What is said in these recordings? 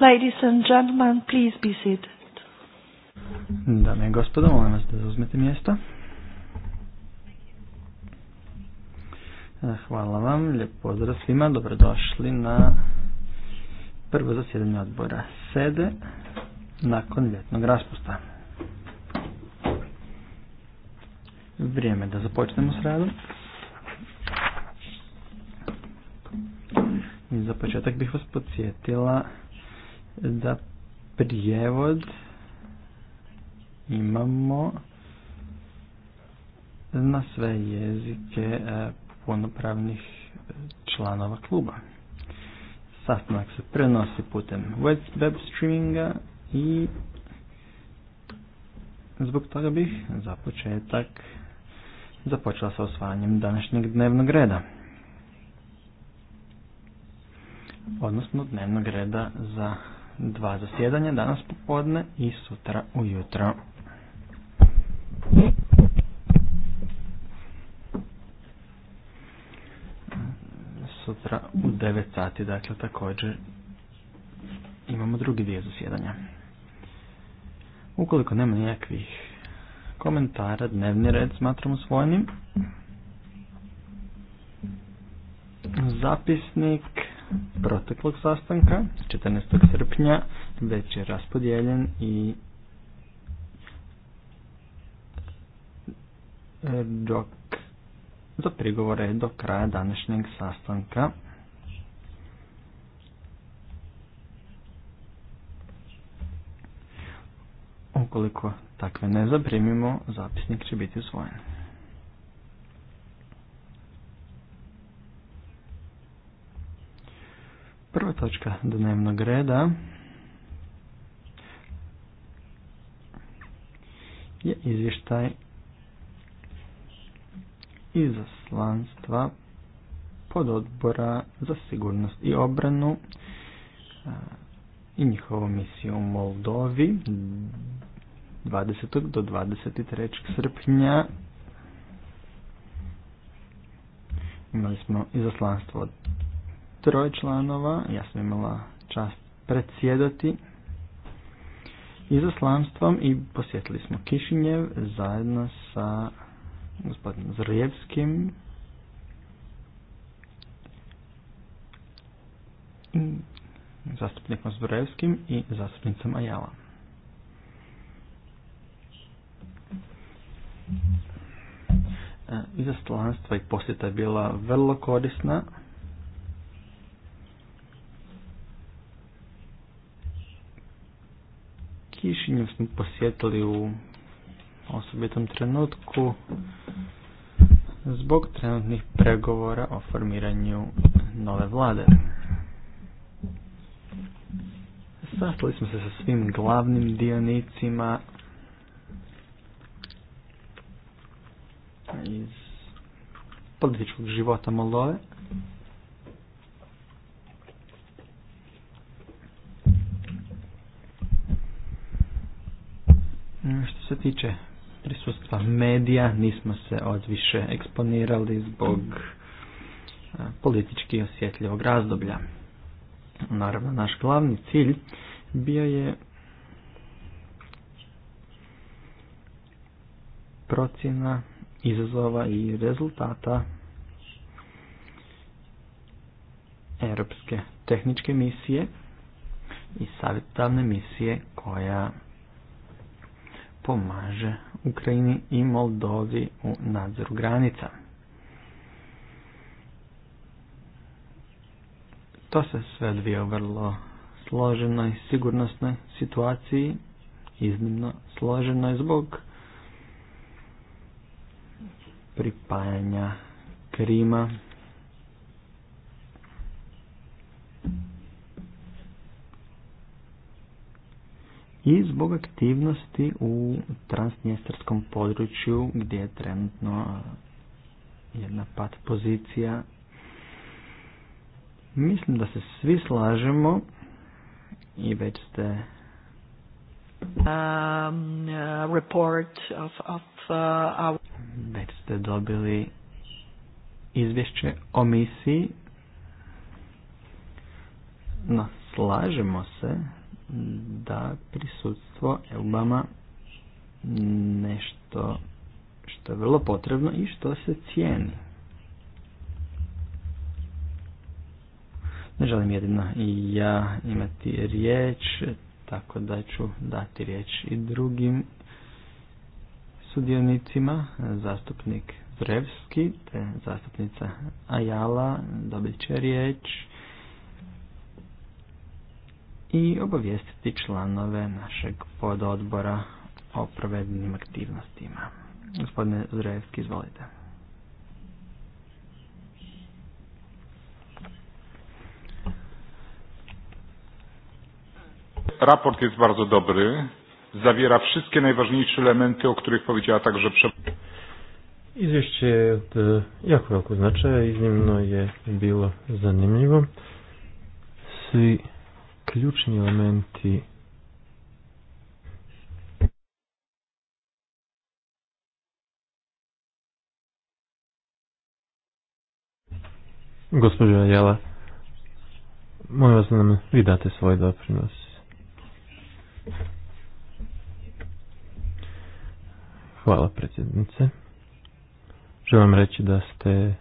Ladies and gentlemen, please be seated. Dame i gospodo, molim vas da zauzmete mjesto. Hvala vam, lijep pozdrav svima, dobrodošli na prvo zasjedanje odbora SEDE nakon ljetnog raspusta. Vrijeme da započnemo s radom. I za početak bih vas podsjetila za prijevod imamo na sve jezike e, punopravnih članova kluba. Sastanak se prenosi putem web streaminga i zbog toga bih za početak započela sa osvajanjem današnjeg dnevnog reda. Odnosno dnevnog reda za dva zasjedanja danas popodne i sutra ujutro. Sutra u 9 sati, dakle također imamo drugi dio zasjedanja. Ukoliko nema nijakvih komentara, dnevni red smatramo svojim. Zapisnik proteklog sastanka, 14. srpnja, već je raspodijeljen i e, dok za prigovore do kraja današnjeg sastanka. Ukoliko takve ne zaprimimo, zapisnik će biti usvojen. Prva točka dnevnog reda je izvještaj izaslanstva pod odbora za sigurnost i obranu i njihovu misiju u Moldovi 20. do 23. srpnja imali smo izaslanstvo od troj članova, ja sam imala čast predsjedati izaslanstvom i posjetili smo Kišinjev zajedno sa gospodinom Zorjevskim zastupnikom Zborevskim i zastupnicom Ajala. E, Izaslanstvo i posjeta je bila vrlo korisna. Kišinju smo posjetili u osobitom trenutku zbog trenutnih pregovora o formiranju nove vlade. Sastali smo se sa svim glavnim dionicima iz političkog života Moldove. Što se tiče prisustva medija, nismo se odviše eksponirali zbog politički osjetljivog razdoblja. Naravno, naš glavni cilj bio je procjena izazova i rezultata europske tehničke misije i savjetavne misije koja pomaže Ukrajini i Moldovi u nadzoru granica. To se sve dvije u vrlo složenoj sigurnosnoj situaciji, iznimno složenoj zbog pripajanja Krima i zbog aktivnosti u transnjestarskom području gdje je trenutno jedna pat pozicija. Mislim da se svi slažemo i već ste um, uh, uh, već ste dobili izvješće o misiji no slažemo se da prisutstvo Elbama nešto što je vrlo potrebno i što se cijeni. Ne želim jedino i ja imati riječ, tako da ću dati riječ i drugim sudionicima, zastupnik Vrevski te zastupnica Ajala dobit će riječ i obavijestiti članove našeg pododbora o provedenim aktivnostima. Gospodine Zurajevski, izvolite. Raport jest bardzo dobry. Zawiera wszystkie najważniejsze elementy, o których powiedziała także Izvješće je od e, jako veliko značaja, iznimno je bilo zanimljivo. Svi ključni elementi Gospođo Jela, molim vas da nam vi date svoj doprinos. Hvala predsjednice. Želim reći da ste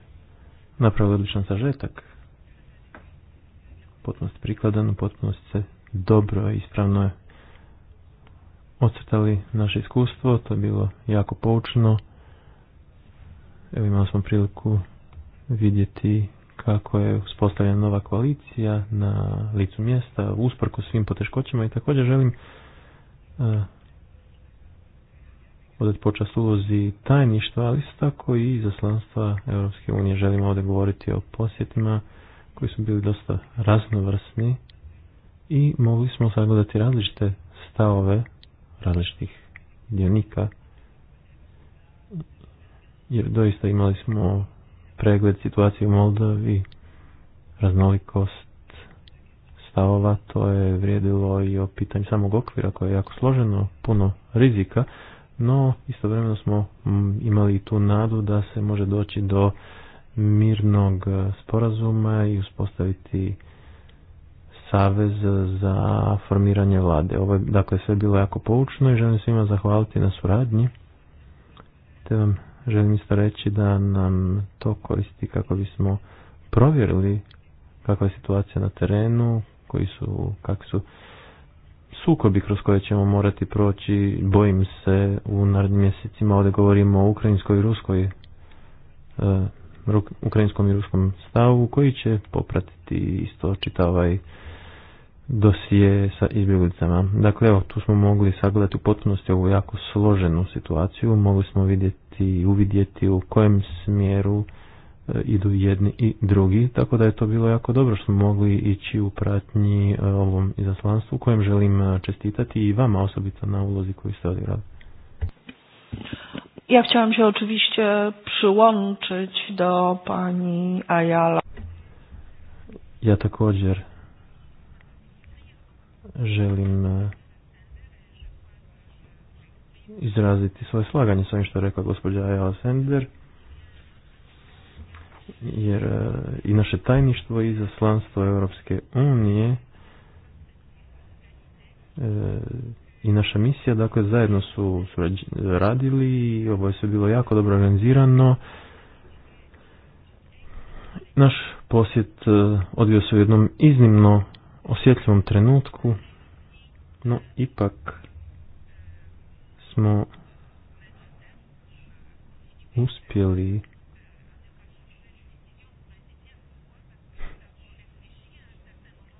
napravili odličan sažetak potpunosti prikladan, u potpunosti se dobro i ispravno ocrtali naše iskustvo, to je bilo jako poučno. Evo imali smo priliku vidjeti kako je uspostavljena nova koalicija na licu mjesta, usprko svim poteškoćama i također želim uh, e, odati počast ulozi tajništva, ali isto tako i zaslanstva Europske unije. Želimo ovdje govoriti o posjetima koji su bili dosta raznovrsni i mogli smo sagledati različite stavove različitih dionika jer doista imali smo pregled situacije u Moldavi, raznolikost stavova, to je vrijedilo i o pitanju samog okvira koje je jako složeno, puno rizika, no istovremeno smo mm, imali tu nadu da se može doći do mirnog e, sporazuma i uspostaviti savez za formiranje vlade. Ovo dakle sve bilo jako poučno i želim svima zahvaliti na suradnji. Te vam želim isto reći da nam to koristi kako bismo provjerili kakva je situacija na terenu, koji su, kak su sukobi kroz koje ćemo morati proći, bojim se u narednim mjesecima, ovdje govorimo o ukrajinskoj i ruskoj e, ukrajinskom i Ruskom stavu koji će popratiti isto ovaj dosije sa izbjeglicama. Dakle, evo, tu smo mogli sagledati u potpunosti ovu jako složenu situaciju, mogli smo vidjeti i uvidjeti u kojem smjeru e, idu jedni i drugi, tako da je to bilo jako dobro što smo mogli ići u pratnji e, ovom izaslanstvu kojem želim e, čestitati i vama osobito na ulozi koju ste odigrali. Ja chciałam się oczywiście przyłączyć do pani Ayala. Ja također želim e, izraziti svoje slaganje s ovim što je rekla gospođa Ayala Sender jer i e, naše tajništvo i zaslanstvo Europske unije e, i naša misija, dakle zajedno su, radili i ovo je sve bilo jako dobro organizirano. Naš posjet e, odvio se u jednom iznimno osjetljivom trenutku, no ipak smo uspjeli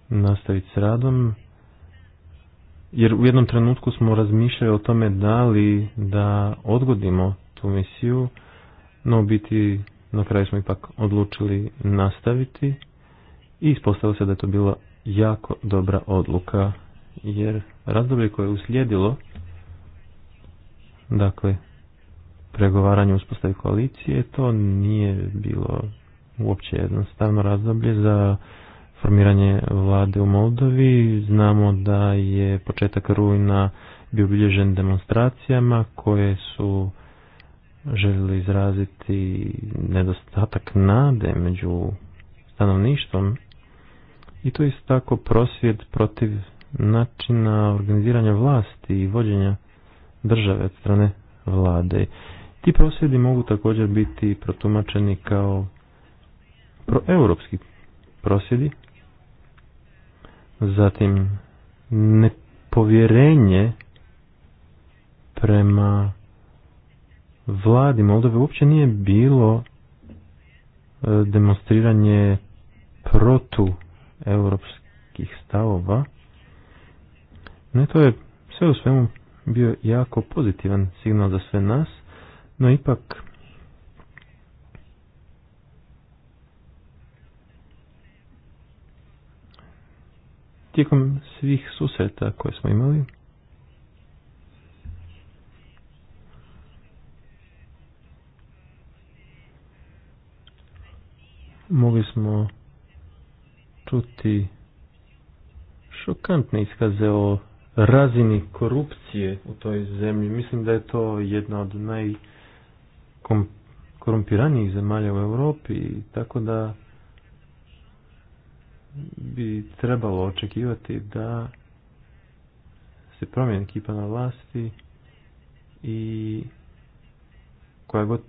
nastaviti s radom jer u jednom trenutku smo razmišljali o tome da li da odgodimo tu misiju, no biti na kraju smo ipak odlučili nastaviti i ispostavilo se da je to bila jako dobra odluka jer razdoblje koje je uslijedilo dakle pregovaranje uspostavi koalicije to nije bilo uopće jednostavno razdoblje za formiranje vlade u Moldovi. Znamo da je početak rujna bio obilježen demonstracijama koje su željeli izraziti nedostatak nade među stanovništvom i to isto tako prosvjed protiv načina organiziranja vlasti i vođenja države od strane vlade. Ti prosvjedi mogu također biti protumačeni kao europski prosvjedi Zatim nepovjerenje prema vladi Moldove uopće nije bilo e, demonstriranje protu europskih stavova. Ne, to je sve u svemu bio jako pozitivan signal za sve nas, no ipak tijekom svih susreta koje smo imali. Mogli smo čuti šokantne iskaze o razini korupcije u toj zemlji. Mislim da je to jedna od najkorumpiranijih zemalja u Europi, tako da bi trebalo očekivati da se promijeni ekipa na vlasti i koja god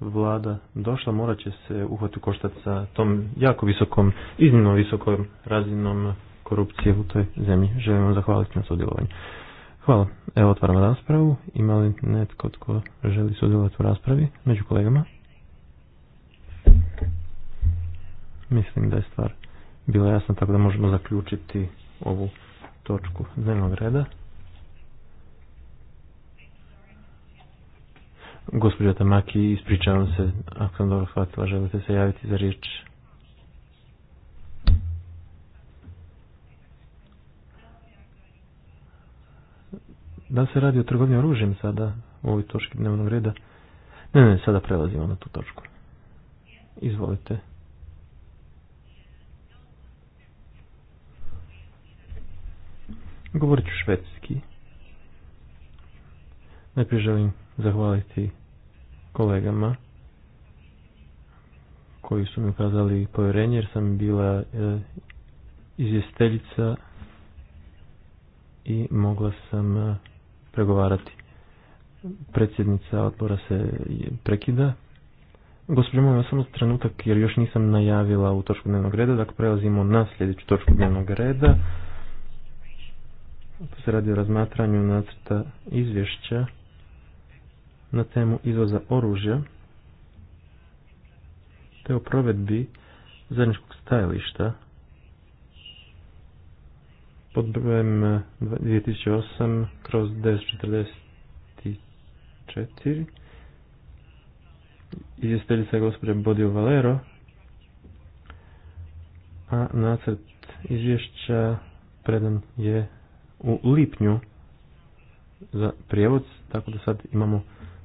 vlada došla morat će se uhvati koštac sa tom jako visokom, iznimno visokom razinom korupcije u toj zemlji. Želim zahvaliti na sudjelovanju. Hvala. Evo otvaram raspravu. Ima li netko tko želi sudjelovati u raspravi među kolegama? Mislim da je stvar bilo jasno, tako da možemo zaključiti ovu točku dnevnog reda. Gospođa Tamaki, ispričavam se, ako sam dobro shvatila, želite se javiti za riječ. Da se radi o trgovini oružjem sada u ovoj točki dnevnog reda? Ne, ne, sada prelazimo na tu točku. Izvolite. Govorit ću švedski. Najprije želim zahvaliti kolegama koji su mi ukazali povjerenje jer sam bila e, izvjesteljica i mogla sam e, pregovarati. Predsjednica odbora se prekida. Gospođo, molim samo trenutak jer još nisam najavila u točku dnevnog reda, dakle prelazimo na sljedeću točku dnevnog reda. To se radi o razmatranju nacrta izvješća na temu izvoza oružja te o provedbi zajedničkog stajališta pod brojem 2008 kroz 1044 izvjesteljica je gospođa Bodio Valero a nacrt izvješća predan je u lipnju za prijevod, tako da sad imamo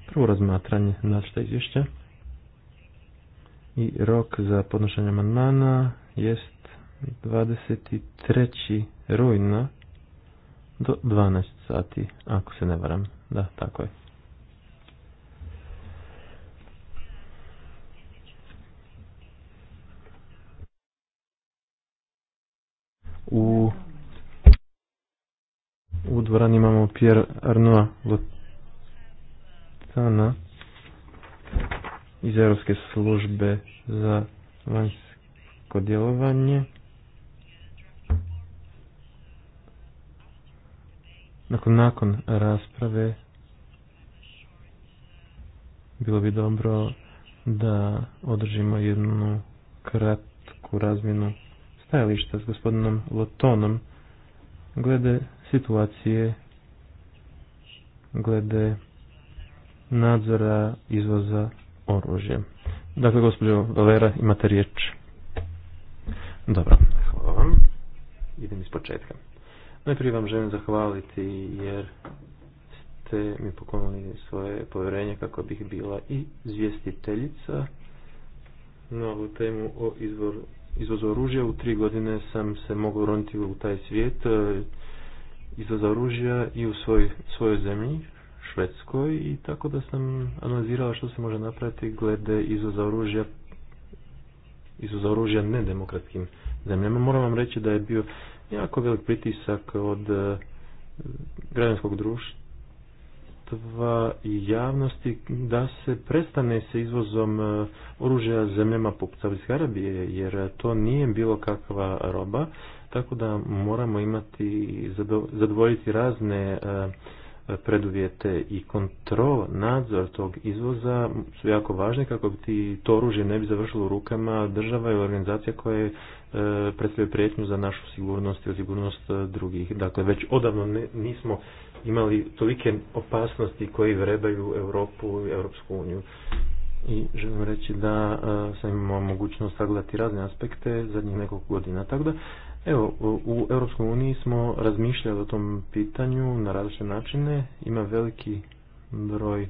prvo razmatranje našta izvješća. I rok za podnošenje amandmana jest 23. rujna do 12 sati, ako se ne varam. Da, tako je. U u dvorani imamo Pierre Arnoa Lutana iz Europske službe za vanjsko djelovanje. Nakon, nakon rasprave bilo bi dobro da održimo jednu kratku razmjenu stajališta s gospodinom Lotonom glede situacije glede nadzora izvoza oružja. Dakle, gospođo Valera, imate riječ. Dobro, hvala vam. Idem iz početka. Najprije vam želim zahvaliti jer ste mi poklonili svoje povjerenje kako bih bila i zvjestiteljica na ovu temu o izvor izvozu oružja. U tri godine sam se mogao roniti u taj svijet izvoz oružja i u svoj, svojoj zemlji, Švedskoj, i tako da sam analizirala što se može napraviti glede izvoza oružja izvoza oružja nedemokratskim zemljama. Moram vam reći da je bio jako velik pritisak od eh, građanskog društva i javnosti da se prestane sa izvozom eh, oružja zemljama poput Saudijske Arabije, jer to nije bilo kakva roba, tako da moramo imati, zadovoljiti razne e, preduvjete i kontrol, nadzor tog izvoza su jako važni kako bi ti, to oružje ne bi završilo u rukama država i organizacija koje e, predstavljaju prijetnju za našu sigurnost i sigurnost e, drugih. Dakle, već odavno nismo imali tolike opasnosti koje vrebaju Europu i Europsku uniju. I želim reći da sam imao mogućnost sagledati razne aspekte zadnjih nekoliko godina. Tako da Evo, u Europskoj uniji smo razmišljali o tom pitanju na različite načine. Ima veliki broj e,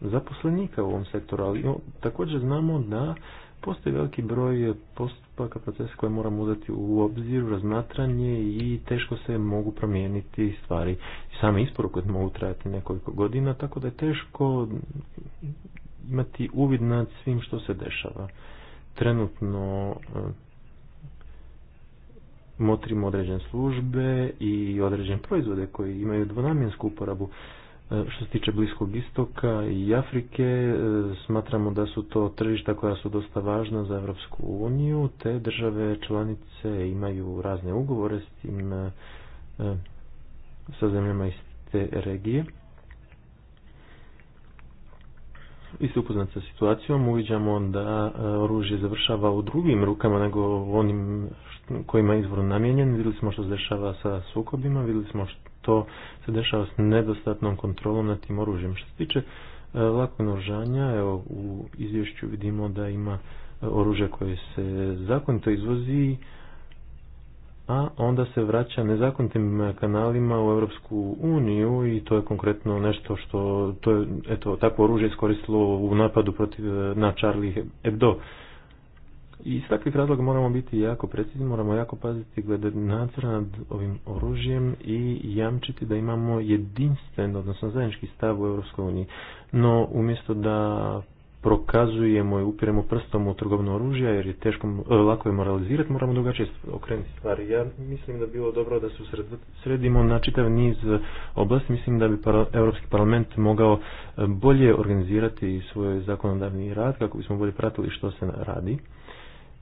zaposlenika u ovom sektoru, ali također znamo da postoji veliki broj postupaka, procesa koje moramo uzeti u obzir, razmatranje i teško se mogu promijeniti stvari. Same isporuke mogu trajati nekoliko godina, tako da je teško imati uvid nad svim što se dešava. Trenutno e, motrimo određene službe i određene proizvode koji imaju dvonamjensku uporabu. E, što se tiče Bliskog istoka i Afrike, e, smatramo da su to tržišta koja su dosta važna za Europsku uniju, te države članice imaju razne ugovore s tim e, sa zemljama iz te regije. I upoznat sa situacijom, uviđamo da oružje završava u drugim rukama nego onim kojima je izvor namijenjen, vidjeli smo što se dešava sa sukobima, vidjeli smo što se dešava s nedostatnom kontrolom nad tim oružjem. Što se tiče e, lako naoružanja, evo u izvješću vidimo da ima e, oružje koje se zakonito izvozi, a onda se vraća nezakonitim kanalima u Europsku uniju i to je konkretno nešto što to je eto takvo oružje iskoristilo u napadu protiv e, na Charlie Hebdo. I s takvih razloga moramo biti jako precizni, moramo jako paziti glede nadzora nad ovim oružjem i jamčiti da imamo jedinstven, odnosno zajednički stav u EU. No, umjesto da prokazujemo i upiremo prstom u trgovno oružja jer je teško, eh, lako je moralizirati, moramo drugačije okrenuti stvari. Ja mislim da bi bilo dobro da se sredimo na čitav niz oblasti, mislim da bi Europski parlament mogao eh, bolje organizirati svoj zakonodavni rad kako bismo bolje pratili što se radi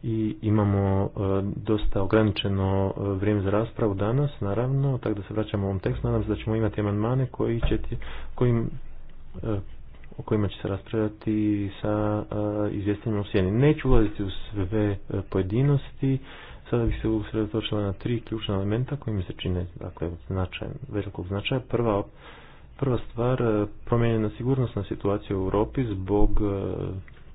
i imamo e, dosta ograničeno e, vrijeme za raspravu danas, naravno, tako da se vraćamo ovom tekstu. Nadam se da ćemo imati amandmane koji će, kojim, e, o kojima će se raspravljati sa izvjestenjima u sjeni. Neću ulaziti u sve pojedinosti, sada bih se usredotočila na tri ključna elementa koji mi se čine dakle, značaj, velikog značaja. Prva, prva stvar, promijenjena sigurnosna situacija u Europi zbog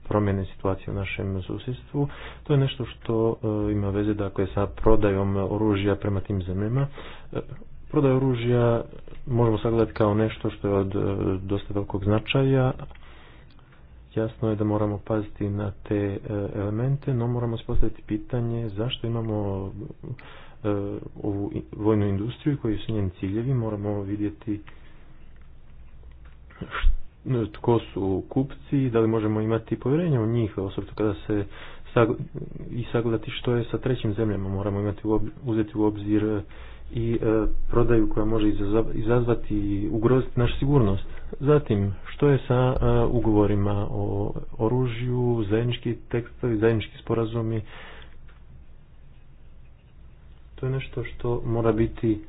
promjene situacije u našem susjedstvu. To je nešto što e, ima veze dakle, sa prodajom oružja prema tim zemljama. E, Prodaj oružja možemo sagledati kao nešto što je od e, dosta velikog značaja. Jasno je da moramo paziti na te elemente, no moramo postaviti pitanje zašto imamo ovu vojnu industriju i koji su njeni ciljevi. Moramo vidjeti tko su kupci da li možemo imati povjerenje u njih, osobito kada se i sagledati što je sa trećim zemljama. Moramo imati uzeti u obzir e, i e, prodaju koja može izazvati i ugroziti našu sigurnost. Zatim, što je sa e, ugovorima o oružju, zajednički tekstovi, zajednički sporazumi? To je nešto što mora biti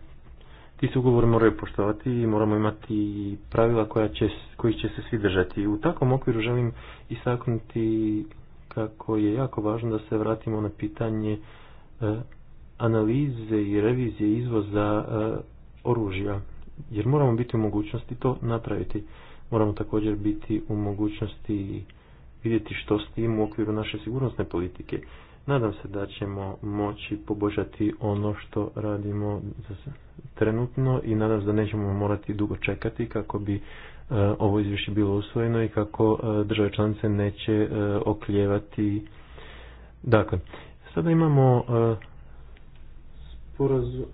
ti se ugovori moraju poštovati i moramo imati pravila koja će, koji će se svi držati. U takvom okviru želim istaknuti kako je jako važno da se vratimo na pitanje e, analize i revizije izvoza e, oružja, jer moramo biti u mogućnosti to napraviti. Moramo također biti u mogućnosti vidjeti što s tim u okviru naše sigurnosne politike. Nadam se da ćemo moći poboljšati ono što radimo trenutno i nadam se da nećemo morati dugo čekati kako bi e, ovo izvješće bilo usvojeno i kako e, države članice neće e, okljevati. Dakle, sada imamo sporazum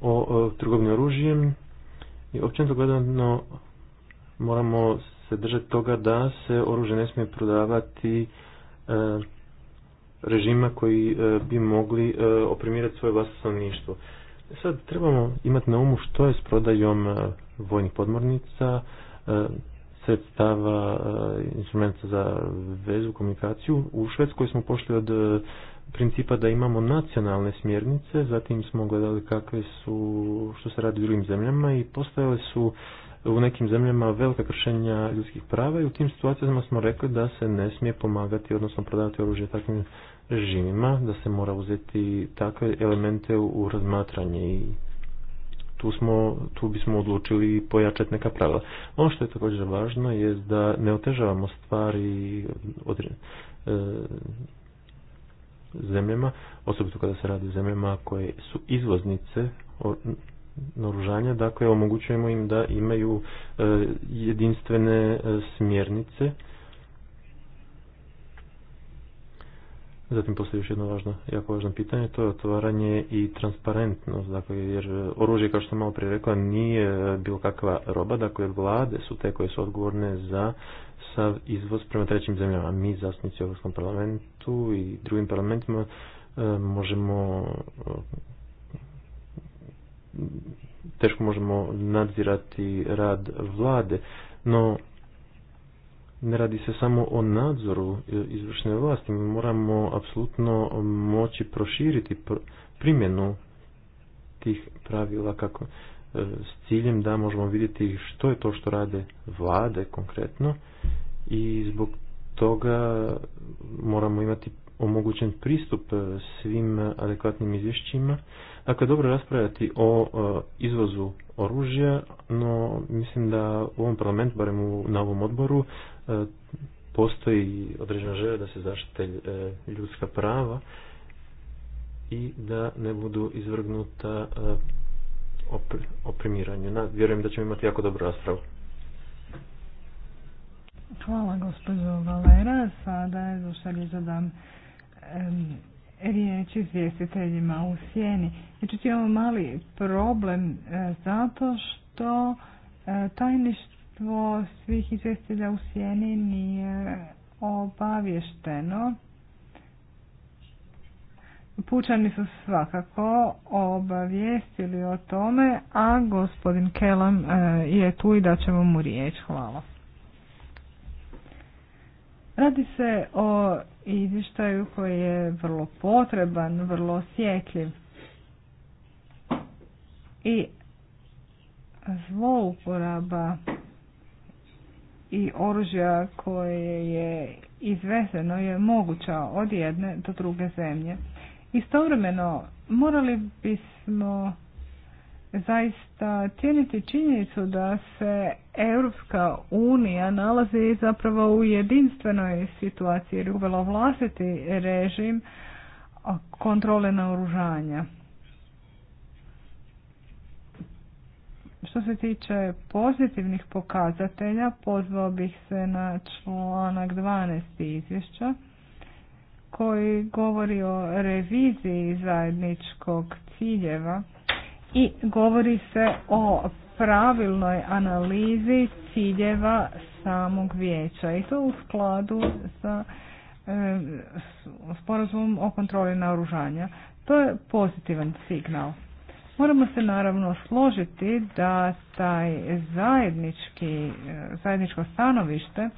o trgovini oružijem i općenito gledano moramo se držati toga da se oružje ne smije prodavati režima koji e, bi mogli e, oprimirati svoje vlastno e Sad trebamo imati na umu što je s prodajom vojnih podmornica, sredstava, instrumenta za vezu, komunikaciju. U Švedskoj smo pošli od principa da imamo nacionalne smjernice, zatim smo gledali kakve su, što se radi u drugim zemljama i postojale su u nekim zemljama velika kršenja ljudskih prava i u tim situacijama smo rekli da se ne smije pomagati, odnosno prodavati oružje takvim režimima, da se mora uzeti takve elemente u razmatranje i tu, smo, tu bismo odlučili pojačati neka pravila. Ono što je također važno je da ne otežavamo stvari od, e, zemljama, osobito kada se radi o zemljama koje su izvoznice naoružanja, dakle omogućujemo im da imaju e, jedinstvene e, smjernice Zatim postoji još jedno važno, jako važno pitanje, to je otvaranje i transparentnost, dakle, jer oružje, kao što sam malo prije rekla, nije bilo kakva roba, dakle, vlade su te koje su odgovorne za sav izvoz prema trećim zemljama. Mi, zastupnici u Europskom parlamentu i drugim parlamentima, e, možemo e, teško možemo nadzirati rad vlade, no ne radi se samo o nadzoru izvršne vlasti, mi moramo apsolutno moći proširiti primjenu tih pravila kako e, s ciljem da možemo vidjeti što je to što rade vlade konkretno i zbog toga moramo imati omogućen pristup e, svim adekvatnim izvješćima. Dakle, dobro raspravljati o e, izvozu oružja, no mislim da u ovom parlamentu, barem na ovom odboru, E, postoji određena želja da se zaštite e, ljudska prava i da ne budu izvrgnuta e, oprimiranju. Vjerujem da ćemo imati jako dobru raspravu. Hvala gospođo Valera. Sada je došla da dam riječ izvjestiteljima u sjeni. Međutim, imamo mali problem zato što tajništvo o svih izvjestitelja u sjeni nije obavješteno. Pučani su svakako obavijestili o tome, a gospodin Kelam e, je tu i da ćemo mu riječ. Hvala. Radi se o izvještaju koji je vrlo potreban, vrlo osjetljiv. I zlouporaba i oružja koje je izvezeno je moguća od jedne do druge zemlje. Istovremeno morali bismo zaista cijeniti činjenicu da se Europska unija nalazi zapravo u jedinstvenoj situaciji jer uvela vlastiti režim kontrole oružanja. Što se tiče pozitivnih pokazatelja, pozvao bih se na članak 12. izvješća koji govori o reviziji zajedničkog ciljeva i govori se o pravilnoj analizi ciljeva samog vijeća i to u skladu sa e, sporazumom o kontroli naoružanja. To je pozitivan signal. Moramo se naravno složiti da taj zajednički, e, zajedničko stanovište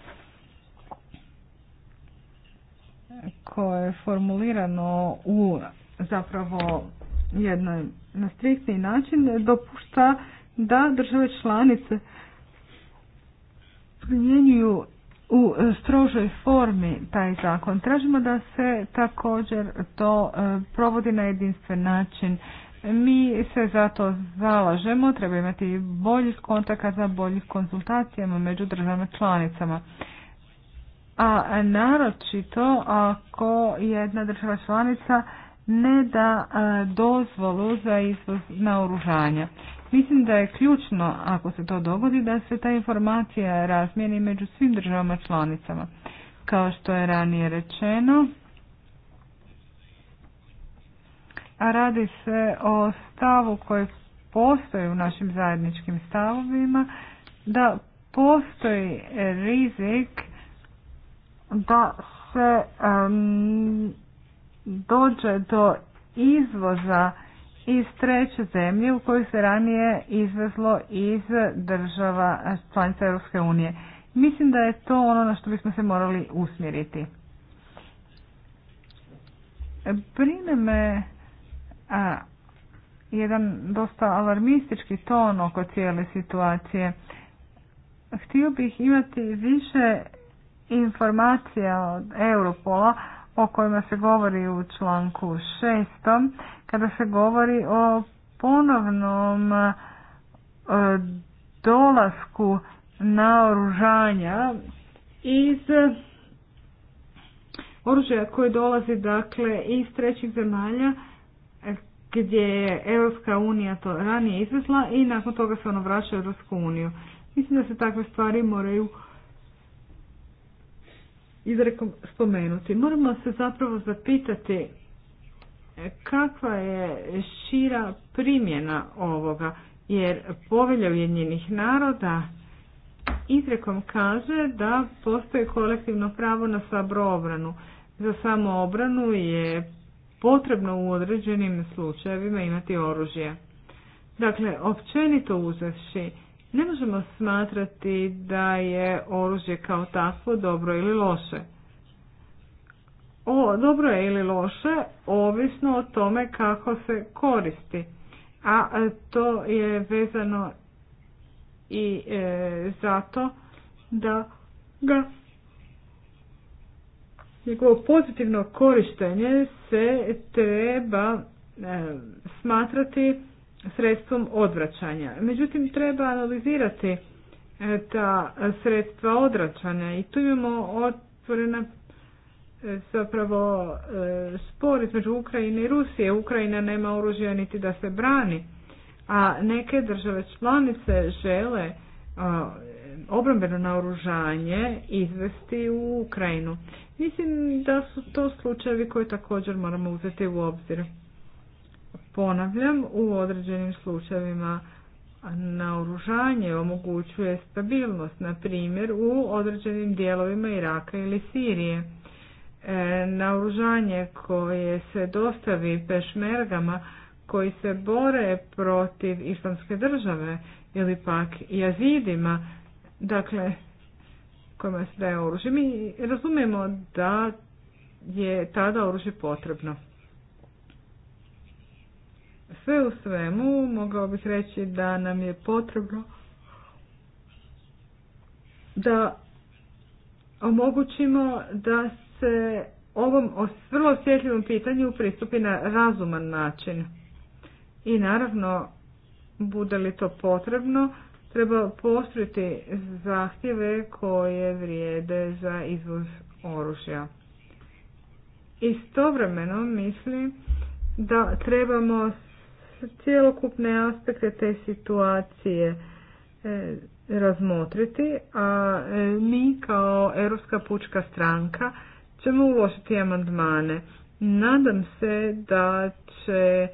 koje je formulirano u zapravo jednoj na striktni način dopušta da države članice primjenjuju u strožoj formi taj zakon. Tražimo da se također to e, provodi na jedinstven način mi se zato zalažemo, treba imati boljih kontakata, boljih konsultacijama među državama članicama. A naročito ako jedna država članica ne da dozvolu za izvoz naoružanja. Mislim da je ključno, ako se to dogodi, da se ta informacija razmijeni među svim državama članicama. Kao što je ranije rečeno, Radi se o stavu koji postoji u našim zajedničkim stavovima, da postoji rizik da se dođe do izvoza iz treće zemlje u kojoj se ranije izvezlo iz država članica Europske unije. Mislim da je to ono na što bismo se morali usmjeriti. Brine me a, jedan dosta alarmistički ton oko cijele situacije. Htio bih imati više informacija od Europola o kojima se govori u članku šestom, kada se govori o ponovnom e, dolasku naoružanja iz oružja koje dolazi dakle iz trećih zemalja gdje je Europska unija to ranije izvezla i nakon toga se ono vraća u Europsku uniju. Mislim da se takve stvari moraju izrekom spomenuti. Moramo se zapravo zapitati e, kakva je šira primjena ovoga, jer povelja Ujedinjenih naroda izrekom kaže da postoji kolektivno pravo na sabroobranu. Za samoobranu je potrebno u određenim slučajevima imati oružje. Dakle, općenito uzevši, ne možemo smatrati da je oružje kao takvo dobro ili loše. O, dobro je ili loše, ovisno o tome kako se koristi. A to je vezano i e, zato da ga njegovo pozitivno korištenje se treba e, smatrati sredstvom odvraćanja. Međutim, treba analizirati e, ta sredstva odvraćanja i tu imamo otvorena e, zapravo spor između Ukrajine i Rusije. Ukrajina nema oružja niti da se brani, a neke države članice žele obrambeno naoružanje izvesti u Ukrajinu. Mislim da su to slučajevi koje također moramo uzeti u obzir. Ponavljam, u određenim slučajevima naoružanje omogućuje stabilnost, na primjer u određenim dijelovima Iraka ili Sirije. E, naoružanje koje se dostavi pešmergama koji se bore protiv islamske države ili pak jazidima, dakle kojima se daje oružje. Mi razumijemo da je tada oružje potrebno. Sve u svemu mogao bih reći da nam je potrebno da omogućimo da se ovom vrlo osjetljivom pitanju pristupi na razuman način. I naravno, bude li to potrebno, treba postriti zahtjeve koje vrijede za izvoz oružja. Istovremeno mislim da trebamo cijelokupne aspekte te situacije e, razmotriti, a e, mi kao Europska pučka stranka ćemo uložiti amandmane. Nadam se da će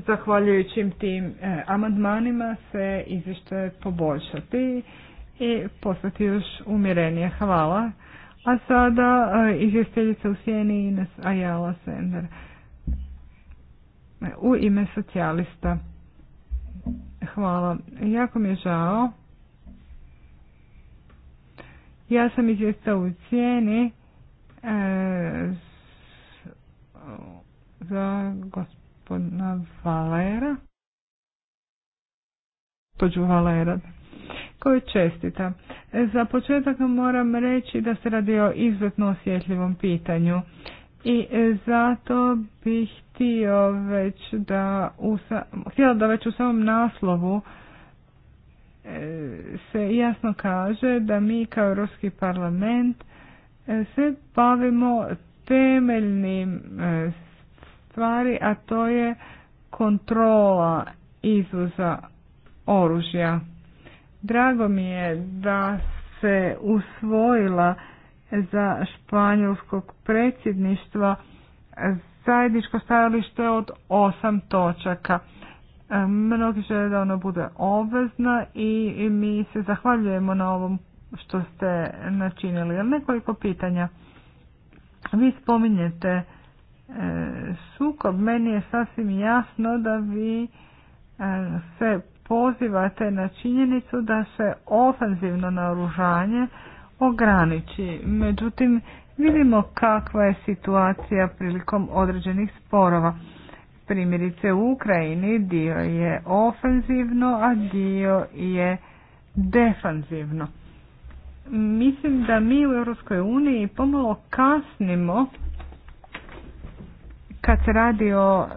zahvaljujući tim e, amandmanima se izvješće poboljšati i postati još umjerenije. Hvala. A sada e, izvjestiteljica u sjeni Ines Ajala Sender e, u ime socijalista. Hvala. Jako mi je žao. Ja sam izvješta u cijeni za gospodinu gospodina Valera. Gospođu Valera koju čestita. E, za početak moram reći da se radi o izuzetno osjetljivom pitanju i e, zato bih htio već da u, htjela da već u samom naslovu e, se jasno kaže da mi kao Europski parlament se bavimo temeljnim stvari, a to je kontrola izvoza oružja. Drago mi je da se usvojila za španjolskog predsjedništva zajedničko stajalište od osam točaka. Mnogi žele da ono bude obvezno i mi se zahvaljujemo na ovom što ste načinili. Nekoliko pitanja. Vi spominjete sukob, meni je sasvim jasno da vi e, se pozivate na činjenicu da se ofenzivno naoružanje ograniči. Međutim, vidimo kakva je situacija prilikom određenih sporova. Primjerice u Ukrajini dio je ofenzivno, a dio je defanzivno. Mislim da mi u Europskoj uniji pomalo kasnimo kad se radi o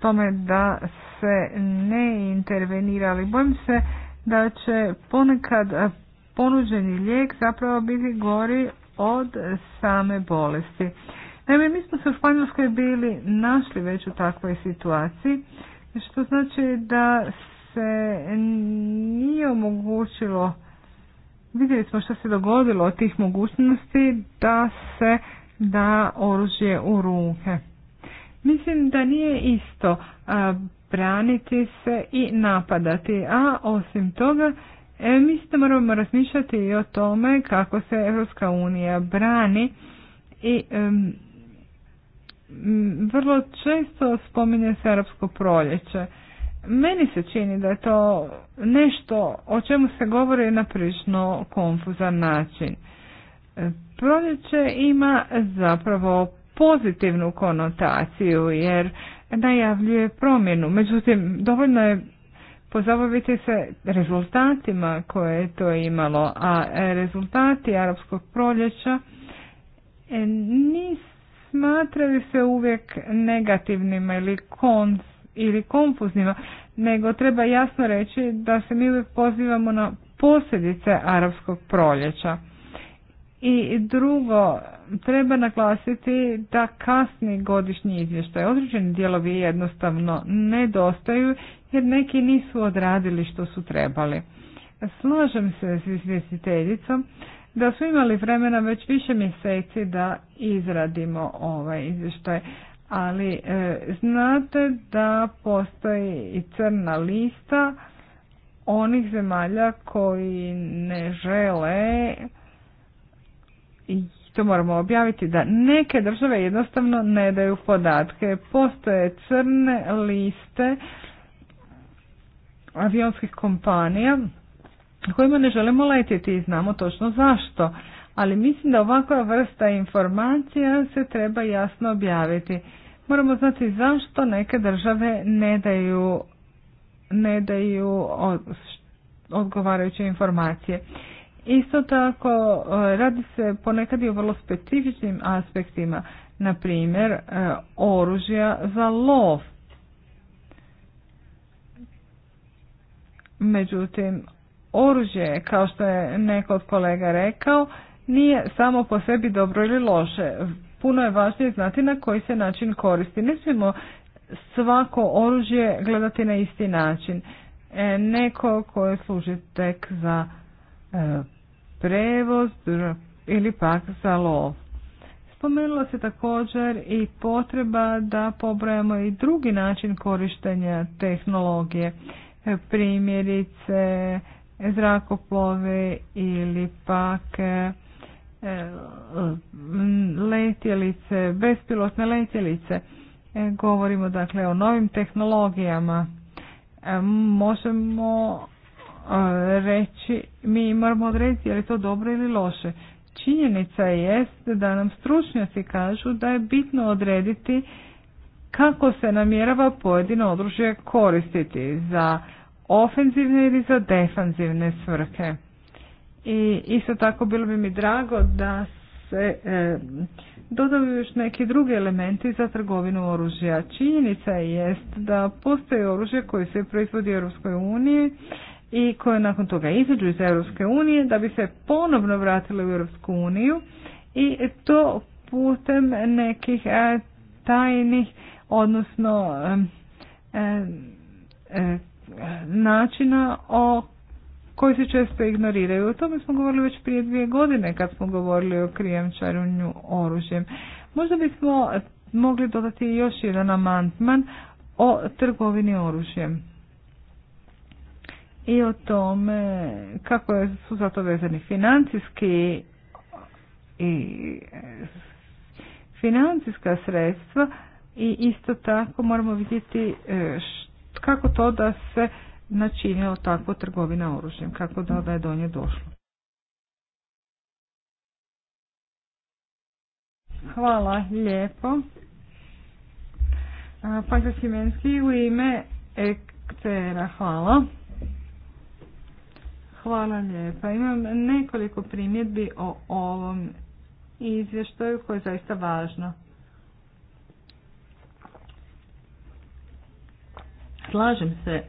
tome da se ne intervenira, ali bojim se da će ponekad ponuđeni lijek zapravo biti gori od same bolesti. Naime, mi smo se u Španjolskoj bili našli već u takvoj situaciji, što znači da se nije omogućilo, vidjeli smo što se dogodilo od tih mogućnosti da se da oružje u ruke. Mislim da nije isto braniti se i napadati, a osim toga e, moramo razmišljati i o tome kako se Europska unija brani i vrlo često spominje se arapsko proljeće. Meni se čini da je to nešto o čemu se govori na prilično konfuzan način. E, proljeće ima zapravo pozitivnu konotaciju jer najavljuje promjenu. Međutim, dovoljno je pozabaviti se rezultatima koje je to imalo, a rezultati arapskog proljeća e, nisu smatraju se uvijek negativnima ili, konf, ili konfuznima, nego treba jasno reći da se mi uvijek pozivamo na posljedice arapskog proljeća. I drugo, treba naglasiti da kasni godišnji izvještaj. Određeni dijelovi jednostavno nedostaju jer neki nisu odradili što su trebali. Slažem se s izvjestiteljicom da su imali vremena već više mjeseci da izradimo ovaj izvještaj, ali e, znate da postoji i crna lista onih zemalja koji ne žele i to moramo objaviti da neke države jednostavno ne daju podatke. Postoje crne liste avionskih kompanija kojima ne želimo letjeti i znamo točno zašto. Ali mislim da ovakva vrsta informacija se treba jasno objaviti. Moramo znati zašto neke države ne daju, ne daju odgovarajuće informacije. Isto tako e, radi se ponekad i o vrlo specifičnim aspektima, na primjer e, oružja za lov. Međutim, oružje, kao što je neko od kolega rekao, nije samo po sebi dobro ili loše. Puno je važnije znati na koji se način koristi. Ne smijemo svako oružje gledati na isti način. E, neko koje služi tek za prevoz ili pak za lov. Spomenulo se također i potreba da pobrojamo i drugi način korištenja tehnologije, primjerice zrakoplove ili pak e, letjelice, bespilotne letjelice. E, govorimo dakle o novim tehnologijama. E, možemo E, reći, mi moramo odrediti je li to dobro ili loše. Činjenica jest da nam stručnjaci kažu da je bitno odrediti kako se namjerava pojedino oružje koristiti za ofenzivne ili za defenzivne svrhe. I isto tako bilo bi mi drago da se e, dodaju još neki drugi elementi za trgovinu oružja. Činjenica jest da postoje oružje koje se proizvodi u Europskoj uniji i koje nakon toga izađu iz Europske unije da bi se ponovno vratile u Europsku uniju i to putem nekih e, tajnih odnosno e, e, načina o koji se često ignoriraju. O tome smo govorili već prije dvije godine kad smo govorili o krijemčarunju oružjem. Možda bismo mogli dodati još jedan amantman o trgovini oružjem i o tome kako su za to vezani financijski i e, financijska sredstva i isto tako moramo vidjeti e, kako to da se načinilo takvo trgovina oružjem, kako da, da je do nje došlo. Hvala lijepo. Panka Simenski u ime Ektera, hvala. Hvala lijepa. Imam nekoliko primjedbi o ovom izvještaju koje je zaista važno. Slažem se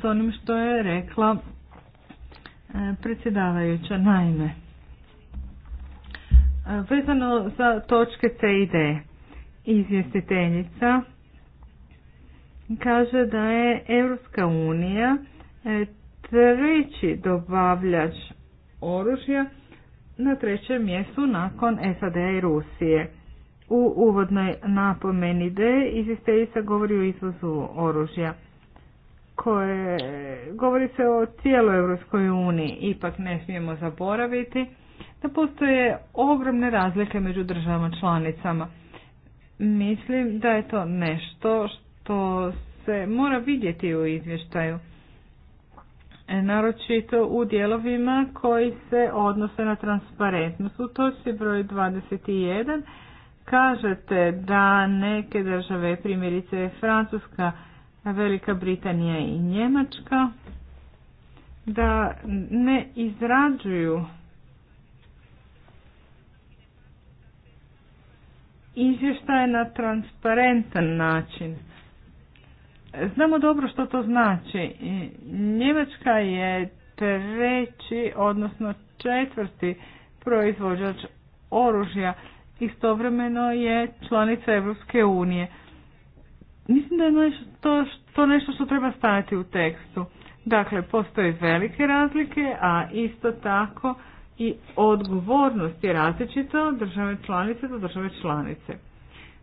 s onim što je rekla e, predsjedavajuća naime. E, vezano za točke C i izvjestiteljica kaže da je Europska unija e, treći dobavljač oružja na trećem mjestu nakon SAD i Rusije. U uvodnoj napomeni D izvjestiteljica govori o izvozu oružja koje govori se o cijeloj Europskoj uniji, ipak ne smijemo zaboraviti da postoje ogromne razlike među državama članicama. Mislim da je to nešto što se mora vidjeti u izvještaju. E, naročito u dijelovima koji se odnose na transparentnost. U točci broj 21 kažete da neke države, primjerice Francuska, Velika Britanija i Njemačka, da ne izrađuju izvještaje na transparentan način. Znamo dobro što to znači. Njemačka je treći, odnosno četvrti proizvođač oružja. Istovremeno je članica Europske unije. Mislim da je nešto, to nešto što treba staviti u tekstu. Dakle, postoje velike razlike, a isto tako i odgovornost je različita od države članice do države članice.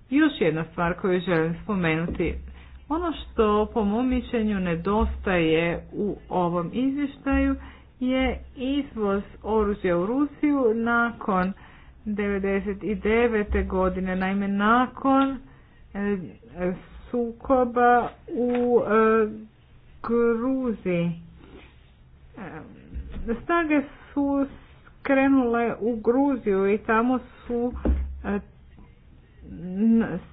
Još jedna stvar koju želim spomenuti. Ono što po mom mišljenju nedostaje u ovom izvještaju je izvoz oružja u Rusiju nakon 99. godine, naime nakon e, sukoba u e, Gruziji. E, snage su krenule u Gruziju i tamo su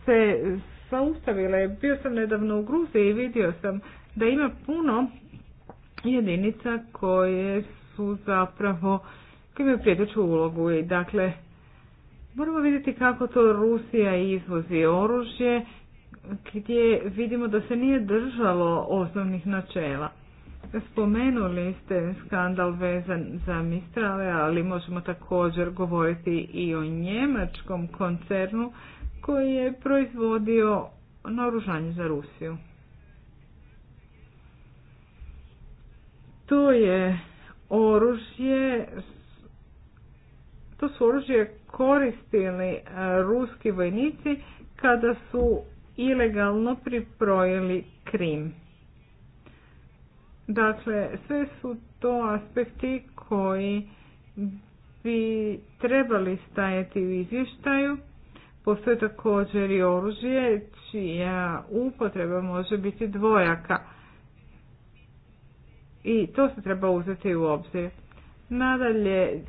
se je, Bio sam nedavno u Gruziji i vidio sam da ima puno jedinica koje su zapravo koje imaju prijeteću ulogu i dakle moramo vidjeti kako to Rusija izvozi oružje gdje vidimo da se nije držalo osnovnih načela. Spomenuli ste skandal vezan za Mistrale, ali možemo također govoriti i o njemačkom koncernu koji je proizvodio naoružanje za Rusiju. To je oružje, to su oružje koristili e, ruski vojnici kada su ilegalno priprojili Krim. Dakle, sve su to aspekti koji bi trebali stajati u izvještaju Postoje također i oružje čija upotreba može biti dvojaka. I to se treba uzeti u obzir. Nadalje,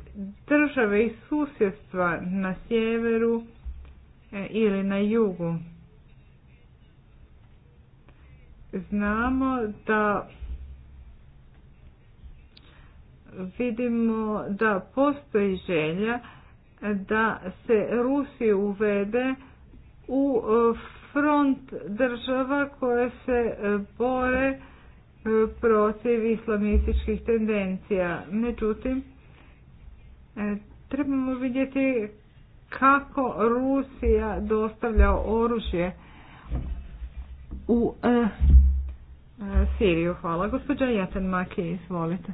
države i susjedstva na sjeveru e, ili na jugu. Znamo da vidimo da postoji želja da se Rusiju uvede u e, front država koje se e, bore e, protiv islamističkih tendencija. Međutim, trebamo vidjeti kako Rusija dostavlja oružje u Siriju. Hvala. Gospođa Jaten Maki, izvolite.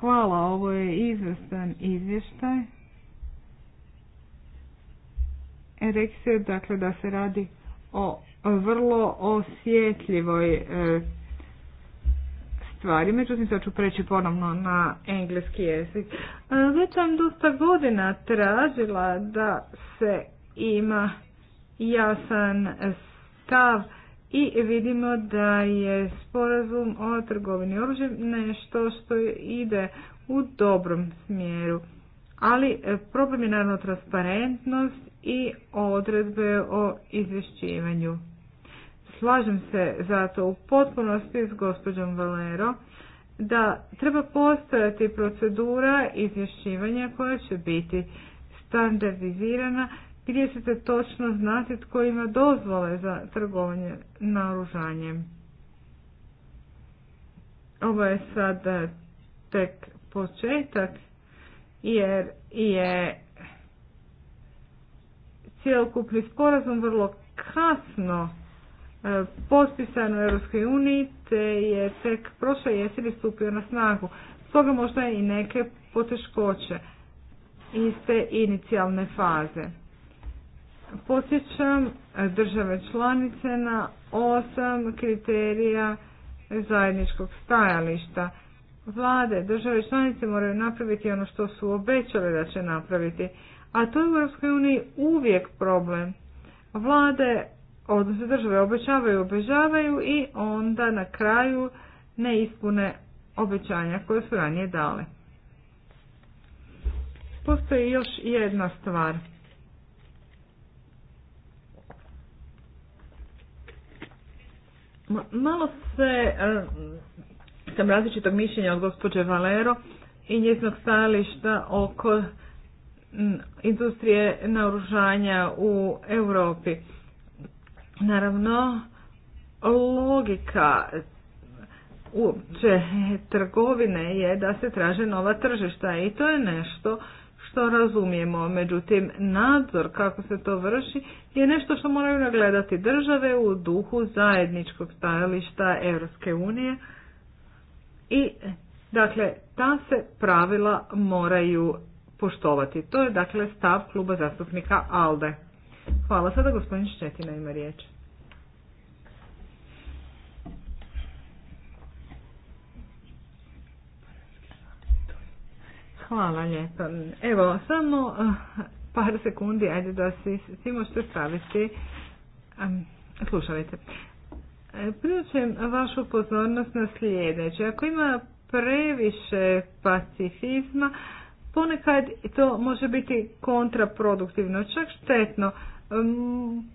Hvala, ovo je izvrstan izvještaj. Rek se dakle da se radi o vrlo osjetljivoj e, stvari. Međutim, sad ću preći ponovno na engleski jezik. E, već sam dosta godina tražila da se ima jasan stav i vidimo da je sporazum o trgovini oružjem nešto što ide u dobrom smjeru. Ali e, problem je naravno transparentnost i odredbe o izvješćivanju. Slažem se zato u potpunosti s gospođom Valero da treba postojati procedura izvješćivanja koja će biti standardizirana gdje ćete točno znati tko ima dozvole za trgovanje naoružanjem. Ovo je sad e, tek početak jer je cijelokupni sporazum vrlo kasno e, potpisan u EU uniji te je tek prošle jeseni stupio na snagu. Stoga možda i neke poteškoće iz te inicijalne faze. Posjećam države članice na osam kriterija zajedničkog stajališta. Vlade, države članice moraju napraviti ono što su obećale da će napraviti, a to je u EU uvijek problem. Vlade, odnosno države, obećavaju, obećavaju i onda na kraju ne ispune obećanja koje su ranije dale. Postoji još jedna stvar – Malo se, eh, sam različitog mišljenja od gospođe Valero i njeznog stajališta oko mm, industrije naoružanja u Europi. Naravno, logika uopće trgovine je da se traže nova tržišta i to je nešto što razumijemo. Međutim, nadzor kako se to vrši je nešto što moraju nagledati države u duhu zajedničkog stajališta Europske unije i dakle ta se pravila moraju poštovati. To je dakle stav kluba zastupnika ALDE. Hvala sada gospodin Ščetina ima riječ. Hvala lijepa. Evo, samo eh, par sekundi, ajde da si, si možete staviti Slušajte, eh, Prijučem vašu pozornost na sljedeće. Ako ima previše pacifizma, ponekad to može biti kontraproduktivno, čak štetno.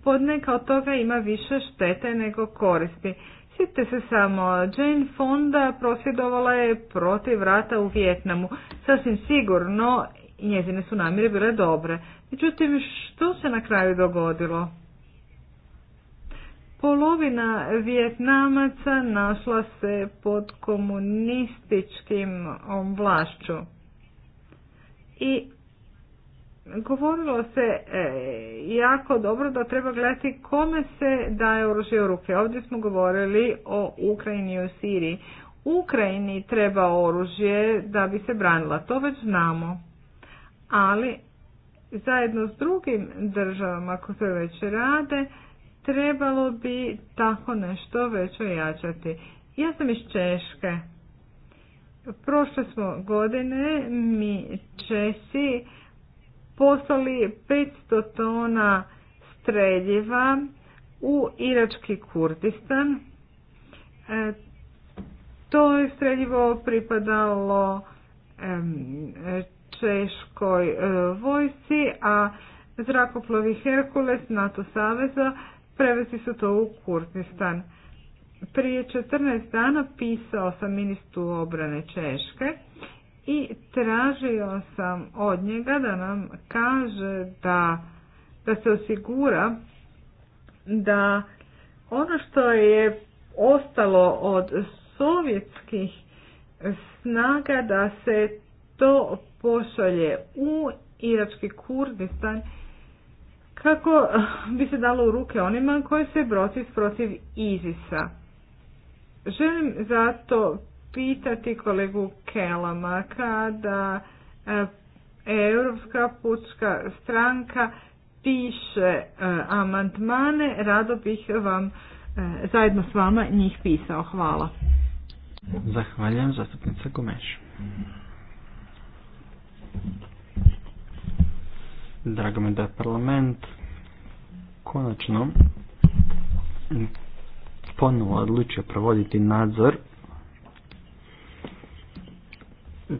Pod neka od toga ima više štete nego koristi. Sjetite se samo, Jane Fonda prosvjedovala je protiv rata u Vjetnamu. Sasvim sigurno njezine su namjere bile dobre. Međutim, što se na kraju dogodilo? Polovina Vjetnamaca našla se pod komunističkim vlašću. I Govorilo se e, jako dobro da treba gledati kome se daje oružje u ruke. Ovdje smo govorili o Ukrajini i o Siriji. Ukrajini treba oružje da bi se branila, to već znamo. Ali zajedno s drugim državama, koje se već rade, trebalo bi tako nešto već ojačati. Ja sam iz Češke. Prošle smo godine mi Česi poslali 500 tona streljiva u irački Kurdistan. E, to je streljivo pripadalo Češkoj vojci, e, vojsci, a zrakoplovi Herkules NATO Saveza prevezi su to u Kurdistan. Prije 14 dana pisao sam ministru obrane Češke i tražio sam od njega da nam kaže da, da se osigura da ono što je ostalo od sovjetskih snaga da se to pošalje u Irački Kurdistan kako bi se dalo u ruke onima koji se protiv protiv Izisa. Želim zato pitati kolegu Kelama kada e, Europska pučka stranka piše e, amandmane, rado bih vam e, zajedno s vama njih pisao. Hvala. Zahvaljujem zastupnica Gomeš. Drago mi da je parlament konačno ponovo odlučio provoditi nadzor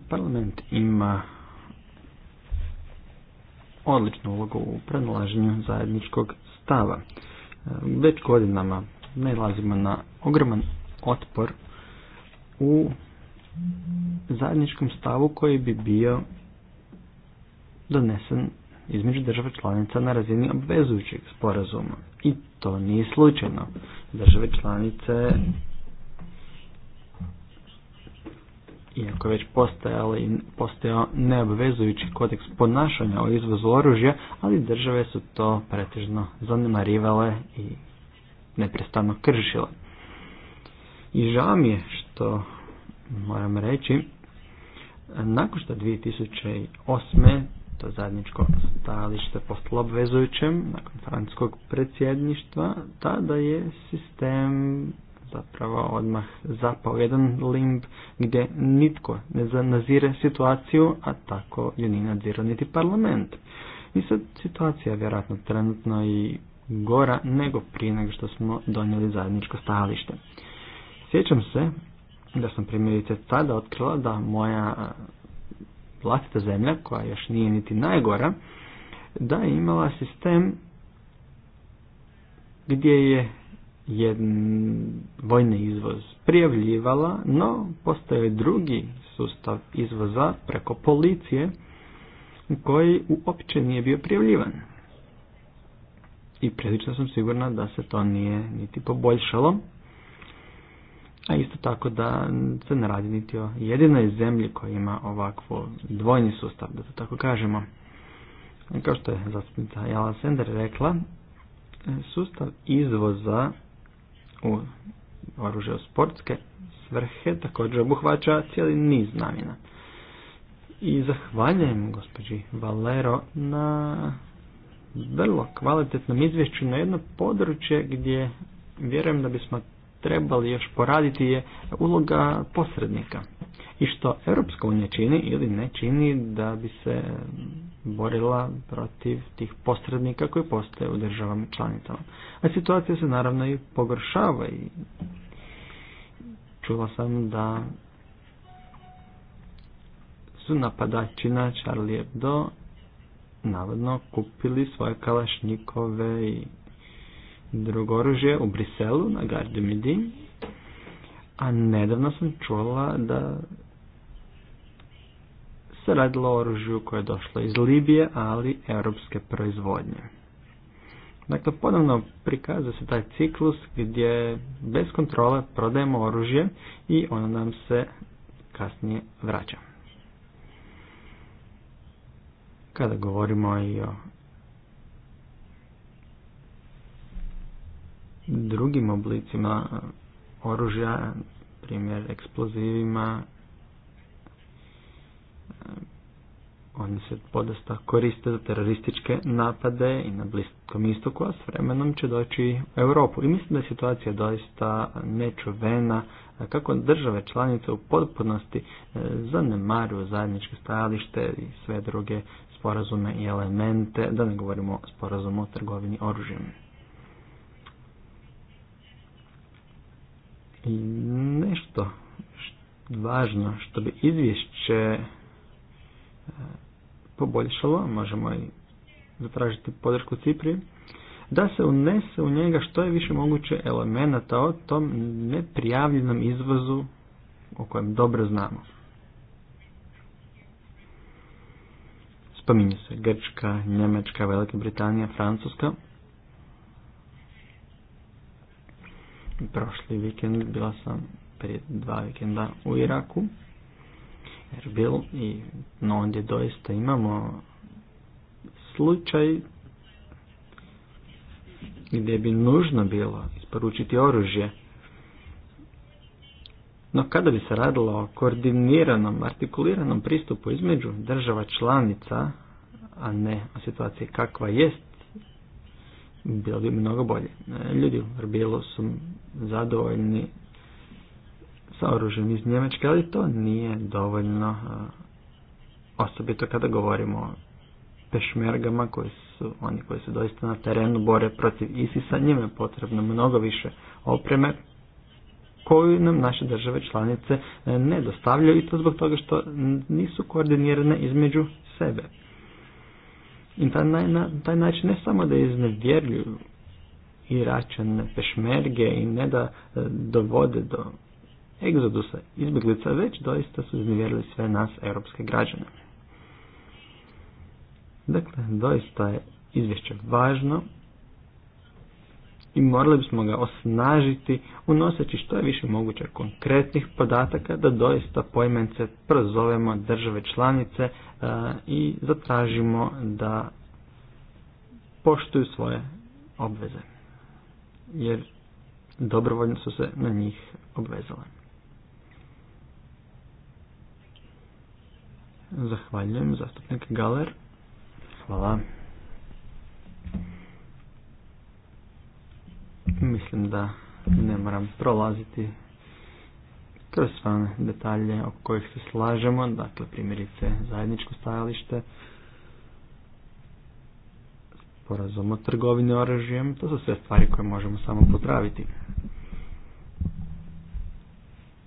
Parlament ima odličnu ulogu u prenalaženju zajedničkog stava. Već godinama nalazimo na ogroman otpor u zajedničkom stavu koji bi bio donesen između država članica na razini obvezujućeg sporazuma. I to nije slučajno. Države članice iako već ali postojao neobvezujući kodeks ponašanja o izvozu oružja, ali države su to pretežno zanemarivale i neprestano kršile. I žao mi je što moram reći, nakon što 2008. to zajedničko stajalište postalo obvezujućem, nakon francuskog predsjedništva, tada je sistem zapravo odmah zapao jedan limb gdje nitko ne nazire situaciju, a tako je ni nadzirao niti parlament. I sad situacija je vjerojatno trenutno i gora nego prije nego što smo donijeli zajedničko stajalište. Sjećam se da sam primjerice tada otkrila da moja vlastita zemlja, koja još nije niti najgora, da je imala sistem gdje je jedan vojni izvoz prijavljivala, no postoje drugi sustav izvoza preko policije koji uopće nije bio prijavljivan. I prilično sam sigurna da se to nije niti poboljšalo, a isto tako da se ne radi niti o jedinoj zemlji koja ima ovakvo dvojni sustav, da to tako kažemo. Kao što je zastupnica Jala Sender rekla, sustav izvoza u oružje sportske svrhe također obuhvaća cijeli niz namjena. I zahvaljujem gospođi Valero na vrlo kvalitetnom izvješću na jedno područje gdje vjerujem da bismo trebali još poraditi je uloga posrednika. I što Europska unija čini ili ne čini da bi se borila protiv tih posrednika koji postoje u državama članicama. A situacija se naravno i pogoršava i čula sam da su napadači na Charlie Hebdo navodno kupili svoje kalašnikove i drugo oružje u Briselu na Gardu Midi. A nedavno sam čula da se radilo o oružju koje je došlo iz Libije, ali europske proizvodnje. Dakle, ponovno prikaza se taj ciklus gdje bez kontrole prodajemo oružje i ono nam se kasnije vraća. Kada govorimo i o drugim oblicima oružja, primjer eksplozivima Eh, oni se podosta koriste za terorističke napade i na Bliskom istoku, a s vremenom će doći u Europu. I mislim da je situacija doista nečuvena kako države članice u potpunosti eh, zanemaruju zajedničke stajalište i sve druge sporazume i elemente, da ne govorimo o sporazumu o trgovini oružjem. nešto važno što bi izvješće poboljšalo, možemo i zatražiti podršku Cipri, da se unese u njega što je više moguće elemenata o tom neprijavljenom izvozu o kojem dobro znamo. Spominju se Grčka, Njemačka, Velika Britanija, Francuska. Prošli vikend bila sam prije dva vikenda u Iraku Erbil i no ondje doista imamo slučaj gdje bi nužno bilo isporučiti oružje. No kada bi se radilo o koordiniranom, artikuliranom pristupu između država članica, a ne o situaciji kakva jest, bilo bi mnogo bolje. E, ljudi u Erbilu su zadovoljni sa oružjem iz Njemačke, ali to nije dovoljno, e, osobito kada govorimo o pešmergama koji su oni koji se doista na terenu bore protiv ISIS-a, njima je potrebno mnogo više opreme koju nam naše države članice e, ne dostavljaju i to zbog toga što nisu koordinirane između sebe. I taj, na taj način ne samo da i Iračane pešmerge i ne da e, dovode do egzodusa izbjeglica već doista su iznevjerili sve nas, europske građane. Dakle, doista je izvješće važno i morali bismo ga osnažiti unoseći što je više moguće konkretnih podataka da doista pojmence prozovemo države članice e, i zatražimo da poštuju svoje obveze. Jer dobrovoljno su se na njih obvezale. Zahvaljujem, zastupnik Galer. Hvala. Mislim da ne moram prolaziti kroz sve detalje o kojih se slažemo, dakle primjerice zajedničko stajalište, sporazum o trgovini oružjem, to su sve stvari koje možemo samo popraviti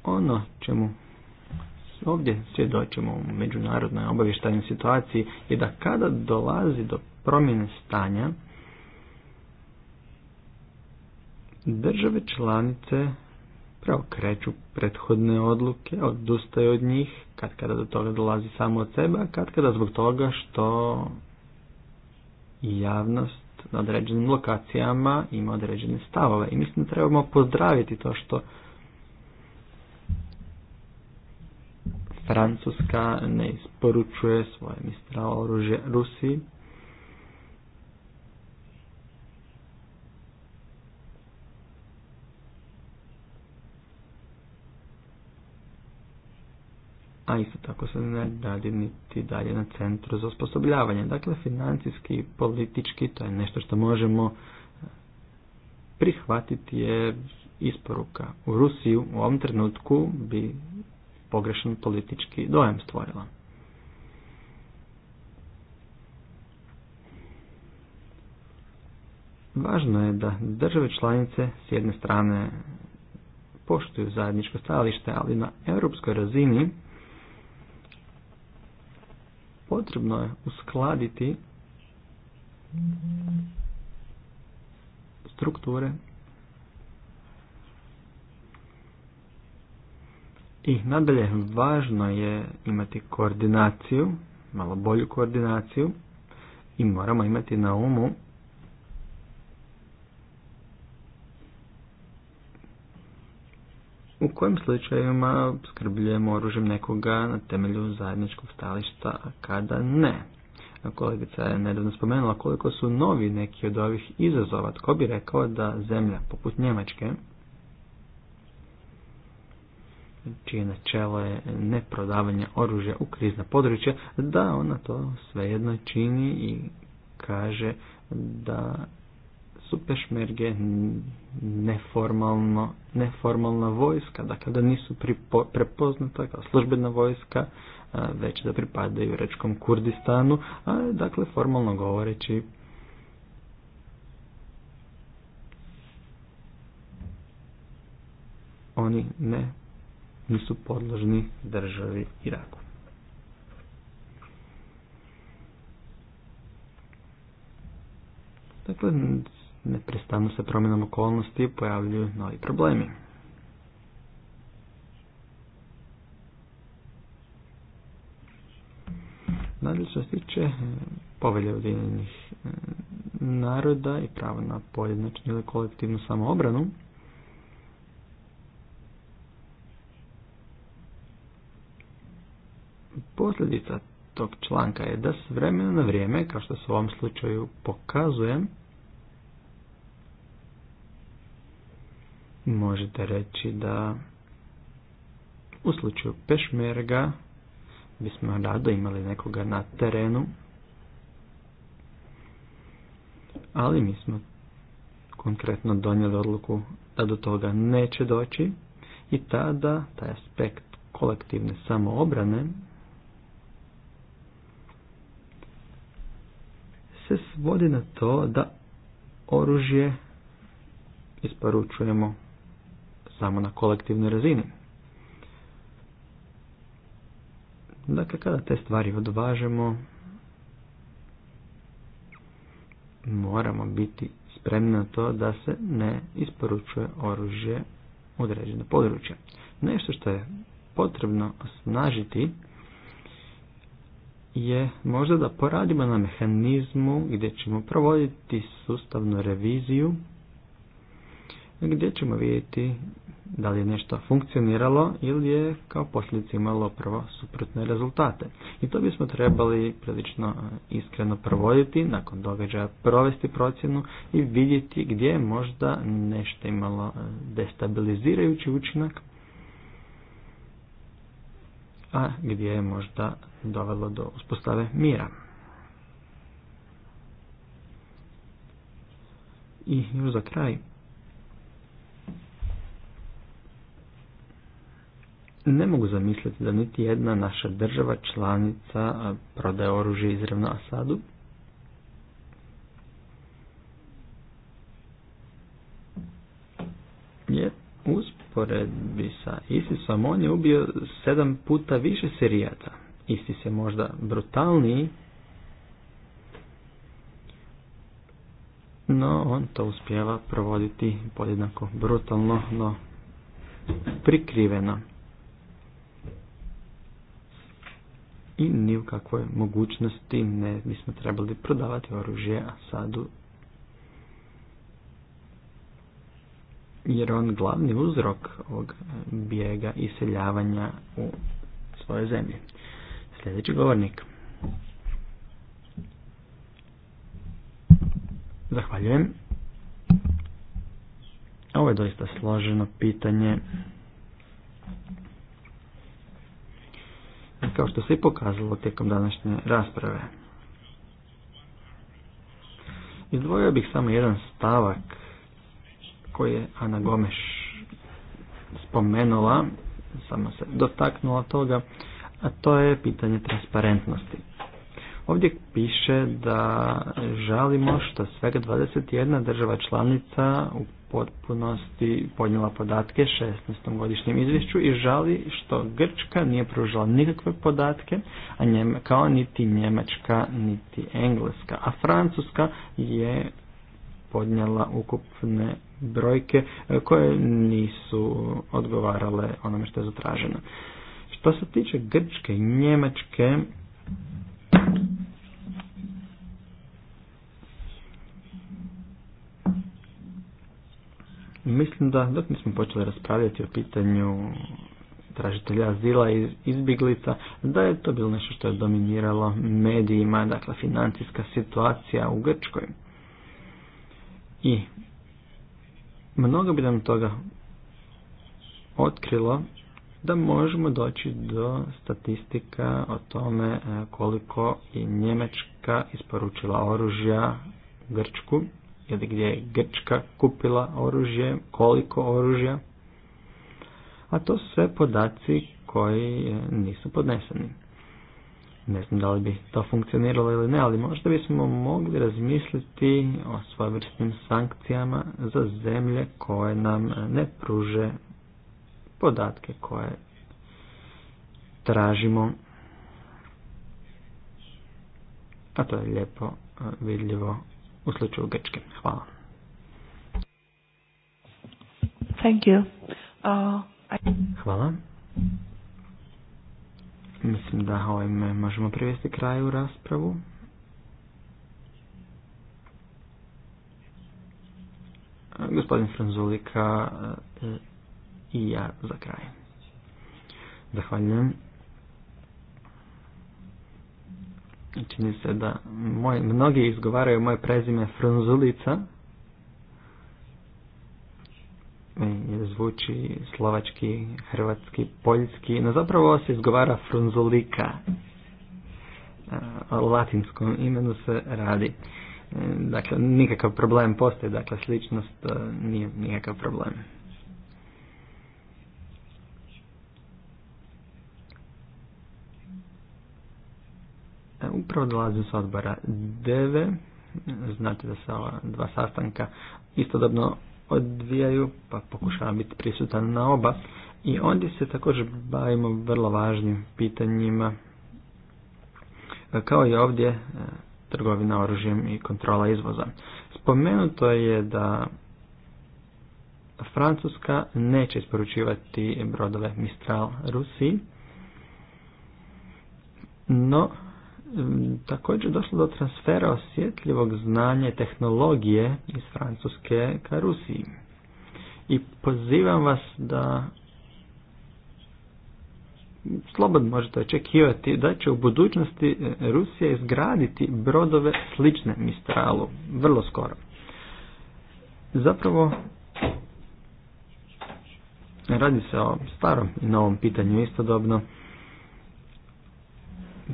Ono čemu ovdje svjedočimo u međunarodnoj obavještajnoj situaciji je da kada dolazi do promjene stanja, države članice preokreću prethodne odluke, odustaju od njih, kad kada do toga dolazi samo od sebe, a kad kada zbog toga što javnost na određenim lokacijama ima određene stavove. I mislim da trebamo pozdraviti to što Francuska ne isporučuje svoje mistra oružje Rusiji. a isto tako se ne radi niti dalje na centru za osposobljavanje. Dakle, financijski politički, to je nešto što možemo e, prihvatiti je isporuka. U Rusiju u ovom trenutku bi pogrešan politički dojam stvorila. Važno je da države članice s jedne strane poštuju zajedničko stajalište, ali na europskoj razini potrebno je uskladiti strukture I nadalje, važno je imati koordinaciju, malo bolju koordinaciju i moramo imati na umu u kojim slučajevima skrbljujemo oružjem nekoga na temelju zajedničkog stališta, a kada ne. kolegica je nedavno spomenula koliko su novi neki od ovih izazova. Tko bi rekao da zemlja poput Njemačke čije načelo je neprodavanje oružja u krizna područja, da ona to svejedno čini i kaže da su pešmerge neformalno, neformalna vojska, dakle da nisu pripo, prepoznata kao službena vojska, već da pripadaju rečkom Kurdistanu, a dakle formalno govoreći oni ne nisu podložni državi Iraku. Dakle, neprestano se promjenom okolnosti pojavljuju novi problemi. Nadalje se tiče eh, povelje udjeljenih eh, naroda i pravo na pojedinačnu ili kolektivnu samoobranu, Posljedica tog članka je da s vremena na vrijeme, kao što se u ovom slučaju pokazujem, možete reći da u slučaju pešmerga bismo rado imali nekoga na terenu, ali mi smo konkretno donijeli odluku da do toga neće doći i tada taj aspekt kolektivne samoobrane se svodi na to da oružje isporučujemo samo na kolektivnoj razini. Dakle, kada te stvari odvažemo, moramo biti spremni na to da se ne isporučuje oružje u određene područje. Nešto što je potrebno osnažiti je možda da poradimo na mehanizmu gdje ćemo provoditi sustavnu reviziju, gdje ćemo vidjeti da li je nešto funkcioniralo ili je kao posljedice imalo prvo suprotne rezultate. I to bismo trebali prilično e, iskreno provoditi, nakon događaja provesti procjenu i vidjeti gdje je možda nešto imalo e, destabilizirajući učinak, a gdje je možda dovelo do uspostave mira. I još za kraj. Ne mogu zamisliti da niti jedna naša država članica prodaje oružje izravno Asadu, usporedbi sa Isisom, on je ubio sedam puta više Sirijaca. Isis je možda brutalniji, no on to uspjeva provoditi podjednako brutalno, no prikriveno. I ni u kakvoj mogućnosti ne bismo trebali prodavati oružje Asadu jer on glavni uzrok ovog bijega i seljavanja u svoje zemlje. Sljedeći govornik. Zahvaljujem. Ovo je doista složeno pitanje. Kao što se i pokazalo tijekom današnje rasprave. Izdvojio bih samo jedan stavak koje je Ana Gomeš spomenula, samo se dotaknula toga, a to je pitanje transparentnosti. Ovdje piše da žalimo što svega 21 država članica u potpunosti podnijela podatke 16. godišnjem izvješću i žali što Grčka nije pružila nikakve podatke, a njema, kao niti Njemačka, niti Engleska. A Francuska je podnijela ukupne brojke e, koje nisu odgovarale onome što je zatraženo. Što se tiče Grčke i Njemačke, mislim da dok nismo počeli raspravljati o pitanju tražitelja azila i izbjeglica, da je to bilo nešto što je dominiralo medijima, dakle financijska situacija u Grčkoj. I Mnogo bi nam toga otkrilo da možemo doći do statistika o tome e, koliko je Njemačka isporučila oružja Grčku ili gdje je Grčka kupila oružje, koliko oružja, a to su sve podaci koji e, nisu podneseni. Ne znam da li bi to funkcioniralo ili ne, ali možda bismo mogli razmisliti o svojevrstnim sankcijama za zemlje koje nam ne pruže podatke koje tražimo. A to je lijepo e, vidljivo u slučaju Grčke. Hvala. Thank you. Uh, Hvala. Mislim da ovime ovaj možemo privesti kraju raspravu. Gospodin Franzulika e, i ja za kraj. Zahvaljujem. Čini se da mnogi izgovaraju moje prezime Franzulica. Mm, zvuči slovački, hrvatski, poljski, no zapravo se izgovara frunzolika. O e, latinskom imenu se radi. E, dakle, nikakav problem postoji, dakle, sličnost e, nije nikakav problem. Upravo dolazim s odbora 9. znate da se ova dva sastanka istodobno odvijaju, pa pokušavam biti prisutan na oba. I ondje se također bavimo vrlo važnim pitanjima, kao i ovdje e, trgovina oružjem i kontrola izvoza. Spomenuto je da Francuska neće isporučivati brodove Mistral Rusiji, no također došlo do transfera osjetljivog znanja i tehnologije iz Francuske ka Rusiji. I pozivam vas da slobodno možete očekivati da će u budućnosti e, Rusija izgraditi brodove slične Mistralu, vrlo skoro. Zapravo, radi se o starom i novom pitanju istodobno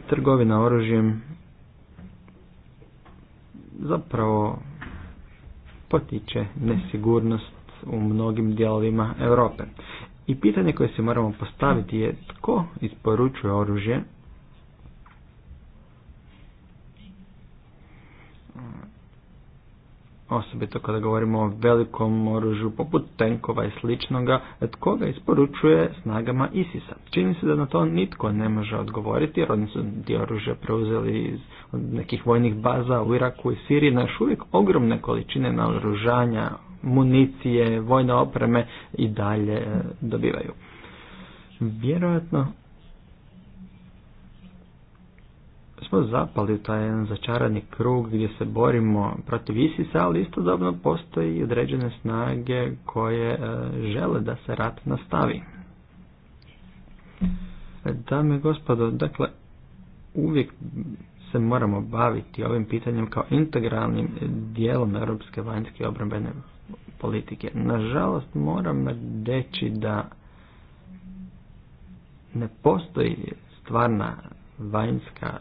trgovina oružjem zapravo potiče nesigurnost u mnogim dijelovima Europe. I pitanje koje se moramo postaviti je tko isporučuje oružje osobito kada govorimo o velikom oružju poput tenkova i sličnoga, tko ga isporučuje snagama ISIS-a. Čini se da na to nitko ne može odgovoriti jer oni su dio oružja preuzeli iz nekih vojnih baza u Iraku i Siriji Naš uvijek ogromne količine naoružanja, municije, vojne opreme i dalje e, dobivaju. Vjerojatno smo zapali u taj jedan začarani krug gdje se borimo protiv Isisa, ali istodobno postoji određene snage koje e, žele da se rat nastavi. Dame i gospodo, dakle, uvijek se moramo baviti ovim pitanjem kao integralnim dijelom europske vanjske obrambene politike. Nažalost, moram reći da ne postoji stvarna vanjska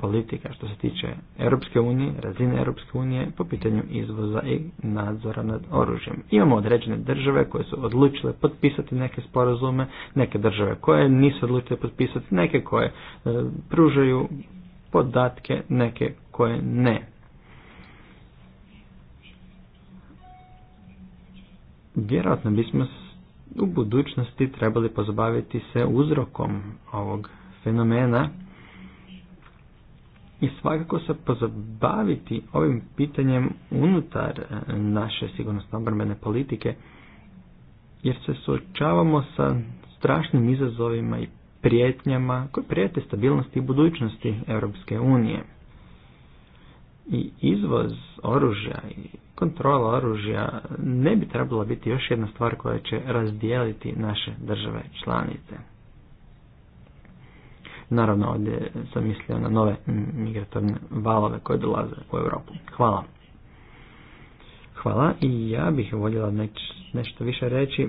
politika što se tiče Europske unije, razine Europske unije po pitanju izvoza i nadzora nad oružjem. Imamo određene države koje su odlučile potpisati neke sporazume, neke države koje nisu odlučile potpisati, neke koje e, pružaju podatke, neke koje ne. Vjerojatno bismo u budućnosti trebali pozabaviti se uzrokom ovog fenomena i svakako se pozabaviti ovim pitanjem unutar e, naše sigurnosno obrambene politike jer se suočavamo sa strašnim izazovima i prijetnjama koje prijete stabilnosti i budućnosti Europske unije. I izvoz oružja i kontrola oružja ne bi trebala biti još jedna stvar koja će razdijeliti naše države članice. Naravno, ovdje sam mislio na nove migratorne valove koje dolaze u Europu. Hvala. Hvala i ja bih voljela nešto više reći.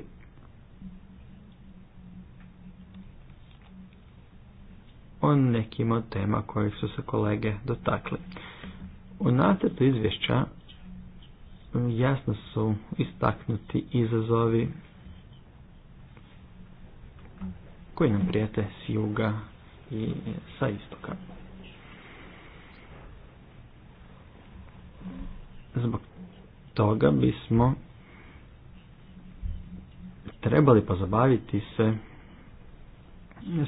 o nekim od tema kojih su se kolege dotakli. U nacrtu izvješća jasno su istaknuti izazovi koji nam prijete s juga i sa istoka. Zbog toga bismo trebali pozabaviti se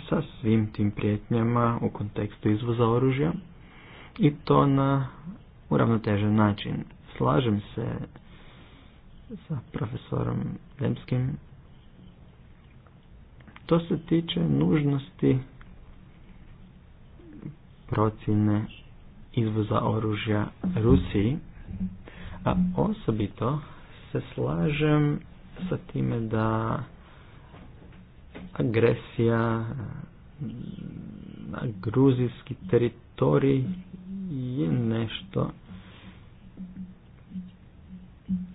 sa svim tim prijetnjama u kontekstu izvoza oružja i to na uravnotežen način. Slažem se sa profesorom Demskim. To se tiče nužnosti procjene izvoza oružja Rusiji, a osobito se slažem sa time da agresija na gruzijski teritorij je nešto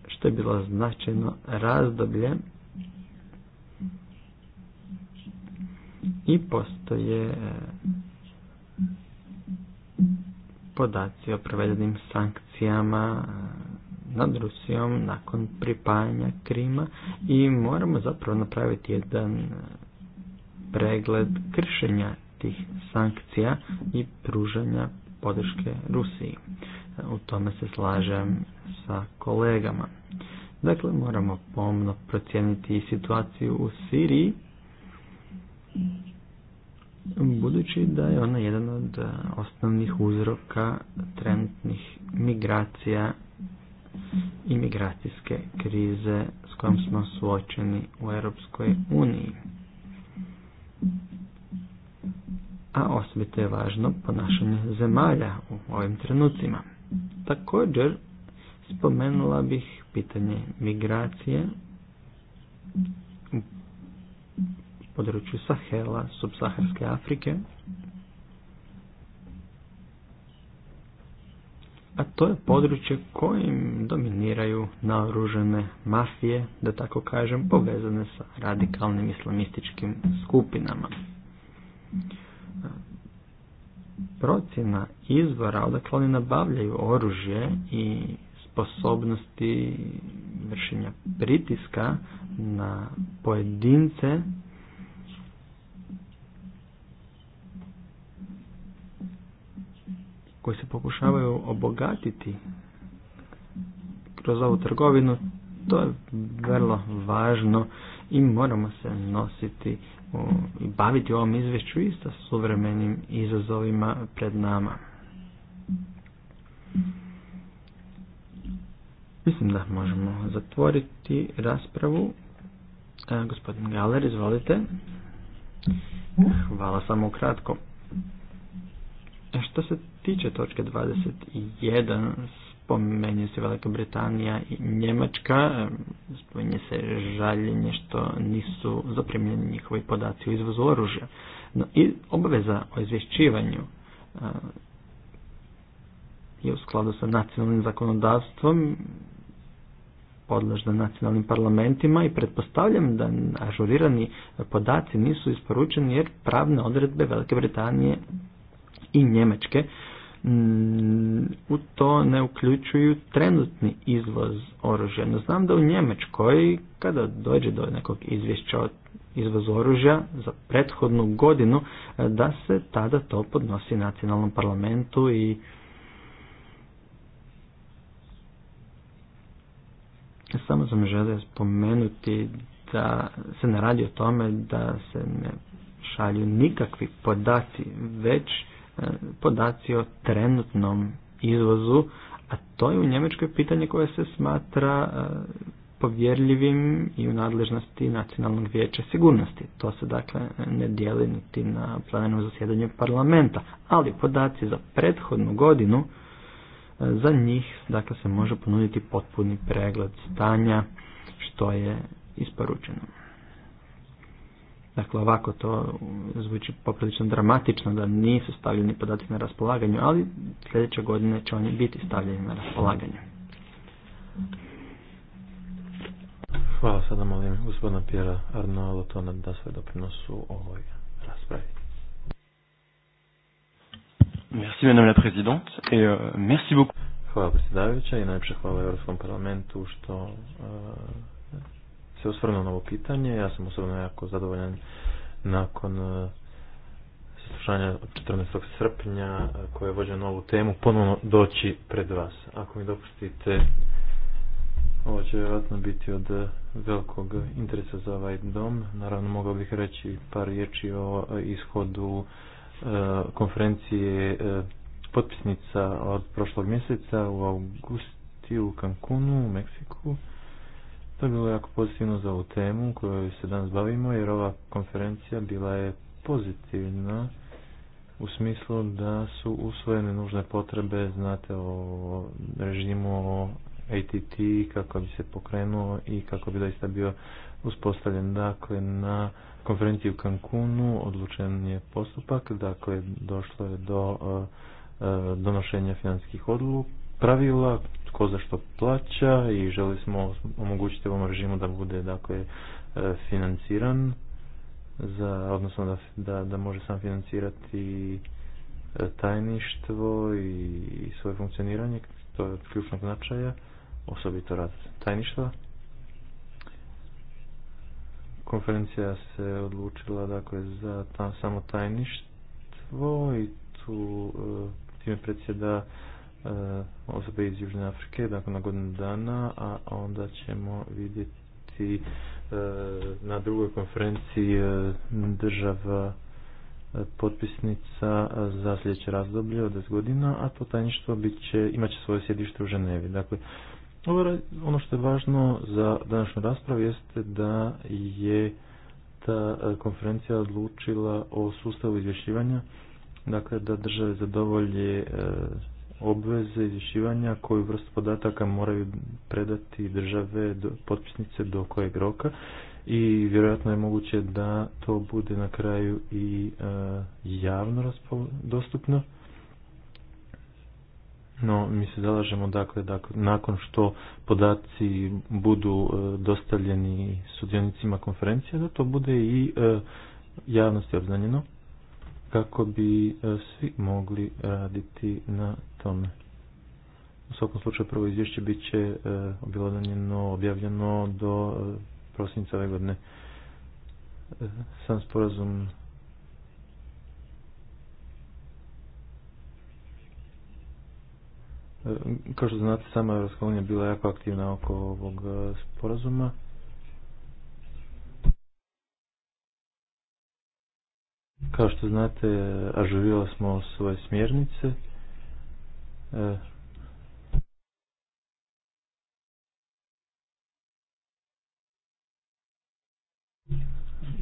što je bilo značajno razdoblje i postoje podaci o provedenim sankcijama nad Rusijom nakon pripajanja Krima i moramo zapravo napraviti jedan pregled kršenja tih sankcija i pružanja podrške Rusiji. U tome se slažem sa kolegama. Dakle, moramo pomno procijeniti situaciju u Siriji budući da je ona jedan od e, osnovnih uzroka trenutnih migracija i migracijske krize s kojom smo suočeni u Europskoj uniji. A osobito je važno ponašanje zemalja u ovim trenucima. Također spomenula bih pitanje migracije području Sahela, subsaharske Afrike. A to je područje kojim dominiraju naoružene mafije, da tako kažem, povezane sa radikalnim islamističkim skupinama. Procjena izvora odakle oni nabavljaju oružje i sposobnosti vršenja pritiska na pojedince koji se pokušavaju obogatiti kroz ovu trgovinu, to je vrlo važno i moramo se nositi i baviti u ovom izvješću i sa suvremenim izazovima pred nama. Mislim da možemo zatvoriti raspravu. E, gospodin Galer, izvolite. Hvala samo kratko. Što se tiče točke 21, spomenje se Velika Britanija i Njemačka, spominje se žaljenje što nisu zaprimljeni njihovi podaci o izvozu oružja. No, i obaveza o izvješćivanju je u skladu sa nacionalnim zakonodavstvom podložna nacionalnim parlamentima i pretpostavljam da ažurirani podaci nisu isporučeni jer pravne odredbe Velike Britanije i Njemačke u to ne uključuju trenutni izvoz oružja. No znam da u Njemačkoj kada dođe do nekog izvješća o izvozu oružja za prethodnu godinu da se tada to podnosi nacionalnom parlamentu i samo sam želio spomenuti da se ne radi o tome da se ne šalju nikakvi podaci, već podaci o trenutnom izvozu, a to je u Njemačkoj pitanje koje se smatra e, povjerljivim i u nadležnosti Nacionalnog vijeća sigurnosti. To se dakle ne dijeli niti na planenom zasjedanju parlamenta, ali podaci za prethodnu godinu e, za njih dakle se može ponuditi potpuni pregled stanja što je isporučeno. Dakle, ovako to zvuči poprilično dramatično da nisu stavljeni podaci na raspolaganje, ali sljedeće godine će oni biti stavljeni na raspolaganje. Hvala, sada molim gospodina Pjera Arno Lotona da sve doprinosu ovoj raspravi. Merci madame la présidente et euh, merci beaucoup. Hvala predsjedavajuća i najpše hvala Europskom parlamentu što se osvrnuo na ovo pitanje. Ja sam osobno jako zadovoljan nakon e, od 14. srpnja e, koje je vođeno ovu temu ponovno doći pred vas. Ako mi dopustite, ovo će vjerojatno biti od e, velikog interesa za ovaj dom. Naravno, mogao bih reći par riječi o ishodu konferencije potpisnica od prošlog mjeseca u augusti u Cancunu, u Meksiku. To je bilo jako pozitivno za ovu temu koju se danas bavimo jer ova konferencija bila je pozitivna u smislu da su usvojene nužne potrebe, znate, o režimu ATT, kako bi se pokrenuo i kako bi daista bio uspostavljen. Dakle, na konferenciji u Cancunu odlučen je postupak, dakle, došlo je do e, e, donošenja financijskih odluka, pravila ko za što plaća i želi smo omogućiti ovom režimu da bude dakle e, financiran za, odnosno da, da, da može sam financirati e, tajništvo i svoje funkcioniranje, to je od ključnog značaja, osobito rad tajništva. Konferencija se odlučila dakle, za tam, samo tajništvo i tu e, time predsjeda E, osobe iz Južne Afrike dakle na godinu dana, a onda ćemo vidjeti e, na drugoj konferenciji e, država potpisnica za sljedeće razdoblje od 10 godina, a to tajništvo bit će, imat će svoje sjedište u Ženevi. Dakle, ono što je važno za današnju raspravu jeste da je ta konferencija odlučila o sustavu izvješćivanja, dakle da države zadovolje obveze izvješćivanja koju vrstu podataka moraju predati države do, potpisnice do kojeg roka i vjerojatno je moguće da to bude na kraju i e, javno dostupno. No, mi se zalažemo dakle nakon što podaci budu e, dostavljeni sudionicima konferencija da to bude i e, javnosti obznanjeno kako bi e, svi mogli raditi na tome. U svakom slučaju prvo izvješće bit će e, objavljeno do e, prosinca ove godine. Sam sporazum Kao što znate, sama Europska unija bila jako aktivna oko ovog sporazuma. Kao što znate, ažurirali smo svoje smjernice. E,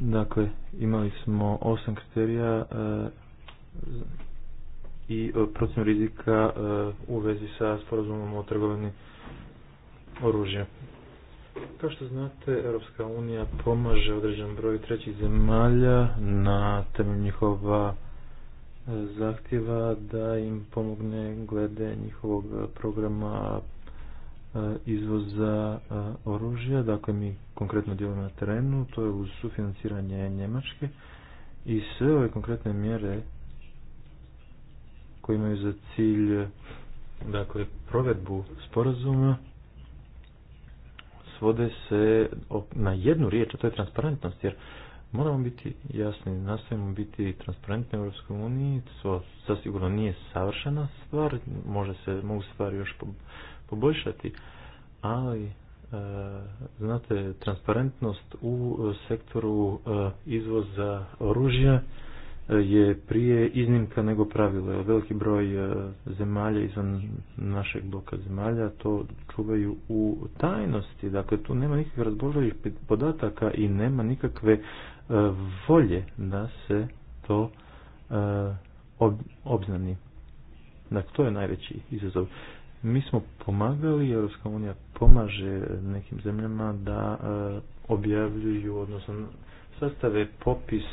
dakle, imali smo osam kriterija e, i e, procjenu rizika u vezi sa sporazumom o trgovini oružja. Kao što znate, Europska unija pomaže određen broj trećih zemalja na temelju njihova e, zahtjeva da im pomogne glede njihovog programa e, izvoza e, oružja. Dakle, mi konkretno djelujemo na terenu, to je uz sufinanciranje Njemačke i sve ove konkretne mjere koje imaju za cilj dakle, provedbu sporazuma vode se na jednu riječ, a to je transparentnost, jer moramo biti jasni, nastavimo biti transparentni u Europskoj uniji, to sasigurno nije savršena stvar, može se, mogu stvari još poboljšati, ali e, znate, transparentnost u sektoru e, izvoza oružja je prije iznimka nego pravilo. Veliki broj e, zemalja izvan našeg bloka zemalja to čuvaju u tajnosti. Dakle, tu nema nikakvih razbožavih podataka i nema nikakve e, volje da se to e, obznani. Dakle, to je najveći izazov. Mi smo pomagali, Europska unija pomaže nekim zemljama da objavljuju, odnosno sastave popis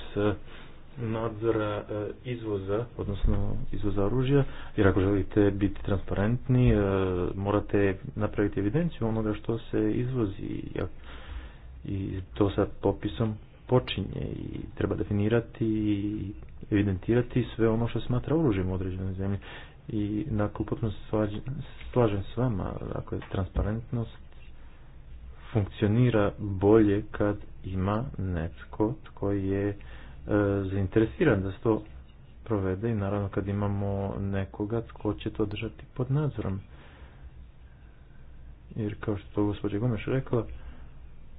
nadzora e, izvoza, odnosno izvoza oružja, jer ako želite biti transparentni, e, morate napraviti evidenciju onoga što se izvozi i to sa popisom počinje i treba definirati i evidentirati sve ono što smatra oružjem u određenoj zemlji. I nakon potpuno slažem s vama, je transparentnost funkcionira bolje kad ima netko koji je zainteresiran da se to provede i naravno kad imamo nekoga tko će to držati pod nadzorom. Jer kao što to gospođa Gomeš rekla,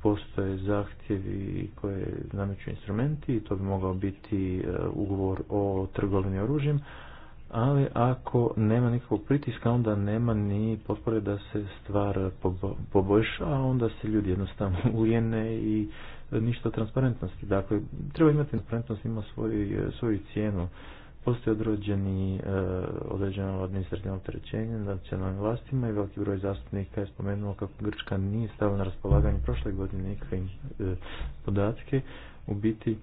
postoje zahtjevi koje nameću instrumenti i to bi mogao biti e, ugovor o trgovini oružjem, ali ako nema nikakvog pritiska, onda nema ni potpore da se stvar poboljša, a onda se ljudi jednostavno ujene i ništa transparentnosti. Dakle, treba imati transparentnost, ima svoju, svoju cijenu. Postoje određeni, e, određeno administrativno opterećenje nacionalnim vlastima i veliki broj zastupnika je spomenuo kako Grčka nije stavila na raspolaganje prošle godine nikakve e, podatke. U biti,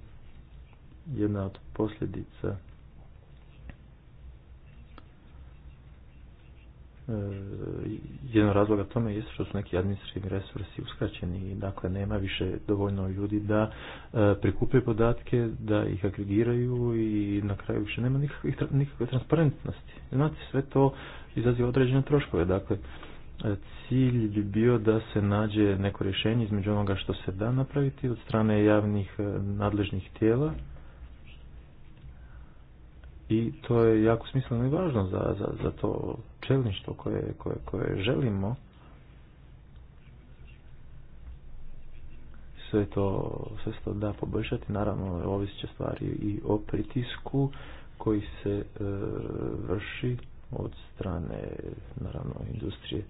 jedna od posljedica E, jedan razloga tome je što su neki administrativni resursi uskraćeni i dakle nema više dovoljno ljudi da e, prikupe podatke, da ih agregiraju i na kraju više nema nikakve, nikakve transparentnosti. Znate, sve to izaziva određene troškove. Dakle, e, cilj bi bio da se nađe neko rješenje između onoga što se da napraviti od strane javnih nadležnih tijela i to je jako smisleno i važno za, za, za to čelništvo koje, koje, koje želimo. Sve to, sve da poboljšati, naravno ovisit će stvari i o pritisku koji se e, vrši od strane naravno industrije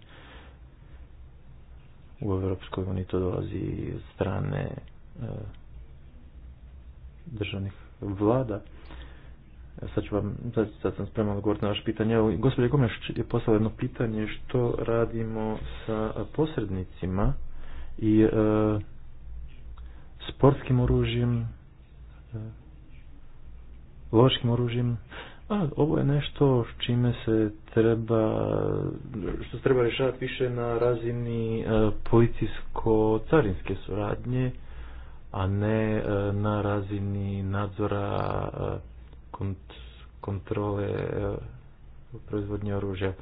u Europskoj uniji to dolazi od strane e, državnih vlada Sad, vam, sad, sam spreman odgovoriti na vaše pitanje. Evo, gospođa Gomeš je poslala jedno pitanje što radimo sa posrednicima i e, sportskim oružjem, e, loškim oružjem. A, ovo je nešto s čime se treba, što se treba rješavati više na razini e, policijsko-carinske suradnje, a ne e, na razini nadzora kont kontrole e, proizvodnje oružja.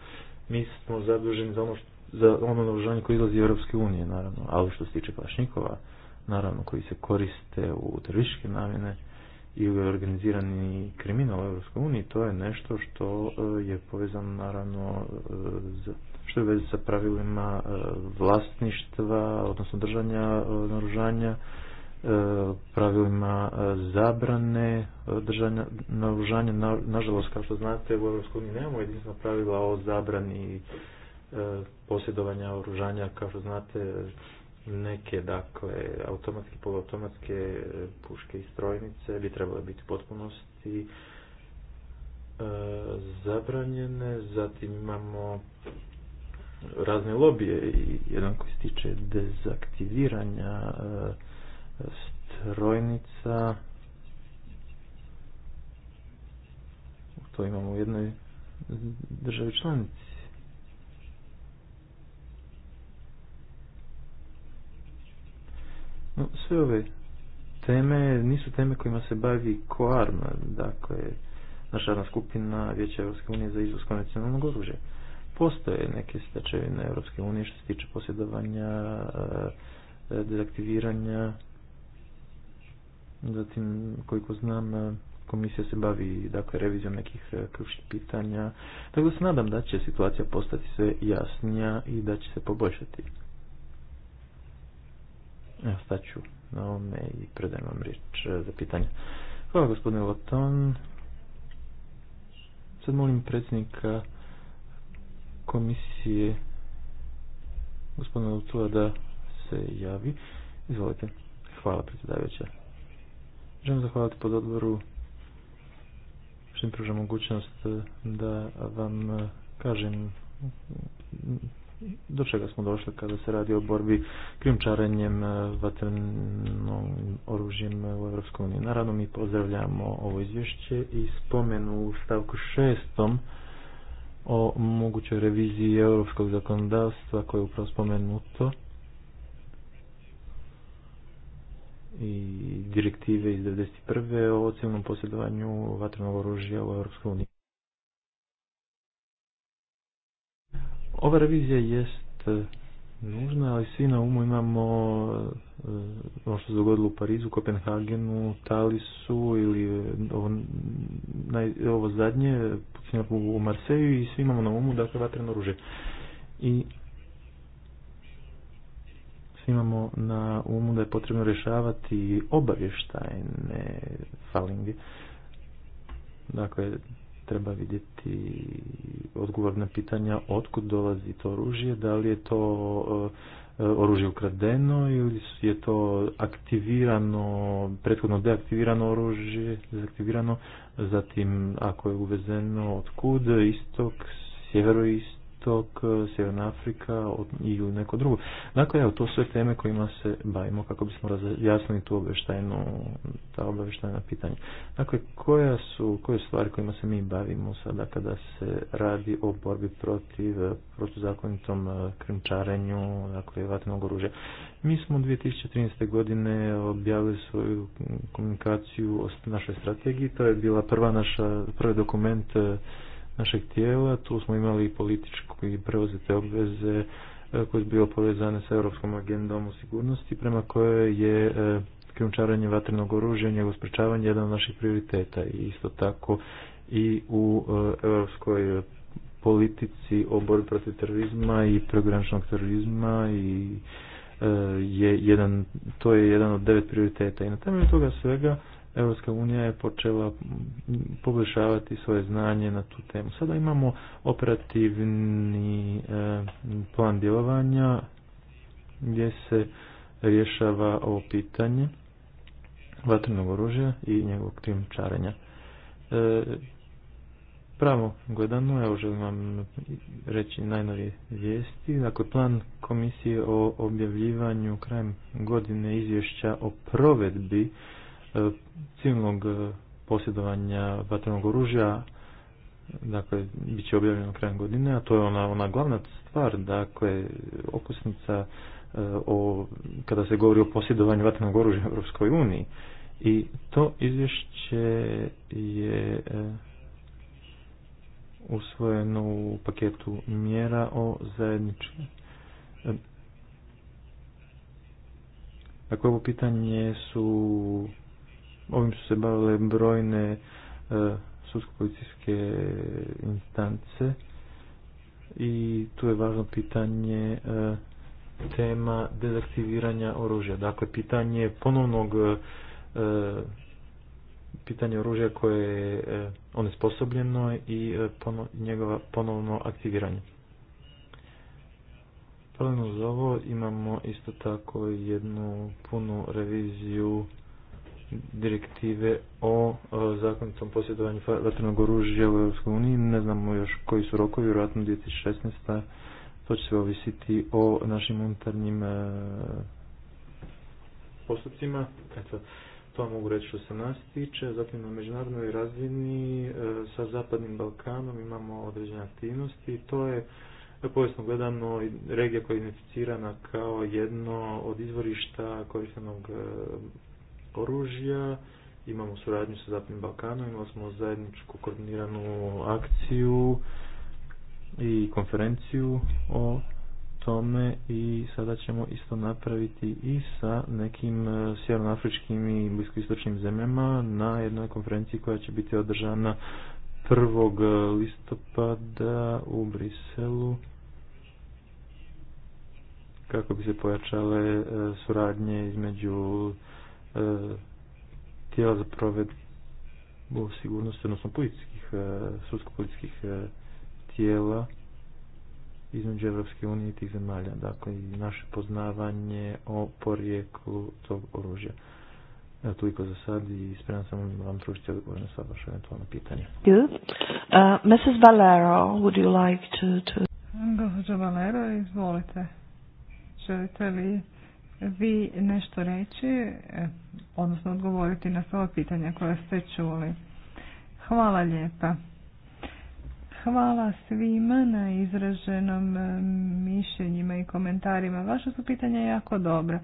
Mi smo zaduženi za ono, što, za ono naoružanje koje izlazi iz Europske unije, naravno, ali što se tiče plašnikova, naravno, koji se koriste u terorističke namjene ili organizirani kriminal u Europskoj uniji, to je nešto što e, je povezano, naravno, e, što je vezi sa pravilima vlasništva, odnosno držanja naoružanja, pravilima e, zabrane držanja naoružanja. Na, nažalost, kao što znate, u EU nemamo jedinstvena pravila o zabrani e, posjedovanja oružanja, kao što znate, neke dakle automatske, poluautomatske e, puške i strojnice bi trebale biti u potpunosti zabranjene. Zatim imamo razne lobije i jedan koji se tiče dezaktiviranja strojnica. To imamo u jednoj državi članici. No, sve ove teme nisu teme kojima se bavi koarm, dakle naša radna skupina Vijeća Europske unije za izvoz konvencionalnog oružja. Postoje neke stečevine Europske unije što se tiče posjedovanja, e, e, dezaktiviranja Zatim, koliko znam, komisija se bavi dakle, revizijom nekih e, ključnih pitanja. Tako se nadam da će situacija postati sve jasnija i da će se poboljšati. Evo, staću na ovome i predajem vam riječ e, za pitanje. Hvala gospodine Loton Sad molim predsjednika komisije gospodina Lutula da se javi. Izvolite. Hvala predsjedavajuća. Želim zahvaliti pod odboru što mi pruža mogućnost eh, da vam eh, kažem do čega smo došli kada se radi o borbi krimčarenjem eh, vatrenom oružjem u EU. Naravno mi pozdravljamo ovo izvješće i spomenu u stavku šestom o mogućoj reviziji europskog zakonodavstva koje je upravo spomenuto i direktive iz 1991. o civilnom posjedovanju vatrenog oružja u Uniji. Ova revizija jest e, nužna, ali svi na umu imamo e, ono što se dogodilo u Parizu, Kopenhagenu, Talisu ili e, ovo, naj, ovo zadnje u Marseju i svi imamo na umu dakle vatreno oružje. I imamo na umu da je potrebno rješavati obavještajne falinge. Dakle, treba vidjeti odgovor na pitanja otkud dolazi to oružje, da li je to e, e, oružje ukradeno ili je to aktivirano, prethodno deaktivirano oružje, deaktivirano zatim ako je uvezeno otkud, istok, sjeveroist, istok, e, Sjeverna Afrika ili neko drugo. Dakle, evo, to sve teme kojima se bavimo kako bismo razjasnili tu obještajnu, ta obještajna pitanja. Dakle, koja su, koje su stvari kojima se mi bavimo sada kada se radi o borbi protiv e, protuzakonitom e, krimčarenju, dakle, vatnog oružja? Mi smo 2013. godine objavili svoju komunikaciju o našoj strategiji, to je bila prva naša, prvi dokument našeg tijela. Tu smo imali i i preuzete obveze e, koje su bile povezane sa Europskom agendom o sigurnosti, prema kojoj je e, krijumčarenje vatrenog oružja i njegov sprečavanje jedan od naših prioriteta i isto tako i u e, europskoj politici o borbi protiv terorizma i prograničnog terorizma i je jedan, to je jedan od devet prioriteta i na temelju toga svega Europska unija je počela poboljšavati svoje znanje na tu temu. Sada imamo operativni e, plan djelovanja gdje se rješava ovo pitanje vatrenog oružja i njegovog krijumčarenja. E, pravo gledano, evo želim vam reći najnovije vijesti. Dakle, plan komisije o objavljivanju krajem godine izvješća o provedbi civilnog e, posjedovanja vatrenog oružja, dakle, bit će objavljeno krajem godine, a to je ona, ona glavna stvar, dakle, okusnica e, o, kada se govori o posjedovanju vatrenog oružja u Europskoj uniji. I to izvješće je e, usvojeno u paketu mjera o zajedničkom Dakle, ovo pitanje su ovim su se bavile brojne e, sudsko-policijske instance i tu je važno pitanje e, tema dezaktiviranja oružja. Dakle, pitanje ponovnog e, pitanje oružja koje je onesposobljeno i pono, njegova ponovno aktiviranje. Paralelno za ovo imamo isto tako jednu punu reviziju direktive o zakonitom posjedovanju vatrenog oružja u EU. Ne znamo još koji su rokovi, vjerojatno 2016. To će se ovisiti o našim unutarnjim e, postupcima. Eto, to mogu reći što se nas tiče. Zatim na međunarodnoj razini e, sa Zapadnim Balkanom imamo određene aktivnosti. To je povijesno gledano regija koja je identificirana kao jedno od izvorišta korištenog e, oružja, imamo suradnju sa Zapadnim Balkanom, imali smo zajedničku koordiniranu akciju i konferenciju o tome i sada ćemo isto napraviti i sa nekim e, sjevernoafričkim i bliskoistočnim zemljama na jednoj konferenciji koja će biti održana 1. E, listopada u Briselu kako bi se pojačale e, suradnje između E, tijela za provedbu sigurnosti, odnosno policijskih, e, sudsko-policijskih e, tijela između Evropske unije i tih zemalja, dakle i naše poznavanje o porijeklu tog oružja. Evo toliko za sad i spreman sam vam pružiti odgovor na sva vaša eventualna pitanja. Uh, Mrs. Valero, would you like to... to... Gospođo Valero, izvolite. Želite li vi nešto reći, e, odnosno odgovoriti na sva pitanja koja ste čuli. Hvala lijepa. Hvala svima na izraženom e, mišljenjima i komentarima. Vaša su pitanja jako dobra.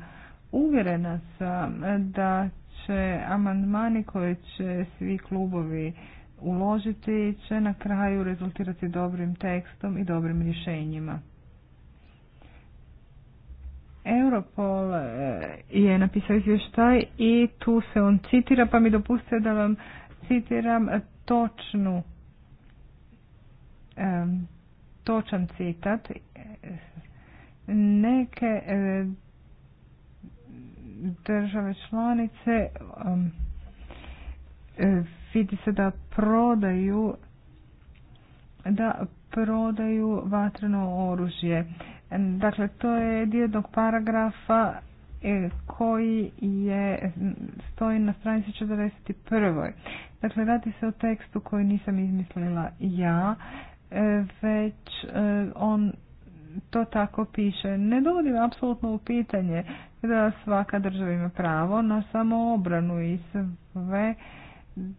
Uvjerena sam e, da će amandmani koje će svi klubovi uložiti će na kraju rezultirati dobrim tekstom i dobrim rješenjima. Europol e, je napisao izvještaj i tu se on citira, pa mi dopustite da vam citiram točnu e, točan citat neke e, države članice vidi se da prodaju da prodaju vatreno oružje Dakle, to je dio jednog paragrafa e, koji je, stoji na stranici 41. Dakle, radi se o tekstu koji nisam izmislila ja, e, već e, on to tako piše. Ne dovodim apsolutno u pitanje da svaka država ima pravo na samoobranu i sve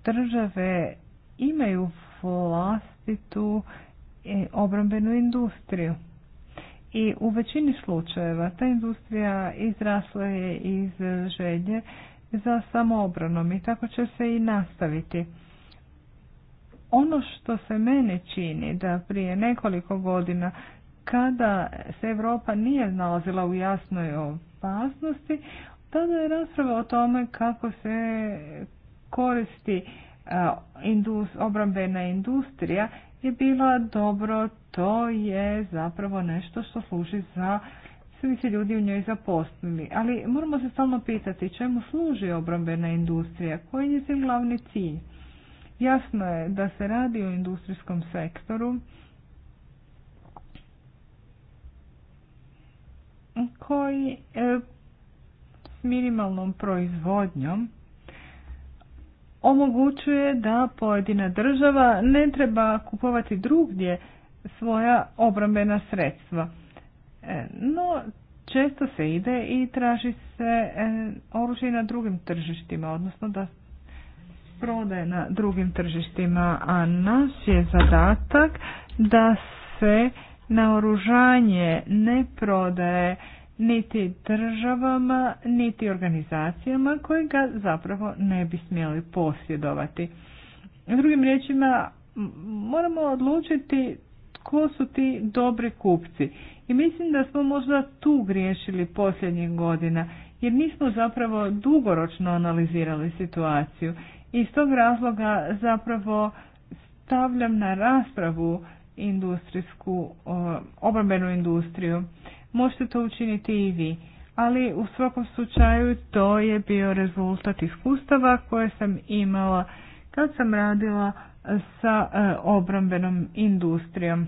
države imaju vlastitu obrambenu industriju i u većini slučajeva ta industrija izrasla je iz želje za samoobranom i tako će se i nastaviti. Ono što se mene čini da prije nekoliko godina kada se Europa nije nalazila u jasnoj opasnosti, tada je rasprava o tome kako se koristi obrambena industrija je bila dobro to je zapravo nešto što služi za svi se ljudi u njoj zaposlili. Ali moramo se stalno pitati čemu služi obrambena industrija, koji je njezin glavni cilj. Jasno je da se radi o industrijskom sektoru koji e, s minimalnom proizvodnjom omogućuje da pojedina država ne treba kupovati drugdje svoja obrambena sredstva. E, no, često se ide i traži se e, oružje na drugim tržištima, odnosno da prodaje na drugim tržištima, a naš je zadatak da se naoružanje ne prodaje niti državama, niti organizacijama koje ga zapravo ne bi smjeli posjedovati. Drugim riječima, moramo odlučiti tko su ti dobri kupci. I mislim da smo možda tu griješili posljednjih godina, jer nismo zapravo dugoročno analizirali situaciju. Iz tog razloga zapravo stavljam na raspravu industrijsku, obrambenu industriju. Možete to učiniti i vi, ali u svakom slučaju to je bio rezultat iskustava koje sam imala kad sam radila sa e, obrambenom industrijom.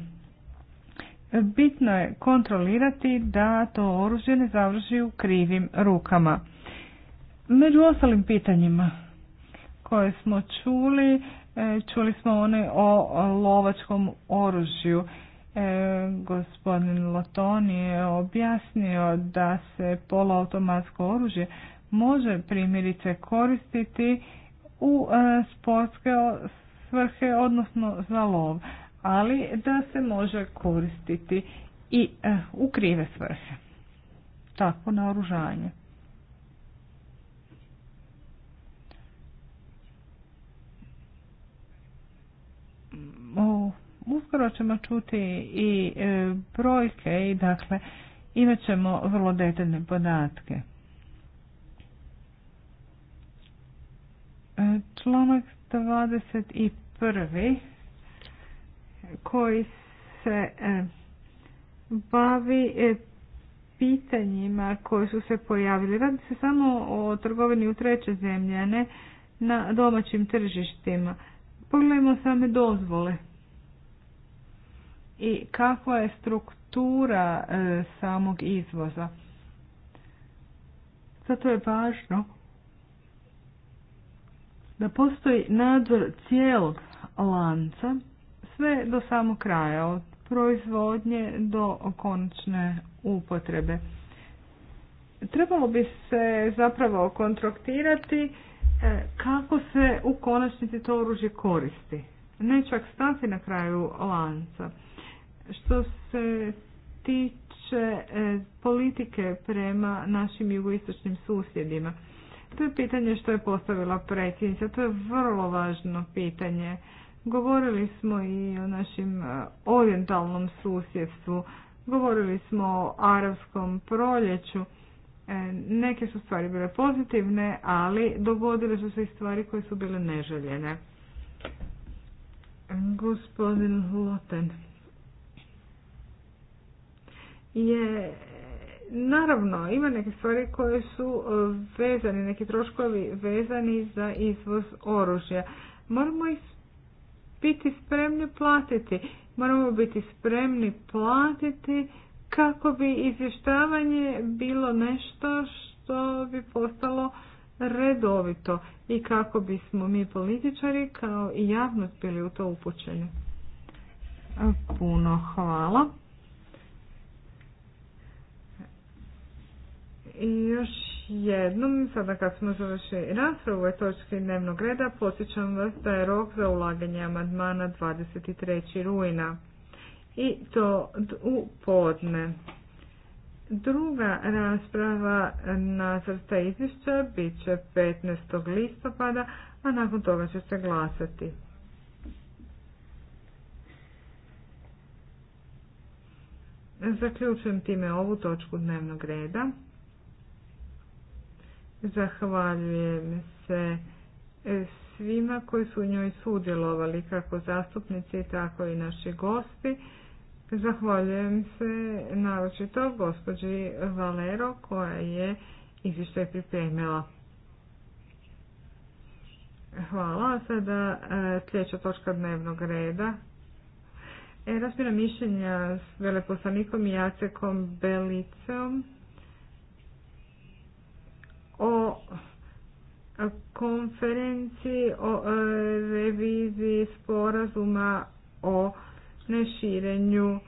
Bitno je kontrolirati da to oružje ne završi u krivim rukama. Među ostalim pitanjima koje smo čuli, e, čuli smo one o lovačkom oružju. E, gospodin Loton je objasnio da se poloautomatsko oružje može primjerice koristiti u sportske svrhe, odnosno za lov, ali da se može koristiti i eh, u krive svrhe. Tako naoružanje. Uskoro ćemo čuti i eh, brojke i dakle imat ćemo vrlo detaljne podatke. Eh, članak 21. koji se e, bavi e, pitanjima koje su se pojavili. Radi se samo o trgovini u treće zemlje, a ne na domaćim tržištima. Pogledajmo same dozvole i kakva je struktura e, samog izvoza. Zato je važno da postoji nadzor cijelog lanca sve do samog kraja, od proizvodnje do konačne upotrebe. Trebalo bi se zapravo kontraktirati e, kako se u konačnici to oružje koristi. Ne čak stati na kraju lanca. Što se tiče e, politike prema našim jugoistočnim susjedima, to je pitanje što je postavila predsjednica, to je vrlo važno pitanje. Govorili smo i o našim e, orientalnom susjedstvu, govorili smo o Arabskom proljeću. E, neke su stvari bile pozitivne, ali dogodile su se i stvari koje su bile neželjene. Gospodin Loten je Naravno, ima neke stvari koje su e, vezani, neki troškovi vezani za izvoz oružja. Moramo ih biti spremni platiti. Moramo biti spremni platiti kako bi izvještavanje bilo nešto što bi postalo redovito i kako bismo mi političari kao i javnost bili u to upućeni. Puno hvala. I još jednom, sada kad smo završili raspravu o točki dnevnog reda, posjećam vas da je rok za ulaganje amandmana 23. rujna i to u podne. Druga rasprava na srsta izvješća bit će 15. listopada, a nakon toga će se glasati. Zaključujem time ovu točku dnevnog reda. Zahvaljujem se e, svima koji su u njoj sudjelovali, kako zastupnici, tako i naši gosti. Zahvaljujem se naročito gospođi Valero koja je izvještaj pripremila. Hvala. Sada e, sljedeća točka dnevnog reda. E, Razmjena mišljenja s veleposlanikom Jacekom Belicom o konferenciji o e, reviziji sporazuma o neširenju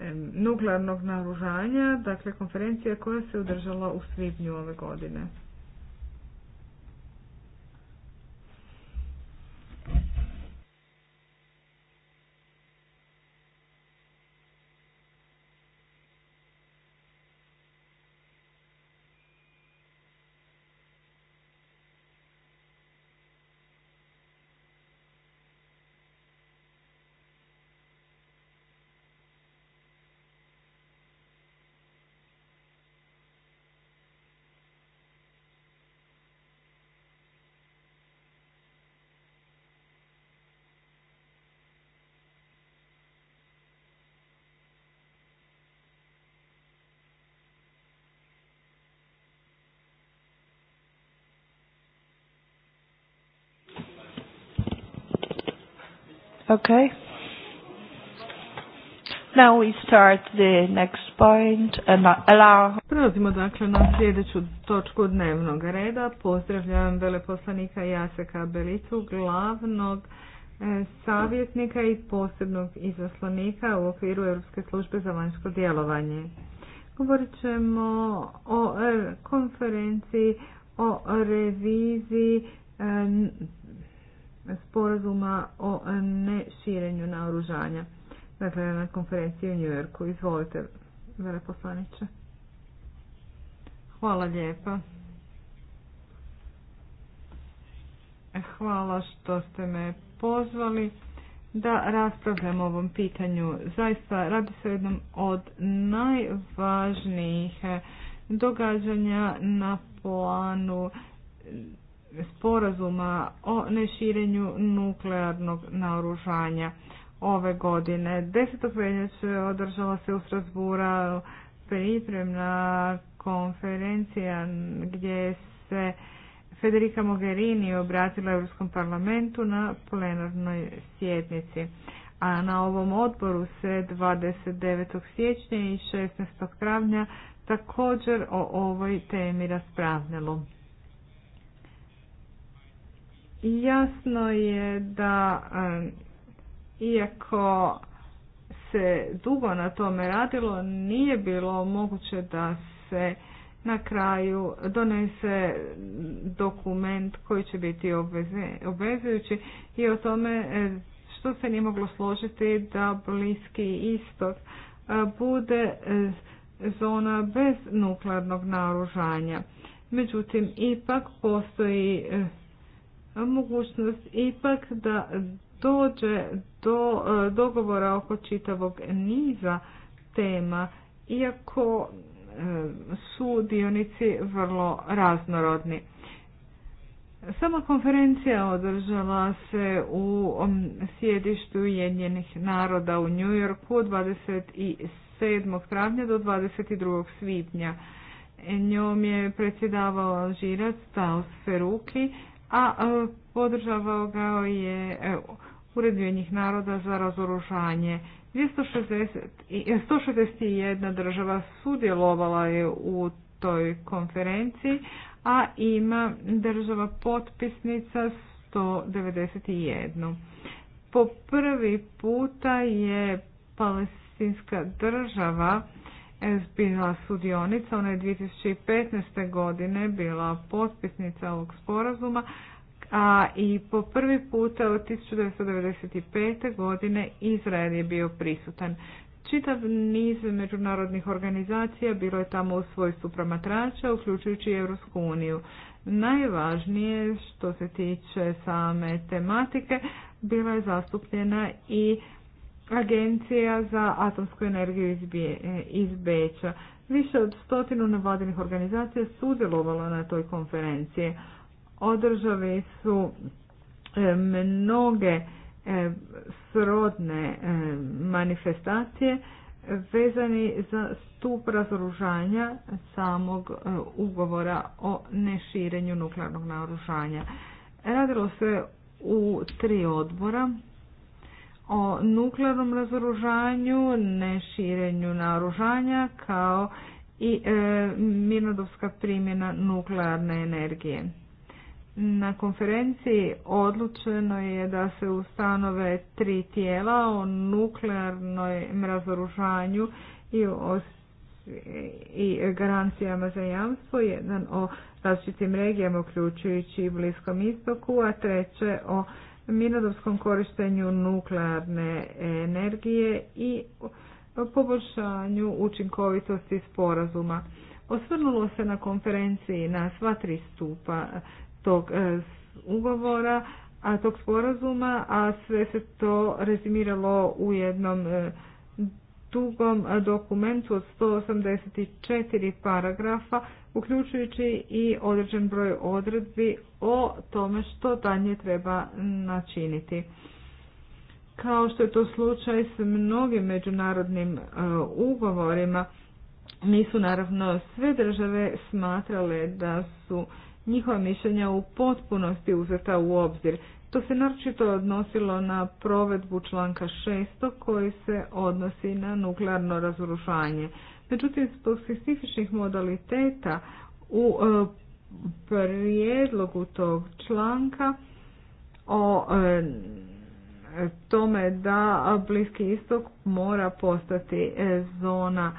e, nuklearnog naružanja, dakle konferencija koja se održala u svibnju ove godine. Okay. Now we start the next point. Allow... Prelazimo dakle na sljedeću točku dnevnog reda. Pozdravljam veleposlanika Jaseka Belicu, glavnog e, savjetnika i posebnog izaslanika u okviru Europske službe za vanjsko djelovanje. Govorit ćemo o e, konferenciji o reviziji e, sporazuma o neširenju naoružanja. Dakle, na konferenciji u Yorku. Izvolite, veleposlaniče. Hvala lijepa. Hvala što ste me pozvali da raspravljam o ovom pitanju. Zaista radi se o jednom od najvažnijih događanja na planu sporazuma o neširenju nuklearnog naoružanja ove godine. 10. veljače održala se u Strasbura pripremna konferencija gdje se Federica Mogherini obratila Europskom parlamentu na plenarnoj sjednici. A na ovom odboru se 29. siječnja i 16. travnja također o ovoj temi raspravljalo. Jasno je da iako se dugo na tome radilo, nije bilo moguće da se na kraju donese dokument koji će biti obvezujući i o tome e, što se nije moglo složiti da Bliski istok e, bude e, zona bez nuklearnog naoružanja. Međutim, ipak postoji mogućnost ipak da dođe do e, dogovora oko čitavog niza tema, iako e, su dionici vrlo raznorodni. Sama konferencija održala se u sjedištu Ujedinjenih naroda u New Yorku 27. travnja do 22. svibnja. Njom je predsjedavao Žirac Taos Feruki, a e, podržavao ga je e, Ured naroda za razoružanje. 260, 161 e, država sudjelovala je u toj konferenciji, a ima država potpisnica 191. Po prvi puta je palestinska država bila sudionica. Ona je 2015. godine bila potpisnica ovog sporazuma, a i po prvi puta od 1995. godine Izrael je bio prisutan. Čitav niz međunarodnih organizacija bilo je tamo u svojstvu promatrača, uključujući Europsku uniju. Najvažnije što se tiče same tematike, bila je zastupljena i Agencija za atomsku energiju iz e, Beča. Više od stotinu nevladinih organizacija sudjelovalo na toj konferenciji. održave su e, mnoge e, srodne manifestacije vezani za stup razoružanja samog ugovora o neširenju nuklearnog naoružanja. Radilo se u tri odbora o nuklearnom razoružanju, neširenju naoružanja kao i e, mirnodopska primjena nuklearne energije. Na konferenciji odlučeno je da se ustanove tri tijela o nuklearnom razoružanju i o i garancijama za jamstvo, jedan o različitim regijama uključujući i Bliskom istoku, a treće o mirnodopskom korištenju nuklearne energije i poboljšanju učinkovitosti sporazuma. Osvrnulo se na konferenciji na sva tri stupa tog e, ugovora, a tog sporazuma, a sve se to rezimiralo u jednom e, dugom dokumentu od 184 paragrafa, uključujući i određen broj odredbi o tome što dalje treba načiniti. Kao što je to slučaj s mnogim međunarodnim e, ugovorima, nisu naravno sve države smatrale da su njihova mišljenja u potpunosti uzeta u obzir. To se naročito odnosilo na provedbu članka 6. koji se odnosi na nuklearno razrušanje. Međutim, zbog specifičnih modaliteta u e, prijedlogu tog članka o e, tome da Bliski istok mora postati e, zona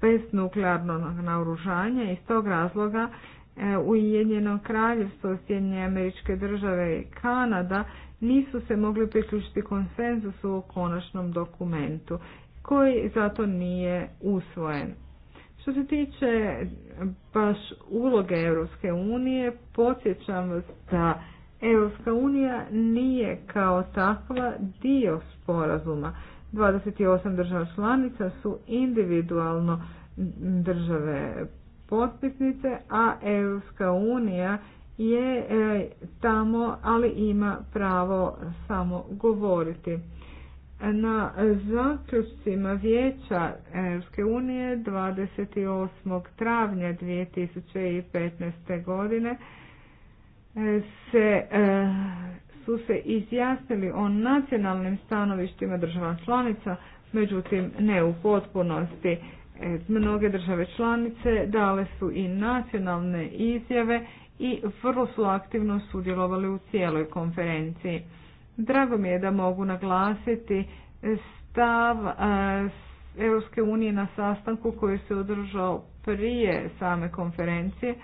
bez nuklearnog naoružanja. Iz tog razloga E, Ujedinjeno kraljevstvo, Sjedinje američke države i Kanada nisu se mogli priključiti konsenzusu o konačnom dokumentu koji zato nije usvojen. Što se tiče baš uloge Europske unije, podsjećam vas da Europska unija nije kao takva dio sporazuma. 28 država članica su individualno države potpisnice, a Europska unija je e, tamo, ali ima pravo samo govoriti. Na zaključcima vijeća Europske unije 28. travnja 2015. godine e, se, e, su se izjasnili o nacionalnim stanovištima država članica, međutim ne u potpunosti. E, mnoge države članice dale su i nacionalne izjave i vrlo su aktivno sudjelovali u cijeloj konferenciji. Drago mi je da mogu naglasiti stav e, Europske unije na sastanku koji se održao prije same konferencije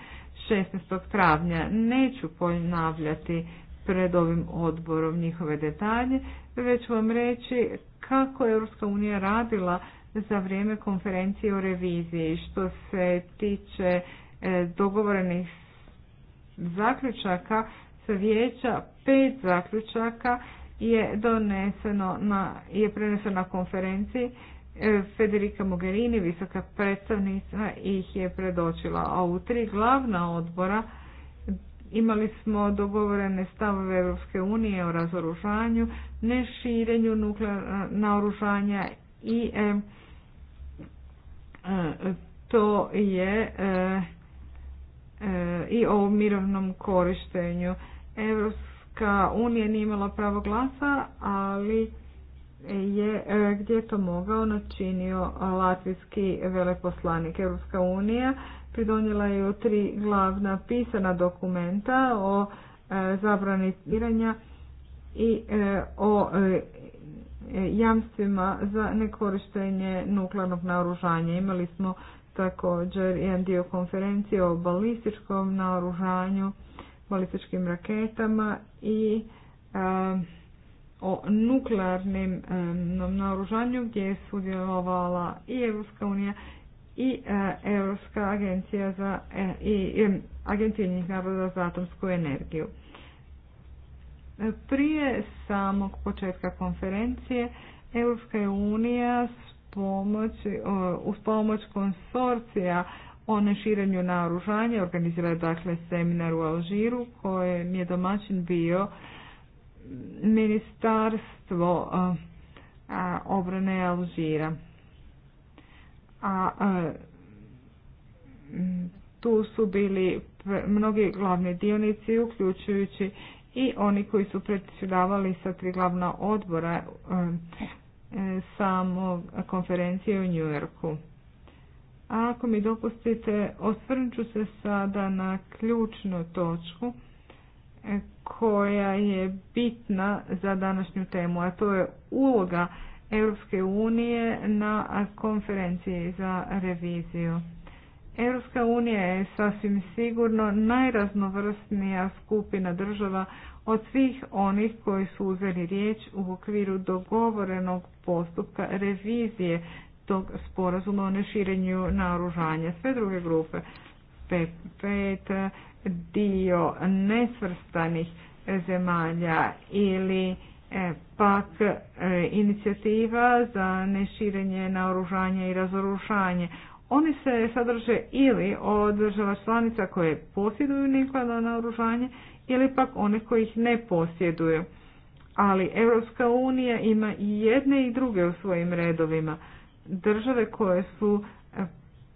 16. travnja. Neću ponavljati pred ovim odborom njihove detalje, već vam reći kako je Europska unija radila za vrijeme konferencije o reviziji. Što se tiče e, dogovorenih zaključaka sa vijeća, pet zaključaka je doneseno na, je preneseno na konferenciji e, Federica Mogherini, visoka predstavnica, ih je predočila. A u tri glavna odbora imali smo dogovorene stavove Europske unije o razoružanju, neširenju nuklearnog naoružanja i e, to je e, e, i o mirovnom korištenju. Evropska unija nije imala pravo glasa, ali je e, gdje to mogao načinio latvijski veleposlanik Evropska unija pridonijela je tri glavna pisana dokumenta o zabrani i o jamstvima za nekorištenje nuklearnog naoružanja. Imali smo također jedan dio konferencije o balističkom naoružanju, balističkim raketama i o nuklearnim naoružanju gdje je sudjelovala i Evropska unija i Europska agencija za e, i Agencija naroda za atomsku energiju. Prije samog početka konferencije Europska unija pomoć, e, uz pomoć konsorcija o neširenju naoružanja organizira je dakle seminar u Alžiru kojem je domaćin bio ministarstvo e, obrane Alžira. A, a e, tu su bili mnogi glavni dionici uključujući i oni koji su predsjedavali sa tri glavna odbora e, e, samog konferencije u Njujorku. ako mi dopustite, osvrnut ću se sada na ključnu točku e, koja je bitna za današnju temu, a to je uloga Europske unije na konferenciji za reviziju. Europska unija je sasvim sigurno najraznovrsnija skupina država od svih onih koji su uzeli riječ u okviru dogovorenog postupka revizije tog sporazuma o neširenju naoružanja. Sve druge grupe, pet dio nesvrstanih zemalja ili e, pak e, inicijativa za neširenje naoružanja i razorušanje. Oni se sadrže ili od država članica koje posjeduju nuklearno naoružanje ili pak one koji ih ne posjeduju. Ali Europska unija ima i jedne i druge u svojim redovima. Države koje su e,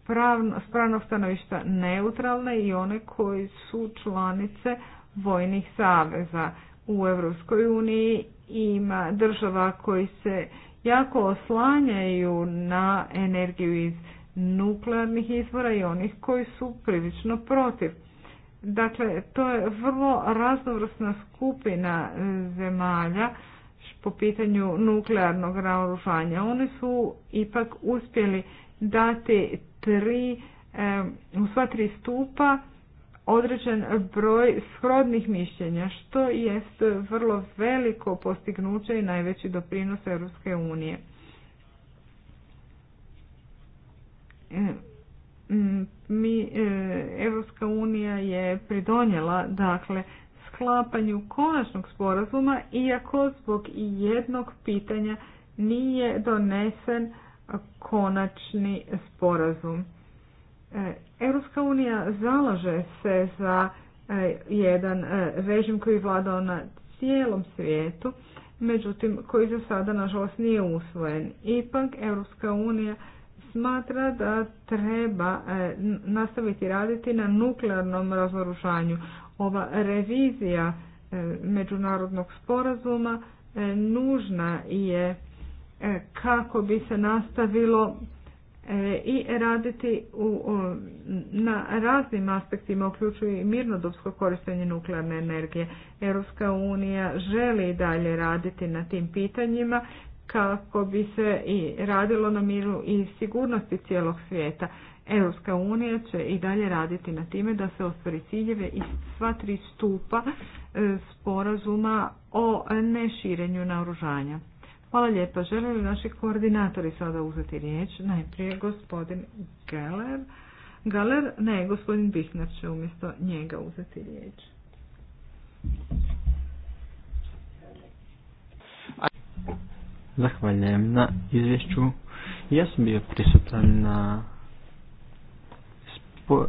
pravno, s pravnog stanovišta neutralne i one koji su članice vojnih saveza. U Europskoj uniji ima država koji se jako oslanjaju na energiju iz nuklearnih izvora i onih koji su prilično protiv. Dakle, to je vrlo raznovrsna skupina e, zemalja po pitanju nuklearnog naoružanja. Oni su ipak uspjeli dati tri, e, u sva tri stupa određen broj shrodnih mišljenja, što jest vrlo veliko postignuće i najveći doprinos Europske unije. Mm, mm, mi europska unija je pridonjela dakle sklapanju konačnog sporazuma iako zbog jednog pitanja nije donesen konačni sporazum. Europska unija zalaže se za e, jedan e, režim koji vlada na cijelom svijetu, međutim koji za sada nažalost nije usvojen. Ipak Europska unija smatra da treba e, nastaviti raditi na nuklearnom razoružanju. Ova revizija e, međunarodnog sporazuma e, nužna je kako bi se nastavilo i raditi u, na raznim aspektima, uključuju i mirnodopsko korištenje nuklearne energije. Europska unija želi dalje raditi na tim pitanjima kako bi se i radilo na miru i sigurnosti cijelog svijeta. Europska unija će i dalje raditi na time da se ostvari ciljeve i sva tri stupa e, sporazuma o neširenju naoružanja. Hvala lijepa. Žele li naši koordinatori sada uzeti riječ? Najprije gospodin Geller. Galer, ne, gospodin Bihnar će umjesto njega uzeti riječ. Zahvaljujem na izvješću. Ja sam bio prisutan na,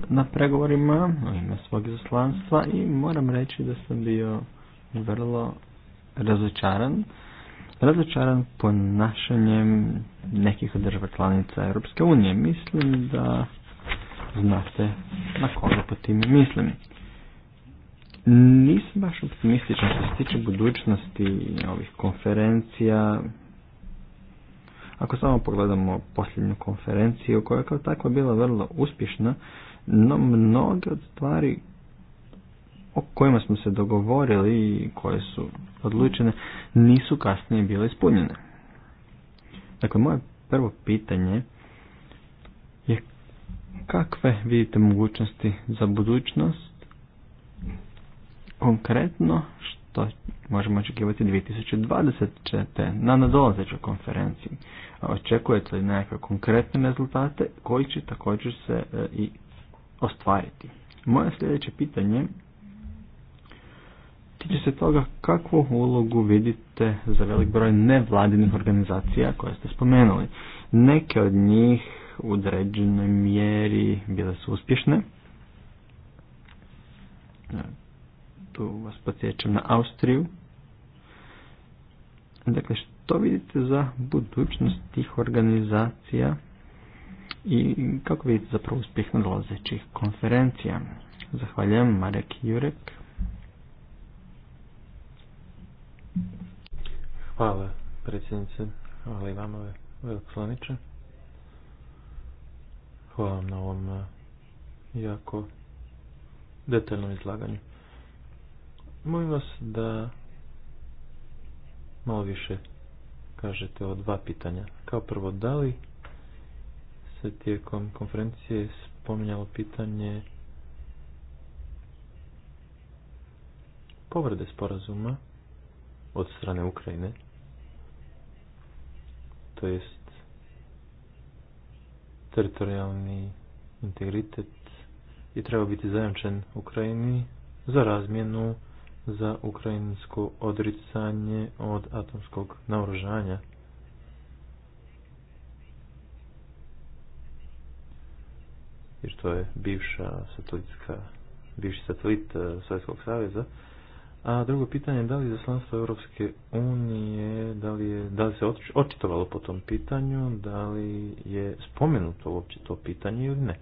na pregovorima u ime svog izaslanstva i moram reći da sam bio vrlo razočaran. Razočaran ponašanjem nekih od država članica Europske unije. Mislim da znate na koga po tim mislim. Nisam baš optimističan što se tiče budućnosti ovih konferencija, ako samo pogledamo posljednju konferenciju koja je kao takva bila vrlo uspješna, no mnoge od stvari o kojima smo se dogovorili i koje su odlučene nisu kasnije bile ispunjene. Dakle, moje prvo pitanje je kakve vidite mogućnosti za budućnost konkretno što to možemo očekivati 2020. na nadolazećoj konferenciji. Očekujete li nekakve konkretne rezultate koji će također se e, i ostvariti? Moje sljedeće pitanje tiče se toga kakvu ulogu vidite za velik broj nevladinih organizacija koje ste spomenuli. Neke od njih u određenoj mjeri bile su uspješne, tu vas podsjećam na Austriju. Dakle, što vidite za budućnost tih organizacija i kako vidite zapravo uspjeh nadlazećih konferencija? Zahvaljujem, Marek Jurek. Hvala, predsjednice. Hvala i vama, Hvala vam na ovom eh, jako detaljnom izlaganju. Molim vas da malo više kažete o dva pitanja. Kao prvo, da li se tijekom konferencije spominjalo pitanje povrede sporazuma od strane Ukrajine, to jest teritorijalni integritet i treba biti zajamčen Ukrajini za razmjenu za ukrajinsko odricanje od atomskog naoružanja. Jer to je bivša satelitska, bivši satelit e, Sovjetskog saveza. A drugo pitanje da li zaslanstvo Europske unije, da li, je, da li se očitovalo po tom pitanju, da li je spomenuto uopće to pitanje ili ne.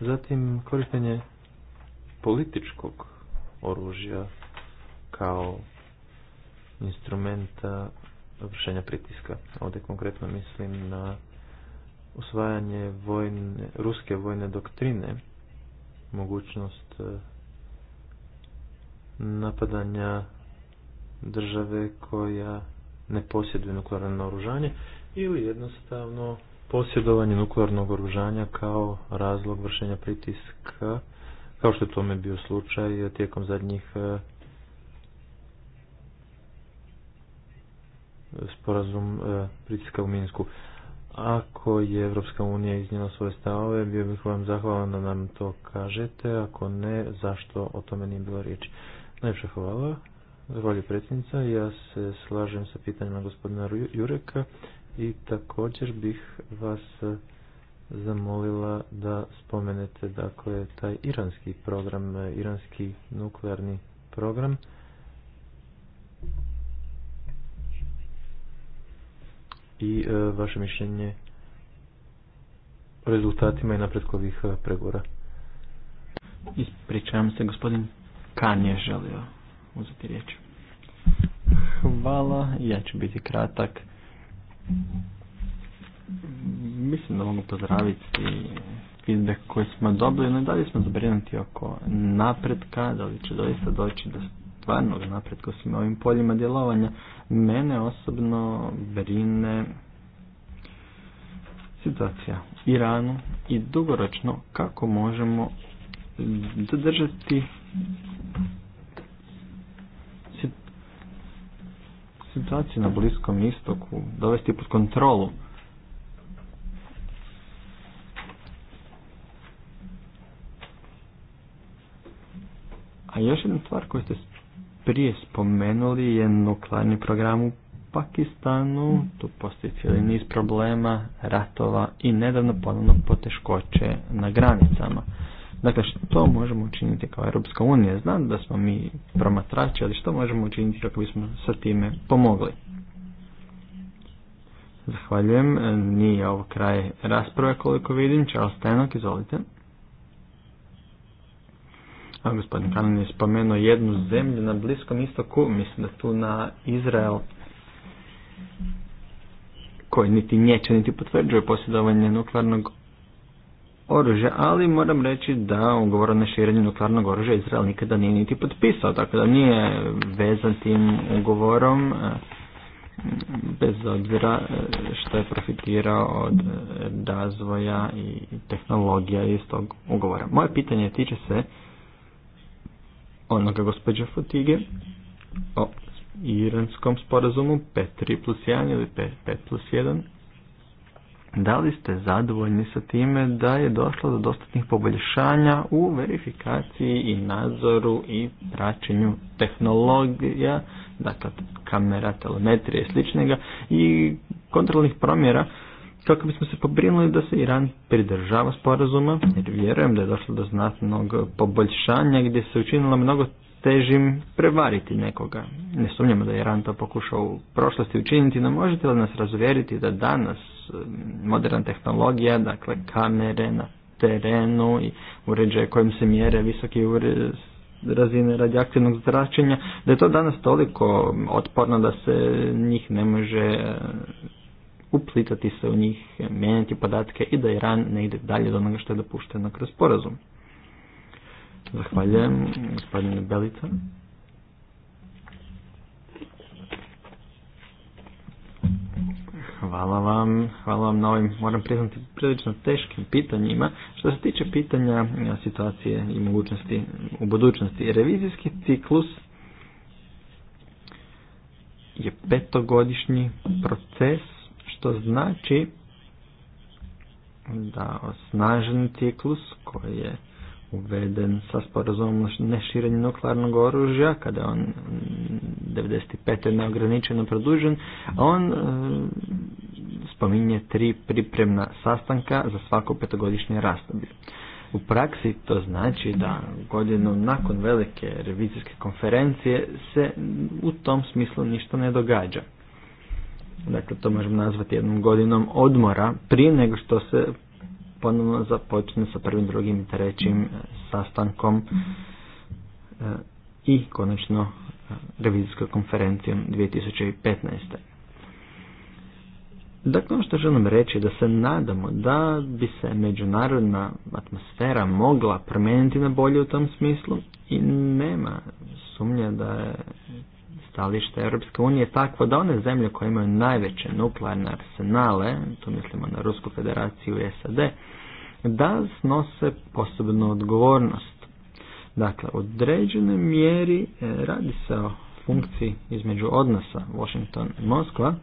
Zatim korištenje političkog oružja kao instrumenta vršenja pritiska. Ovdje konkretno mislim na usvajanje vojne, ruske vojne doktrine, mogućnost e, napadanja države koja ne posjeduje nuklearno oružanje ili jednostavno posjedovanje nuklearnog oružanja kao razlog vršenja pritiska kao što je tome bio slučaj e, tijekom zadnjih e, sporazum e, pritiska u Minsku. Ako je Evropska unija iznijela svoje stavove, bio bih vam zahvalan da nam to kažete, ako ne, zašto o tome nije bilo riječi. Najviše hvala. Zahvaljujem predsjednica. Ja se slažem sa pitanjima gospodina Jureka i također bih vas zamolila da spomenete dakle taj iranski program, iranski nuklearni program. i e, vaše mišljenje o rezultatima i napretku ovih e, pregovora. Ispričavam se, gospodin Kan je želio uzeti riječ. Hvala, ja ću biti kratak. Mislim da mogu pozdraviti feedback koji smo dobili, no da li smo zabrinuti oko napretka, da li će doista doći do stvarnog napretka u svim ovim poljima djelovanja. Mene osobno brine situacija u Iranu i dugoročno kako možemo zadržati situaciju na Bliskom istoku, dovesti pod kontrolu A još jedna stvar koju ste prije spomenuli je nuklearni program u Pakistanu. Tu postoji cijeli niz problema, ratova i nedavno ponovno poteškoće na granicama. Dakle, što možemo učiniti kao Europska unija? Znam da smo mi promatrači, ali što možemo učiniti kako bismo sa time pomogli? Zahvaljujem. Nije ovo kraj rasprave koliko vidim. Charles Tenok, izvolite gospodin Kanan je spomenuo jednu zemlju na Bliskom istoku, mislim da tu na Izrael koji niti nječe, niti potvrđuje posjedovanje nuklearnog oružja, ali moram reći da ugovor o širenju nuklearnog oružja Izrael nikada nije niti potpisao, tako da nije vezan tim ugovorom e, bez obzira e, što je profitirao od e, razvoja i tehnologija iz tog ugovora. Moje pitanje tiče se onoga gospođa Fotige o iranskom sporazumu p plus 1 ili 5 plus 1. Da li ste zadovoljni sa time da je došlo do dostatnih poboljšanja u verifikaciji i nadzoru i praćenju tehnologija, dakle kamera, telemetrije i sličnega i kontrolnih promjera kako bismo se pobrinuli da se Iran pridržava sporazuma, jer vjerujem da je došlo do znatnog poboljšanja gdje se učinilo mnogo težim prevariti nekoga. Ne sumnjamo da je Iran to pokušao u prošlosti učiniti, no možete li nas razuvjeriti da danas um, moderna tehnologija, dakle kamere na terenu i uređaje kojim se mjere visoki uređaj, razine radioaktivnog zračenja, da je to danas toliko otporno da se njih ne može uplitati se u njih, mijenjati podatke i da Iran ne ide dalje do onoga što je dopušteno kroz sporazum. Zahvaljujem, gospodine Belica. Hvala vam, hvala vam na ovim, moram priznati, prilično teškim pitanjima. Što se tiče pitanja situacije i mogućnosti u budućnosti, revizijski ciklus je petogodišnji proces što znači da osnažen ciklus koji je uveden sa sporazumom o neširenju nuklearnog oružja, kada je on 95. neograničeno produžen, on e, spominje tri pripremna sastanka za svako petogodišnje razdoblje. U praksi to znači da godinu nakon velike revizijske konferencije se u tom smislu ništa ne događa. Dakle, to možemo nazvati jednom godinom odmora prije nego što se ponovno započne sa prvim, drugim i trećim e, sastankom e, i konačno e, revizijskom konferencijom 2015. Dakle, ono što želim reći je da se nadamo da bi se međunarodna atmosfera mogla promijeniti na bolje u tom smislu i nema sumnje da je stalište Europske unije je takvo da one zemlje koje imaju najveće nuklearne arsenale, tu mislimo na Rusku federaciju i SAD, da snose posebnu odgovornost. Dakle, u određenoj mjeri e, radi se o funkciji između odnosa Washington i Moskva,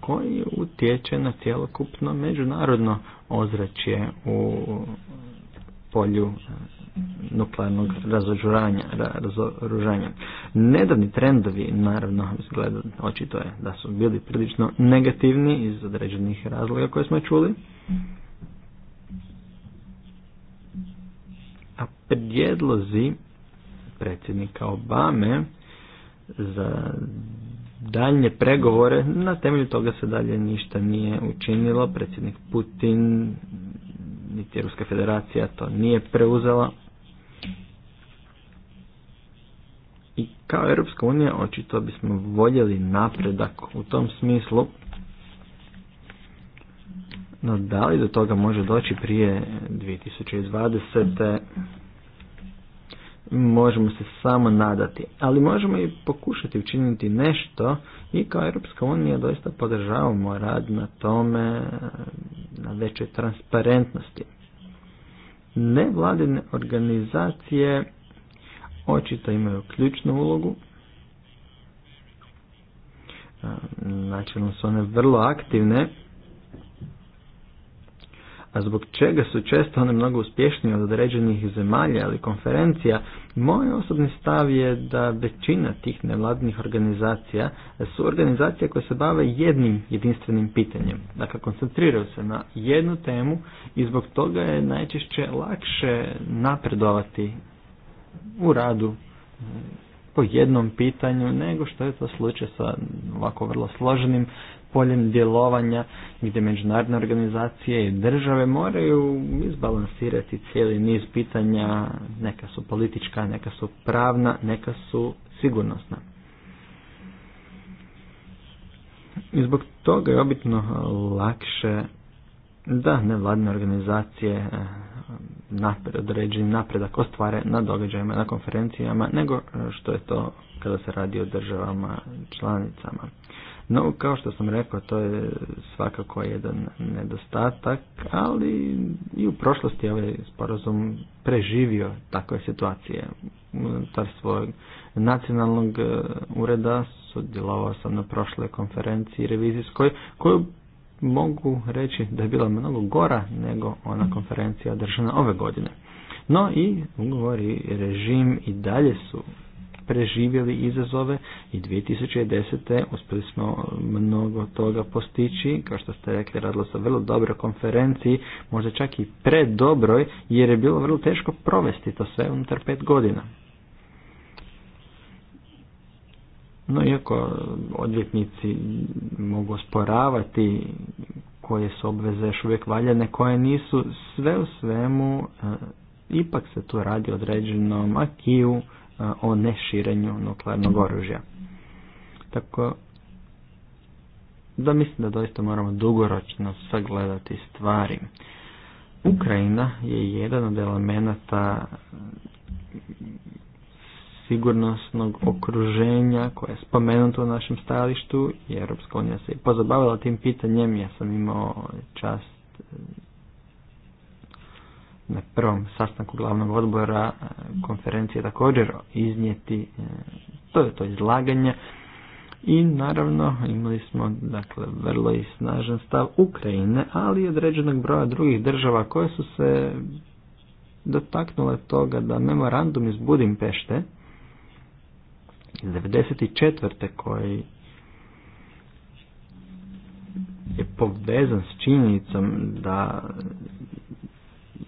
koji utječe na cjelokupno međunarodno ozračje u polju e, nuklearnog razoružanja. razoružanja. Nedavni trendovi, naravno, izgleda, očito je da su bili prilično negativni iz određenih razloga koje smo čuli. A prijedlozi predsjednika Obame za daljnje pregovore, na temelju toga se dalje ništa nije učinilo. Predsjednik Putin niti Ruska federacija to nije preuzela. I kao Europska unija očito bismo voljeli napredak u tom smislu. No da li do toga može doći prije 2020. Možemo se samo nadati, ali možemo i pokušati učiniti nešto i kao Europska unija doista podržavamo rad na tome, na većoj transparentnosti. Nevladine organizacije očito imaju ključnu ulogu. Načelno su one vrlo aktivne, a zbog čega su često one mnogo uspješnije od određenih zemalja ili konferencija, moj osobni stav je da većina tih nevladnih organizacija su organizacije koje se bave jednim jedinstvenim pitanjem. Dakle, koncentriraju se na jednu temu i zbog toga je najčešće lakše napredovati u radu e, po jednom pitanju nego što je to slučaj sa ovako vrlo složenim poljem djelovanja gdje međunarodne organizacije i države moraju izbalansirati cijeli niz pitanja, neka su politička, neka su pravna, neka su sigurnosna. I zbog toga je obitno lakše da nevladne organizacije e, napred, određeni napredak ostvare na događajima, na konferencijama, nego e, što je to kada se radi o državama članicama. No, kao što sam rekao, to je svakako jedan nedostatak, ali i u prošlosti ovaj sporazum preživio takve situacije. Unutar svojeg nacionalnog e, ureda sudjelovao sam na prošloj konferenciji revizijskoj, koju mogu reći da je bila mnogo gora nego ona konferencija održana ove godine. No i ugovori režim i dalje su preživjeli izazove i 2010. uspjeli smo mnogo toga postići, kao što ste rekli radilo se o vrlo dobroj konferenciji, možda čak i predobroj jer je bilo vrlo teško provesti to sve unutar pet godina. No iako odvjetnici mogu osporavati koje su obveze još uvijek valjane, koje nisu, sve u svemu e, ipak se tu radi određenom akiju e, o neširenju nuklearnog oružja. Tako da mislim da doista moramo dugoročno sagledati stvari. Ukrajina je jedan od elemenata sigurnosnog okruženja koje je spomenuto u našem stajalištu i Europska unija se je pozabavila tim pitanjem. Ja sam imao čast eh, na prvom sastanku glavnog odbora eh, konferencije također iznijeti eh, to je to izlaganje i naravno imali smo dakle vrlo i snažan stav Ukrajine ali i određenog broja drugih država koje su se dotaknule toga da memorandum iz Budimpešte 94. koji je povezan s činjenicom da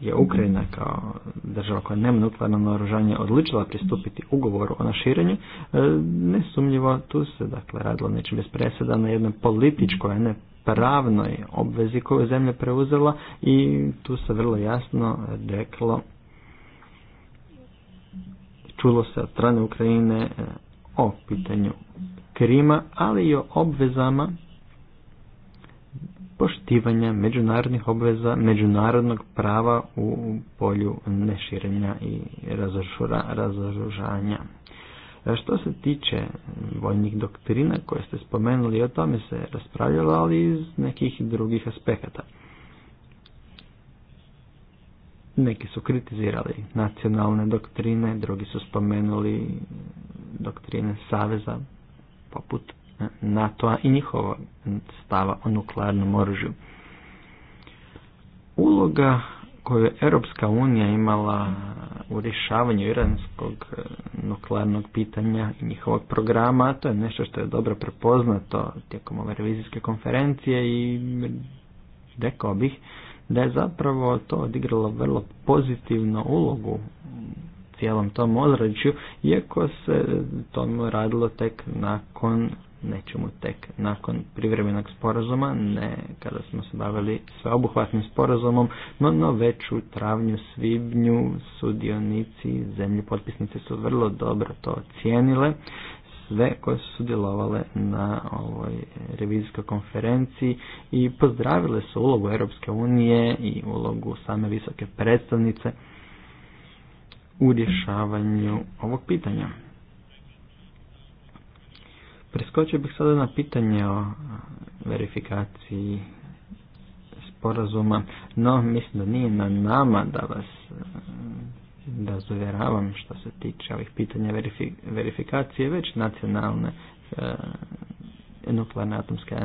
je Ukrajina kao država koja nema nuklearno naoružanje odličila pristupiti ugovoru o naširenju, e, nesumnjivo tu se dakle radilo nečem bez na jednoj političkoj, a ne pravnoj obvezi koju zemlja preuzela i tu se vrlo jasno reklo čulo se od strane Ukrajine e, o pitanju Krima, ali i o obvezama poštivanja međunarodnih obveza, međunarodnog prava u polju neširenja i razoružanja. E, što se tiče vojnih doktrina koje ste spomenuli, o tome se raspravljalo, ali iz nekih drugih aspekata. Neki su kritizirali nacionalne doktrine, drugi su spomenuli doktrine saveza poput NATO-a i njihova stava o nuklearnom oružju. Uloga koju je Europska unija imala u rješavanju iranskog e, nuklearnog pitanja i njihovog programa, to je nešto što je dobro prepoznato tijekom ove revizijske konferencije i rekao bih da je zapravo to odigralo vrlo pozitivnu ulogu cijelom tom ozračju, iako se tomu radilo tek nakon nećemo tek nakon privremenog sporazuma, ne kada smo se bavili sveobuhvatnim sporazumom, no, no već u travnju, svibnju sudionici, zemlje potpisnice su vrlo dobro to ocijenile, sve koje su sudjelovale na ovoj revizijskoj konferenciji i pozdravile su ulogu Europske unije i ulogu same visoke predstavnice u rješavanju ovog pitanja. Preskočio bih sada na pitanje o verifikaciji sporazuma, no mislim da nije na nama da vas da zavjeravam što se tiče ovih pitanja verifikacije, već nacionalne e, nuklearne atomske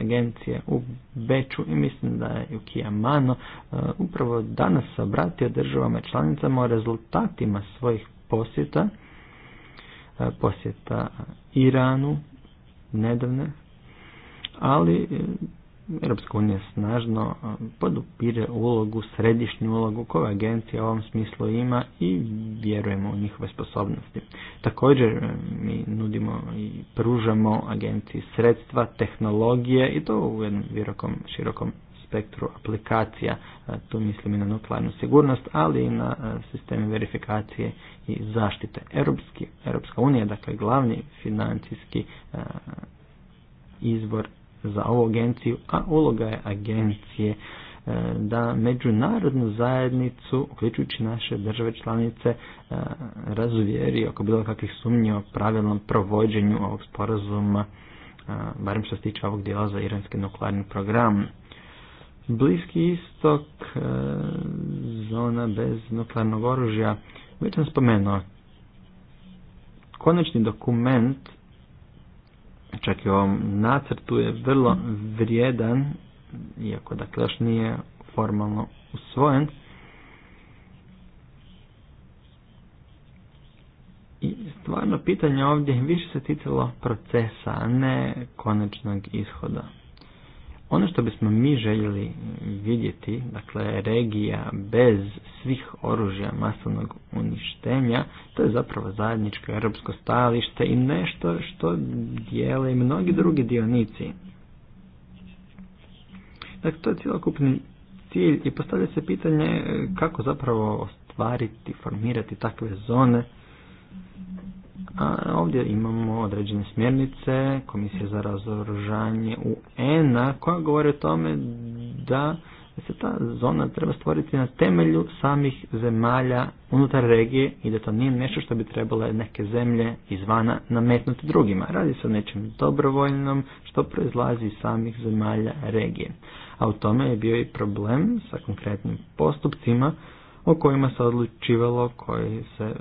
agencije u Beču i mislim da je u Mano e, upravo danas se obratio državama članicama o rezultatima svojih posjeta, e, posjeta Iranu nedavne, ali e, Europska unija snažno podupire ulogu, središnju ulogu koju agencija u ovom smislu ima i vjerujemo u njihove sposobnosti. Također e, mi nudimo i pružamo agenciji sredstva, tehnologije i to u jednom širokom spektru aplikacija. E, tu mislim i na nuklearnu sigurnost, ali i na e, sisteme verifikacije i zaštite. Europski, Europska unija je dakle glavni financijski izvor za ovu agenciju, a uloga je agencije e, da međunarodnu zajednicu, uključujući naše države članice, e, razuvjeri oko bilo kakvih sumnji o pravilnom provođenju ovog sporazuma, e, barem što se tiče ovog dijela za iranski nuklearni program. Bliski istok, zona bez nuklearnog oružja, već sam spomenuo, konačni dokument čak i ovom nacrtu je vrlo mm. vrijedan, iako dakle još nije formalno usvojen. I stvarno pitanje ovdje više se ticalo procesa, a ne konačnog ishoda. Ono što bismo mi željeli vidjeti, dakle regija bez svih oružja masovnog uništenja, to je zapravo zajedničko europsko stajalište i nešto što dijele i mnogi drugi dionici. Dakle, to je cijelokupni cilj i postavlja se pitanje e, kako zapravo ostvariti, formirati takve zone a ovdje imamo određene smjernice Komisije za razoružanje u ENA koja govori o tome da se ta zona treba stvoriti na temelju samih zemalja unutar regije i da to nije nešto što bi trebale neke zemlje izvana nametnuti drugima. Radi se o nečem dobrovoljnom što proizlazi iz samih zemalja regije. A u tome je bio i problem sa konkretnim postupcima o kojima se odlučivalo koji se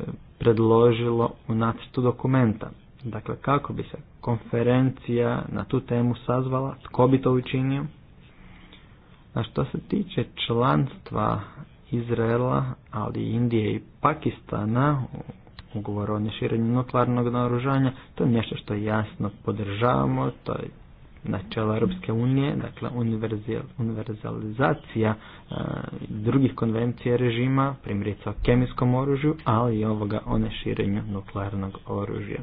predložilo u nacrtu dokumenta. Dakle, kako bi se konferencija na tu temu sazvala, tko bi to učinio. A što se tiče članstva Izraela, ali i Indije i Pakistana ugovor o neširenju nuklearnog naoružanja, to je nešto što jasno podržavamo, to je načela Europske unije, dakle univerzalizacija e, drugih konvencija režima, primjerice o kemijskom oružju, ali i ovoga o neširenju nuklearnog oružja.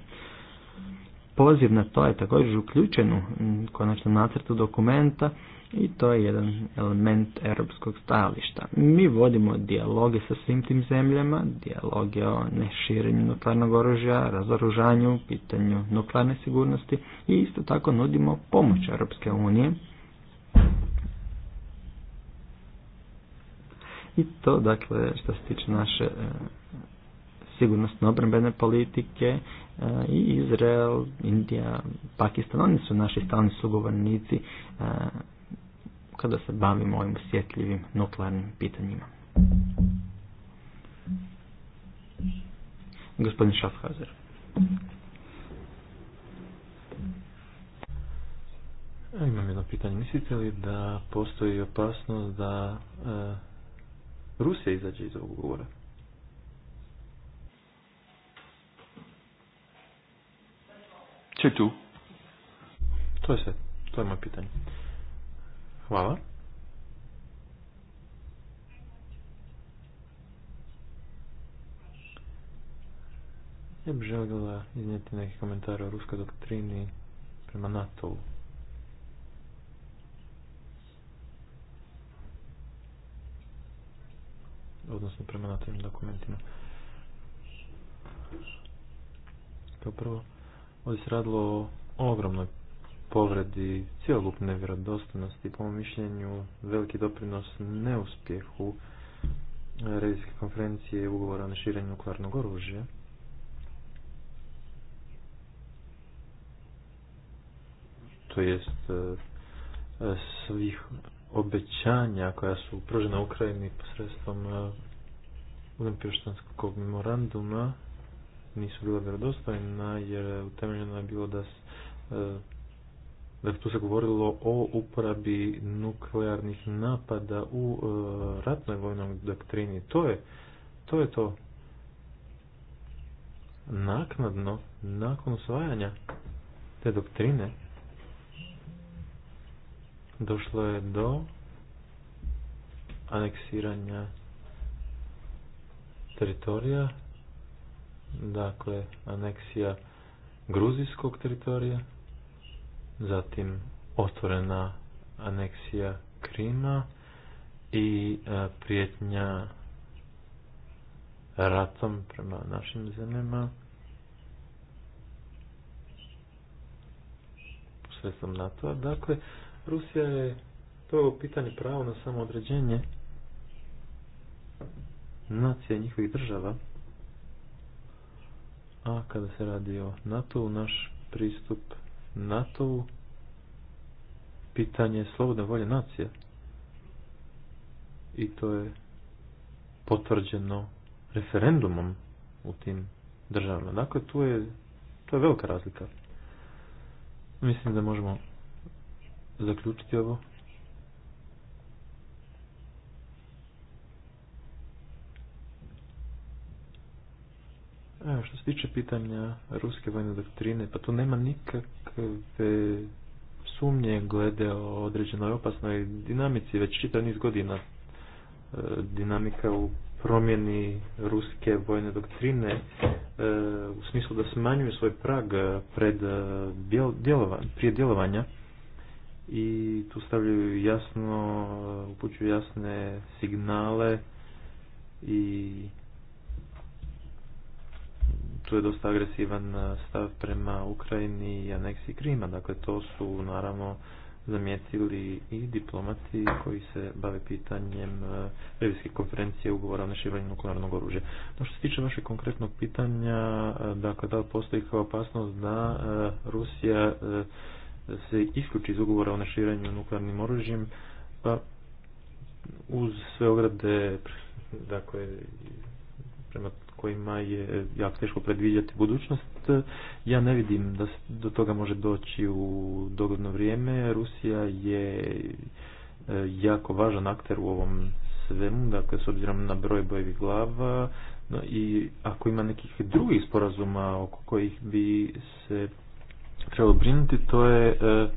Poziv na to je također uključen u konačnom nacrtu dokumenta i to je jedan element europskog stajališta. Mi vodimo dijaloge sa svim tim zemljama, dijaloge o neširenju nuklearnog oružja, razoružanju, pitanju nuklearne sigurnosti i isto tako nudimo pomoć Europske unije. I to, dakle, što se tiče naše e, sigurnosno obrambene politike e, i Izrael, Indija, Pakistan, oni su naši stalni sugovornici e, kada se bavimo ovim osjetljivim nuklearnim pitanjima. Gospodin Schaffhauser. E, imam jedno pitanje. Mislite li da postoji opasnost da e, Rusija izađe iz ovog ugovora? tu. To je sve. To je moje pitanje. Hvala. Ja bih željela iznijeti neki komentar o ruskoj doktrini prema NATO-u. Odnosno prema NATO-im dokumentima. Kao prvo, ovdje se radilo o ogromnoj povredi cjelokupne vjerodostojnosti, po mom mišljenju, veliki doprinos neuspjehu redijske konferencije ugovora o širenju nuklearnog oružja. To jest e, svih obećanja koja su pružena Ukrajini posredstvom Budimpještanskog e, memoranduma nisu bila vjerodostojna jer utemeljeno je bilo da e, Dakle, tu se govorilo o uporabi nuklearnih napada u e, ratnoj vojnoj doktrini. To je to. Je to. Naknadno, nakon usvajanja te doktrine, došlo je do aneksiranja teritorija, dakle, aneksija gruzijskog teritorija, zatim otvorena aneksija Krima i e, prijetnja ratom prema našim zemljama posredstvom NATO-a. Dakle, Rusija je to pitanje pravo na samoodređenje nacija njihovih država. A kada se radi o NATO, naš pristup nato pitanje slobodne volje nacije I to je potvrđeno referendumom u tim državama. Dakle, tu je, to je velika razlika. Mislim da možemo zaključiti ovo što se tiče pitanja ruske vojne doktrine, pa tu nema nikakve sumnje glede o određenoj opasnoj dinamici, već čitav niz godina e, dinamika u promjeni ruske vojne doktrine e, u smislu da smanjuju svoj prag pred e, djelova, prije djelovanja i tu stavljaju jasno, upućuju jasne signale i tu je dosta agresivan e, stav prema Ukrajini i aneksiji Krima. Dakle, to su naravno zamijetili i diplomati koji se bave pitanjem e, revijske konferencije ugovora o neširenju nuklearnog oružja. No što se tiče vašeg konkretnog pitanja, e, dakle da li postoji kao opasnost da Rusija se isključi iz ugovora o neširanju nuklearnim oružjem, pa uz sve ograde dakle prema kojima je e, jako teško predviđati budućnost. Ja ne vidim da do toga može doći u dogodno vrijeme. Rusija je e, jako važan akter u ovom svemu, dakle s obzirom na broj bojevih glava no, i ako ima nekih drugih sporazuma oko kojih bi se trebalo brinuti, to je e,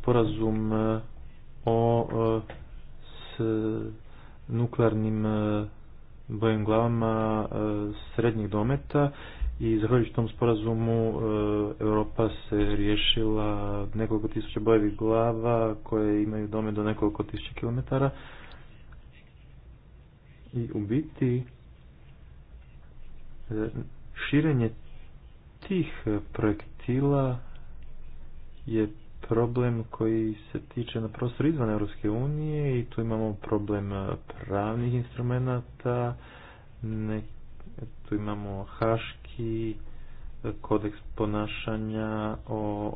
sporazum o s nuklearnim bojim glavama e, srednjih dometa i zahvaljujući tom sporazumu e, Europa se riješila nekoliko tisuća bojevih glava koje imaju dome do nekoliko tisuća kilometara i u biti e, širenje tih projektila je problem koji se tiče na prostor izvan Europske unije i tu imamo problem pravnih instrumenta, tu imamo haški kodeks ponašanja o,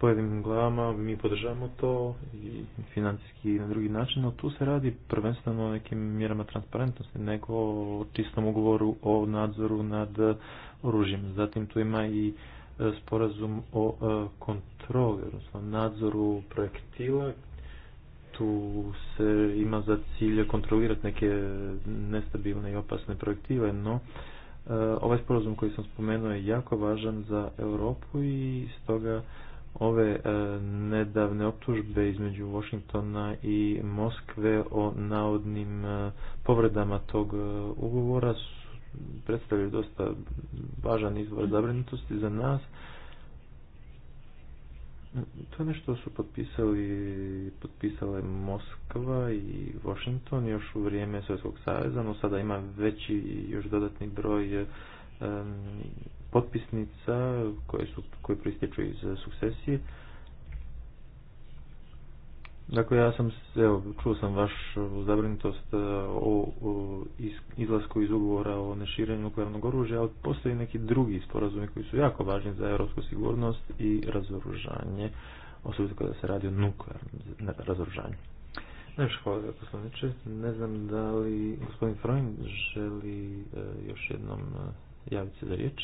pojedinim glavama, mi podržavamo to i financijski i na drugi način, no tu se radi prvenstveno o nekim mjerama transparentnosti, nego o čistom ugovoru o nadzoru nad oružjem. Zatim tu ima i sporazum o e, kontroli, odnosno nadzoru projektila. Tu se ima za cilj kontrolirati neke nestabilne i opasne projektive, no e, ovaj sporazum koji sam spomenuo je jako važan za Europu i stoga ove e, nedavne optužbe između Washingtona i Moskve o navodnim povredama tog ugovora predstavljaju dosta važan izvor mhm. zabrinutosti za nas. To je nešto su potpisali, potpisale Moskva i Washington još u vrijeme Sovjetskog saveza, no sada ima veći još dodatni broj potpisnica koje, su, koje pristječu iz sukcesije. Dakle, ja sam, evo, čuo sam vašu e, zabrinutost e, o, izlasku iz ugovora o neširenju nuklearnog oružja, ali postoji neki drugi sporazumi koji su jako važni za europsku sigurnost i razoružanje, osobito kada se radi o nuklearnom razoružanju. Najviše hvala Ne znam da li gospodin Frojn želi e, još jednom javiti se za riječ.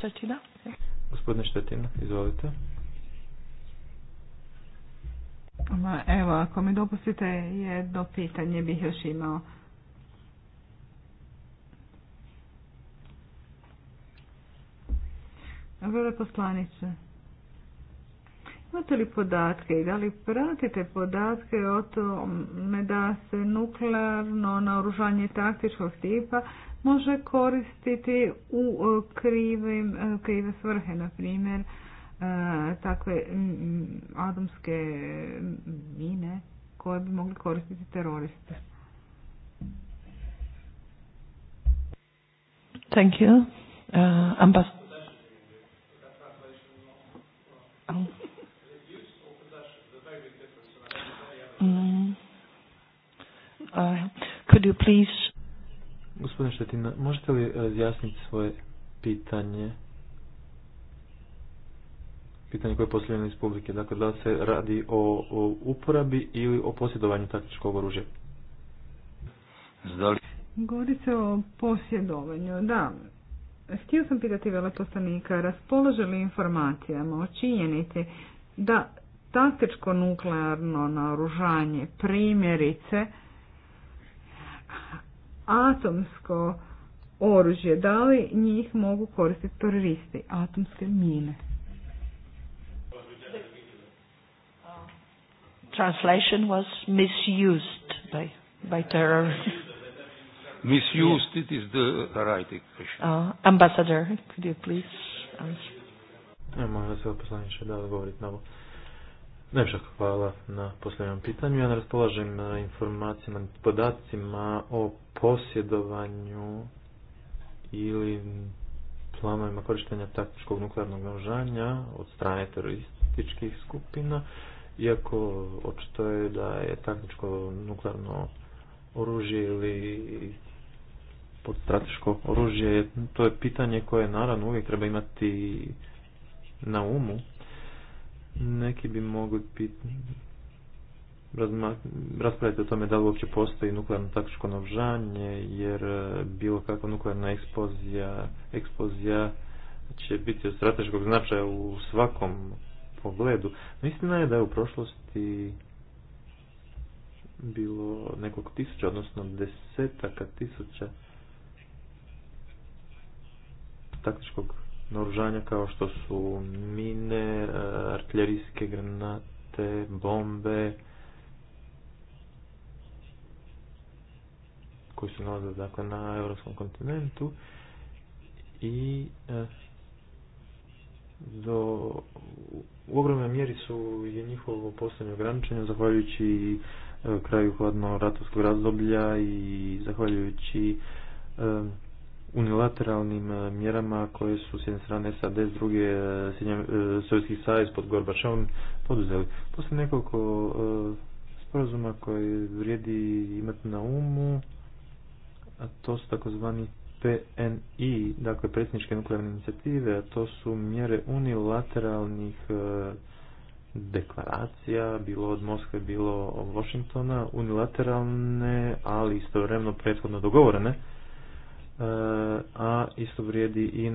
Četina. Gospodine Štetina, izvolite. Ma evo, ako mi dopustite jedno pitanje bih još imao. poslanice, imate li podatke i da li pratite podatke o tome da se nuklearno naoružanje taktičkog tipa može koristiti u e, e, krive svrhe, na primjer, takve atomske mine koje bi mogli koristiti teroriste. Thank you. Uh, ambas mm. uh, could you please... Gospodine Štetina, možete li razjasniti svoje pitanje? pitanje koje je postavljeno iz publike, dakle da se radi o, uporabi ili o posjedovanju taktičkog oružja? Zdali... Govori se o posjedovanju, da. Htio sam pitati veleposlanika, raspolaže li informacijama o činjenici da taktičko nuklearno naoružanje, primjerice, atomsko oružje, da li njih mogu koristiti teroristi, atomske mine? translation was misused by, by terror. misused, yeah. it is the right expression. Uh, ambassador, could you please answer? Ja, se vas, poslaniče, da odgovorite na ovo. Najviše hvala na posljednjem pitanju. Ja ne raspolažem e, informacijama, podacima o posjedovanju ili planovima korištenja taktičkog nuklearnog nožanja od strane terorističkih skupina iako očito je da je taktičko nuklearno oružje ili podstrateško oružje, to je pitanje koje naravno uvijek treba imati na umu. Neki bi mogli pitati raspraviti o tome da li uopće postoji nuklearno taktičko novžanje jer e, bilo kakva nuklearna ekspozija ekspozija će biti od strateškog značaja u svakom pogledu. Mislim istina je da je u prošlosti bilo nekoliko tisuća, odnosno desetaka tisuća taktičkog naoružanja kao što su mine, e, artiljerijske granate, bombe koji su nalaze dakle, na europskom kontinentu i e, do, u ogromnoj mjeri su je njihovo poslovno ograničenje zahvaljujući e, kraju hladno ratovskog razdoblja i zahvaljujući e, unilateralnim e, mjerama koje su s jedne strane SAD, s druge Sovjetski savez pod Gorbačevom poduzeli. Poslije nekoliko sporazuma koje vrijedi imati na umu, a to su takozvani PNI, dakle predsjedničke nuklearne inicijative, a to su mjere unilateralnih e, deklaracija, bilo od Moskve, bilo od Washingtona, unilateralne, ali istovremeno prethodno dogovorene, e, a isto vrijedi i,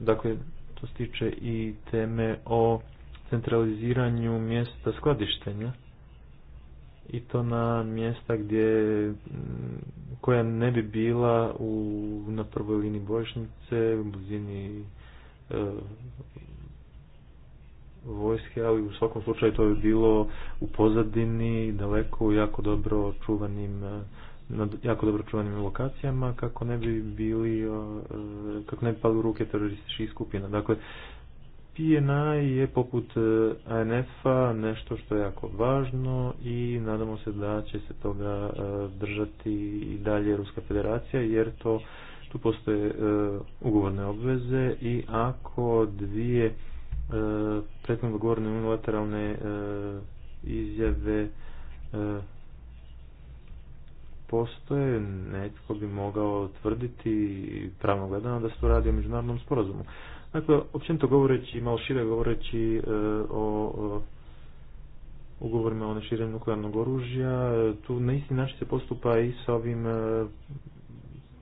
dakle, to se tiče i teme o centraliziranju mjesta skladištenja, i to na mjesta gdje mm, koja ne bi bila u, na prvoj liniji bojišnice, u blizini e, vojske, ali u svakom slučaju to bi bilo u pozadini, daleko, u jako dobro čuvanim e, na jako dobro čuvanim lokacijama kako ne bi bili e, kako ne bi pali u ruke terorističkih skupina. Dakle, PNA je poput e, ANF-a nešto što je jako važno i nadamo se da će se toga e, držati i dalje Ruska federacija jer to tu postoje e, ugovorne obveze i ako dvije prethodno govorne unilateralne izjave postoje, netko bi mogao tvrditi pravno gledano da se to radi o međunarodnom sporazumu. Dakle, općenito govoreći, malo šire govoreći e, o ugovorima o neširenju nuklearnog oružja, tu na isti način se postupa i sa ovim e,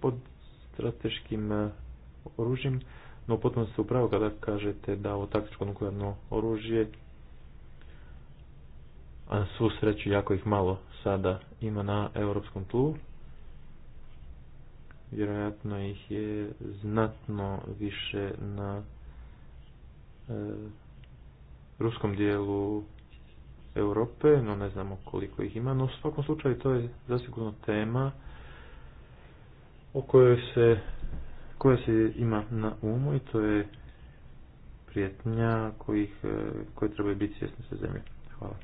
podstrateškim e, oružjem, no potpuno se upravo kada kažete da ovo taktičko nuklearno oružje, a na svu sreću jako ih malo sada ima na europskom tlu, vjerojatno ih je znatno više na e, ruskom dijelu Europe, no ne znamo koliko ih ima, no u svakom slučaju to je zasigurno tema o kojoj se, koja se ima na umu i to je prijetnja kojih, e, koje trebaju biti svjesne sa zemlje. Hvala.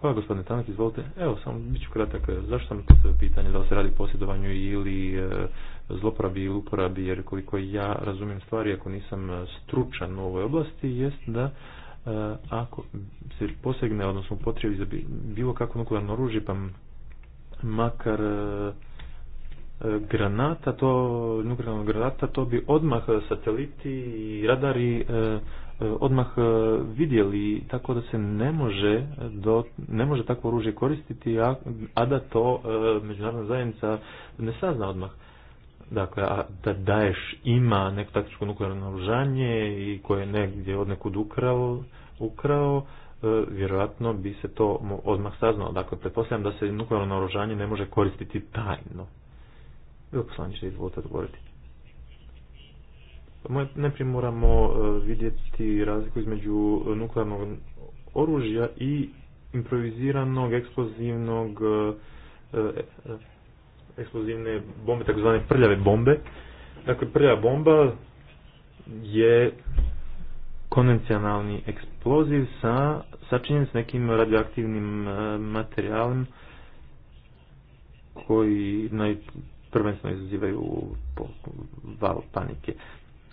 Hvala gospodine Tanak, izvolite. Evo, samo bit ću kratak, zašto sam postavio pitanje, da li se radi o posjedovanju ili e, zloporabi ili uporabi, jer koliko ja razumijem stvari, ako nisam stručan u ovoj oblasti, jest da e, ako se posegne, odnosno potrebi za bilo kako nuklearno oružje, pa makar e, granata, to, granata, to bi odmah sateliti i radari E, odmah e, vidjeli, tako da se ne može, do, ne može takvo oružje koristiti, a, a da to e, međunarodna zajednica ne sazna odmah. Dakle, a da Daješ ima neko taktičko nuklearno oružanje i koje je negdje od nekud ukrao, ukrao vjerojatno bi se to odmah saznalo. Dakle, pretpostavljam da se nuklearno oružanje ne može koristiti tajno. Bilo poslaniče, izvolite odgovoriti. Najprije moramo e, vidjeti razliku između nuklearnog oružja i improviziranog eksplozivnog e, e, eksplozivne bombe, takozvane prljave bombe. Dakle, prljava bomba je konvencionalni eksploziv sa, sačinjen s nekim radioaktivnim materijalom koji prvenstveno izazivaju val panike.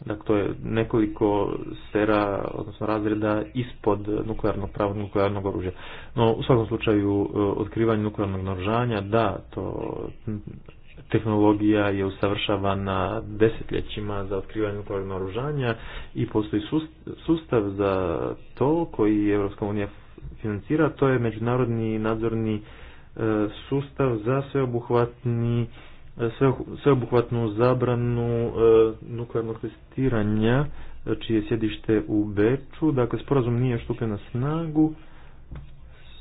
Dakle, to je nekoliko sfera, odnosno razreda ispod nuklearnog prava nuklearnog oružja. No, u svakom slučaju, e, otkrivanje nuklearnog naoružanja, da, to tehnologija je usavršavana desetljećima za otkrivanje nuklearnog naoružanja i postoji sustav za to koji Europska unija financira, to je međunarodni nadzorni e, sustav za sveobuhvatni sveobuhvatnu zabranu e, nuklearnog testiranja e, čije sjedište u Beču. Dakle, sporazum nije štupio na snagu.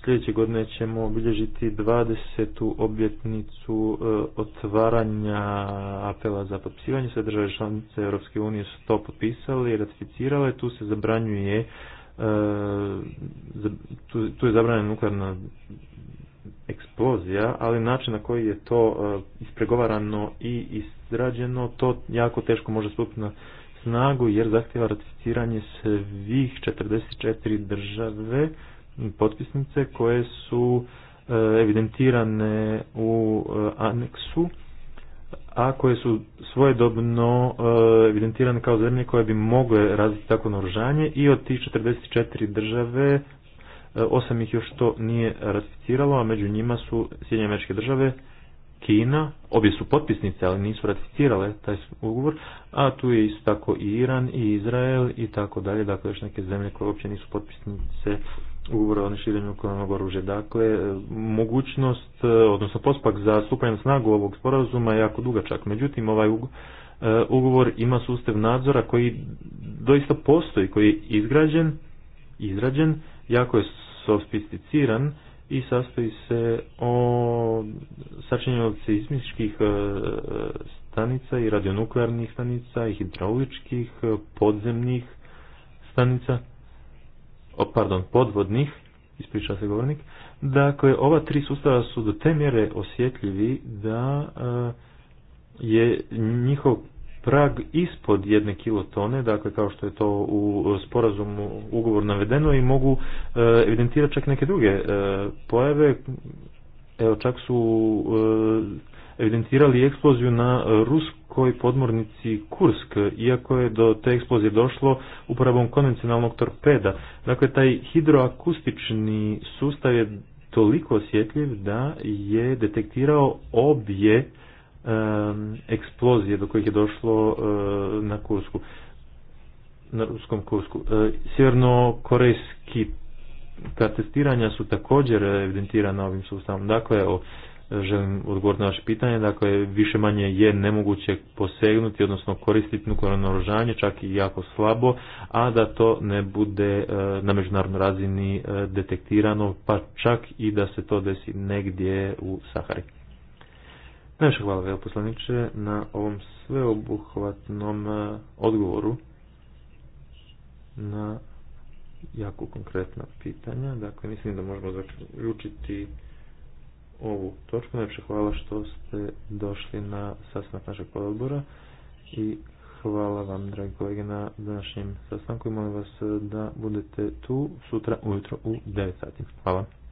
Sljedeće godine ćemo obilježiti 20. objetnicu e, otvaranja apela za potpisivanje. Sve države članice Europske unije su to potpisali i ratificirale. Tu se zabranjuje tu je zabranjena nuklearna eksplozija, ali način na koji je to e, ispregovarano i izrađeno, to jako teško može stupiti na snagu jer zahtjeva ratificiranje svih 44 države potpisnice koje su e, evidentirane u e, aneksu, a koje su svojedobno evidentirane kao zemlje koje bi mogle razviti takvo naoružanje i od tih 44 države osam ih još to nije ratificiralo, a među njima su Sjedinje američke države, Kina, obje su potpisnice, ali nisu ratificirale taj ugovor, a tu je isto tako i Iran i Izrael i tako dalje, dakle još neke zemlje koje uopće nisu potpisnice ugovora o neširenju nuklearnog oružja. Dakle, mogućnost, e, odnosno pospak za stupanje na snagu ovog sporazuma je jako dugačak. Međutim, ovaj e, ugovor ima sustav nadzora koji doista postoji, koji je izgrađen, izrađen, jako je sofisticiran i sastoji se o sačinjenju od seizmičkih e, stanica i radionuklearnih stanica i hidrauličkih e, podzemnih stanica, o, pardon, podvodnih, ispriča se govornik. Dakle, ova tri sustava su do te mjere osjetljivi da e, je njihov prag ispod jedne kilotone, dakle kao što je to u sporazumu ugovor navedeno i mogu e, evidentirati čak neke druge e, pojave. Evo čak su e, evidentirali eksploziju na ruskoj podmornici Kursk, iako je do te eksplozije došlo uporabom konvencionalnog torpeda. Dakle, taj hidroakustični sustav je toliko osjetljiv da je detektirao obje eksplozije do kojih je došlo na Kursku na ruskom Kursku. E, sjeverno-korejski testiranja su također evidentirana ovim sustavom. Dakle, evo, želim odgovoriti na vaše pitanje. Dakle, više manje je nemoguće posegnuti, odnosno koristiti nuklearno oružanje, čak i jako slabo, a da to ne bude e, na međunarodnoj razini e, detektirano, pa čak i da se to desi negdje u Sahari. Najviše hvala poslovniče na ovom sveobuhvatnom e, odgovoru na jako konkretna pitanja. Dakle, mislim da možemo zaključiti ovu točku. Najviše hvala što ste došli na sastanak našeg pododbora i hvala vam, dragi kolege, na današnjem sastanku i molim vas da budete tu sutra ujutro u 9 sati. Hvala.